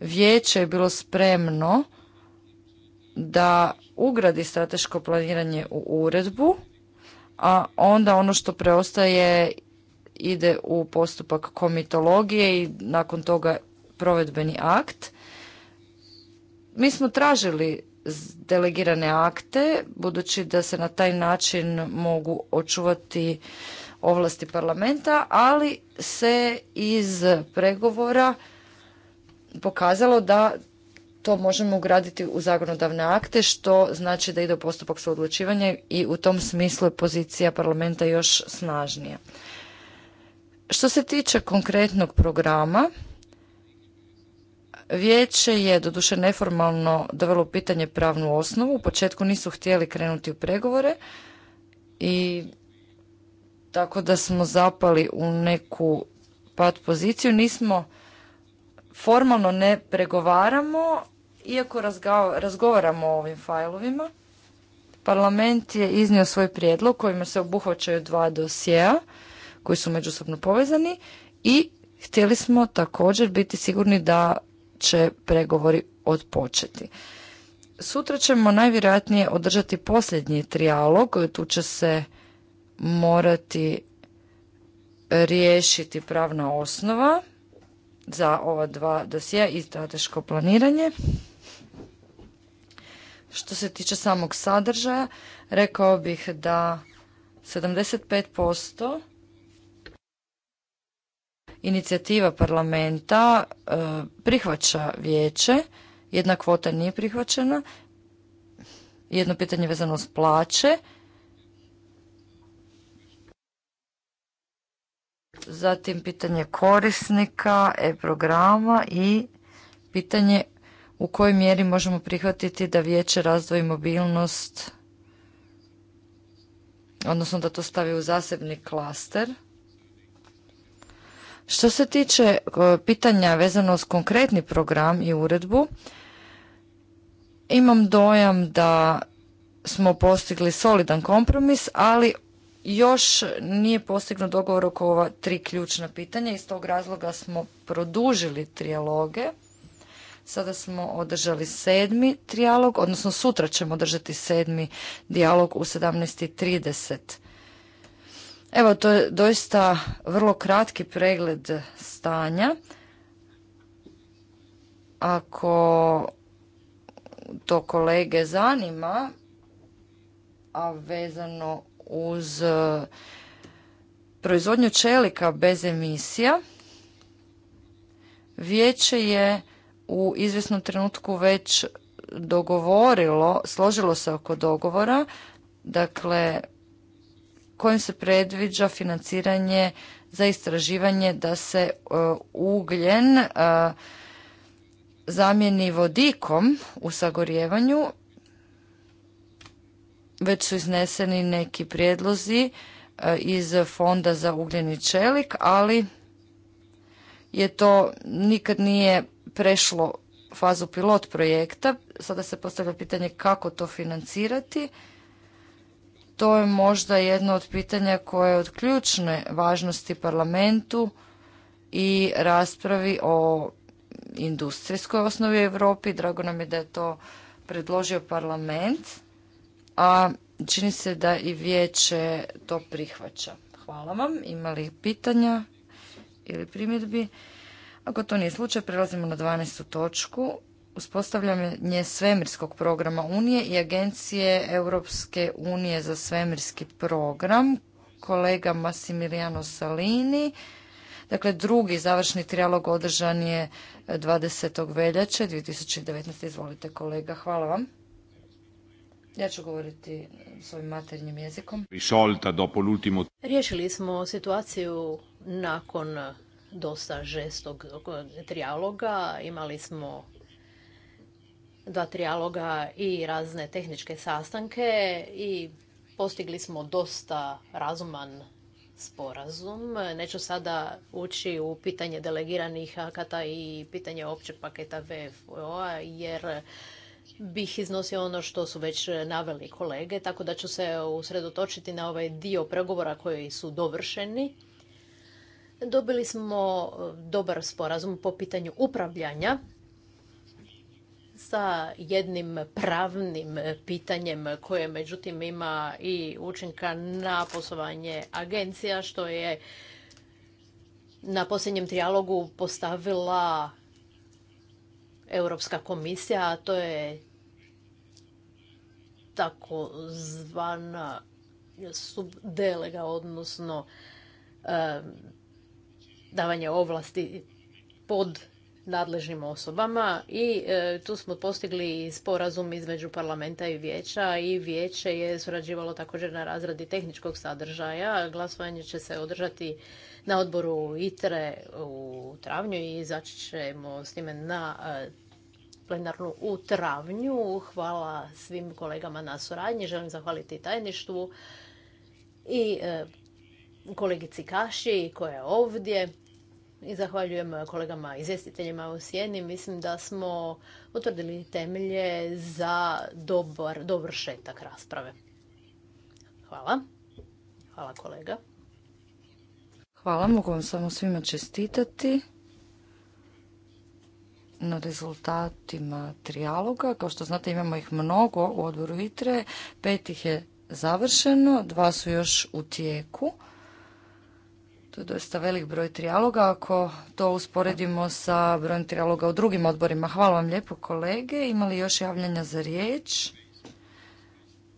Speaker 3: Vijeće je bilo spremno da ugradi strateško planiranje u uredbu, a onda ono što preostaje ide u postupak komitologije i nakon toga provedbeni akt. Mi smo tražili delegirane akte, budući da se na taj način mogu očuvati ovlasti parlamenta, ali se iz pregovora pokazalo da to možemo ugraditi u zakonodavne akte, što znači da ide u postupak suodlučivanja i u tom smislu je pozicija parlamenta još snažnija. Što se tiče konkretnog programa, Vijeće je doduše neformalno dovelo pitanje pravnu osnovu. U početku nisu htjeli krenuti u pregovore i tako da smo zapali u neku pat poziciju. Nismo, formalno ne pregovaramo, iako razgovaramo o ovim fajlovima. Parlament je iznio svoj prijedlog kojima se obuhvaćaju dva dosjea koji su međusobno povezani i htjeli smo također biti sigurni da će pregovori odpočeti. Sutra ćemo najvjerojatnije održati posljednji trijalog, tu će se morati riješiti pravna osnova za ova dva dosija i strateško planiranje. Što se tiče samog sadržaja, rekao bih da 75% inicijativa parlamenta e, prihvaća vijeće, jedna kvota nije prihvaćena, jedno pitanje vezano s plaće, zatim pitanje korisnika, e-programa i pitanje u kojoj mjeri možemo prihvatiti da vijeće razdvoji mobilnost, odnosno da to stavi u zasebni klaster. Što se tiče e, pitanja vezano s konkretni program i uredbu, imam dojam da smo postigli solidan kompromis, ali još nije postignut dogovor oko ova tri ključna pitanja. Iz tog razloga smo produžili trijaloge. Sada smo održali sedmi trijalog, odnosno sutra ćemo održati sedmi dijalog u 17.30. Evo, to je doista vrlo kratki pregled stanja. Ako to kolege zanima, a vezano uz e, proizvodnju čelika bez emisija, vijeće je u izvjesnom trenutku već dogovorilo, složilo se oko dogovora, dakle kojim se predviđa financiranje za istraživanje da se e, ugljen e, zamijeni vodikom u sagorijevanju već su izneseni neki prijedlozi e, iz Fonda za ugljeni čelik, ali je to nikad nije prešlo fazu pilot projekta. Sada se postavlja pitanje kako to financirati. To je možda jedno od pitanja koje je od ključne važnosti parlamentu i raspravi o industrijskoj osnovi u Europi. Drago nam je da je to predložio parlament a čini se da i vijeće to prihvaća. Hvala vam. Ima li pitanja ili primjedbi? Ako to nije slučaj, prelazimo na 12. točku. Uspostavljanje svemirskog programa Unije i Agencije Europske unije za svemirski program. Kolega Massimiliano Salini. Dakle, drugi završni trijalog održan je 20. veljače 2019. Izvolite kolega, hvala vam. Ja ću govoriti svojim maternjim jezikom. Riješili smo situaciju
Speaker 1: nakon dosta žestog trijaloga. Imali smo dva trijaloga i razne tehničke sastanke i postigli smo dosta razuman sporazum. Neću sada ući u pitanje delegiranih akata i pitanje općeg paketa VFO-a jer bih iznosio ono što su već naveli kolege, tako da ću se usredotočiti na ovaj dio pregovora koji su dovršeni. Dobili smo e, dobar sporazum po pitanju upravljanja sa jednim pravnim pitanjem koje međutim ima i učinka na poslovanje agencija što je na posljednjem trijalogu postavila Europska komisija, a to je tako zvana subdelega, odnosno davanje ovlasti pod nadležnim osobama i e, tu smo postigli sporazum između parlamenta i vijeća i vijeće je surađivalo također na razradi tehničkog sadržaja. Glasovanje će se održati na odboru ITRE u travnju i izaći ćemo s time na e, plenarnu u travnju. Hvala svim kolegama na suradnji. Želim zahvaliti tajništvu i e, kolegici Kaši koja je ovdje. I zahvaljujem kolegama izvjestiteljima u Sjeni. Mislim da smo utvrdili temelje za dobar, šetak rasprave. Hvala. Hvala kolega.
Speaker 3: Hvala, mogu vam samo svima čestitati na rezultatima trijaloga. Kao što znate imamo ih mnogo u odboru ITRE, pet ih je završeno, dva su još u tijeku. To je dosta velik broj trijaloga ako to usporedimo sa brojem trijaloga u drugim odborima. Hvala vam lijepo kolege. Imali još javljanja za riječ?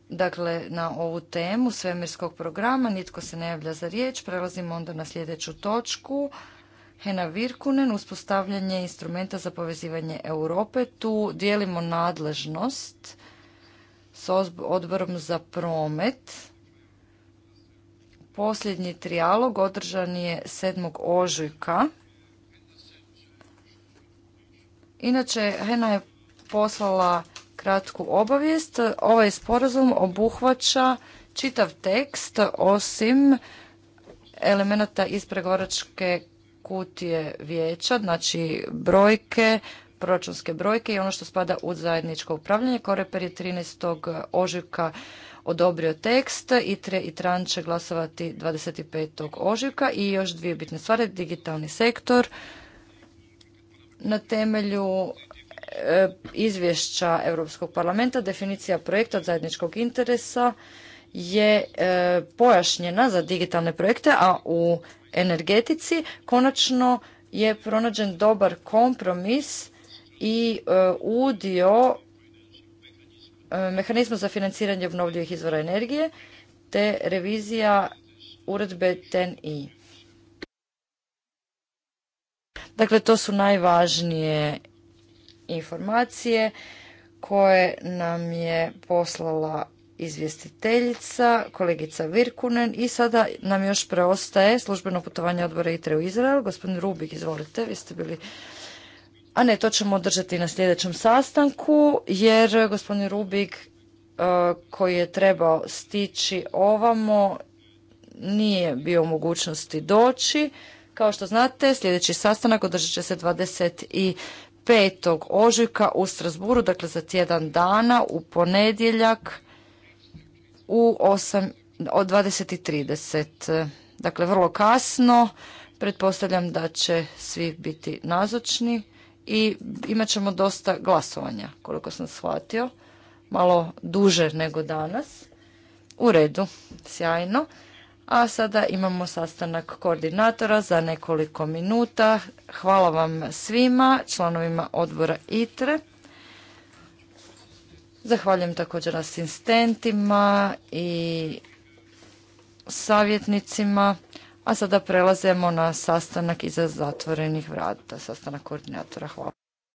Speaker 3: Dakle, na ovu temu svemirskog programa nitko se ne javlja za riječ. Prelazimo onda na sljedeću točku. Hena Virkunen, uspostavljanje instrumenta za povezivanje Europe. Tu dijelimo nadležnost s odborom za promet. Posljednji trijalog održan je 7. ožujka. Inače, Hena je poslala kratku obavijest. Ovaj sporazum obuhvaća čitav tekst osim elemenata iz pregovoračke kutije vijeća, znači brojke, proračunske brojke i ono što spada u zajedničko upravljanje. Koreper je 13. ožujka odobrio tekst, tre i TRAN će glasovati 25. ožujka i još dvije bitne stvari, digitalni sektor. Na temelju e, izvješća Europskog parlamenta definicija projekta od zajedničkog interesa je e, pojašnjena za digitalne projekte, a u energetici konačno je pronađen dobar kompromis i e, udio e, mehanizma za financiranje obnovljivih izvora energije te revizija uredbe ten Dakle, to su najvažnije informacije koje nam je poslala izvjestiteljica, kolegica Virkunen i sada nam još preostaje službeno putovanje odbora ITRE u Izrael. Gospodin Rubik, izvolite, vi ste bili... A ne, to ćemo održati na sljedećem sastanku, jer gospodin Rubik e, koji je trebao stići ovamo nije bio u mogućnosti doći. Kao što znate, sljedeći sastanak održat će se 25. ožujka u Strasburu, dakle za tjedan dana u ponedjeljak u 8, od 20.30. Dakle, vrlo kasno. Pretpostavljam da će svi biti nazočni i imat ćemo dosta glasovanja, koliko sam shvatio. Malo duže nego danas. U redu, sjajno. A sada imamo sastanak koordinatora za nekoliko minuta. Hvala vam svima, članovima odbora ITRE. Zahvaljujem također asistentima i savjetnicima. A sada prelazimo na sastanak iza zatvorenih vrata, sastanak koordinatora. Hvala.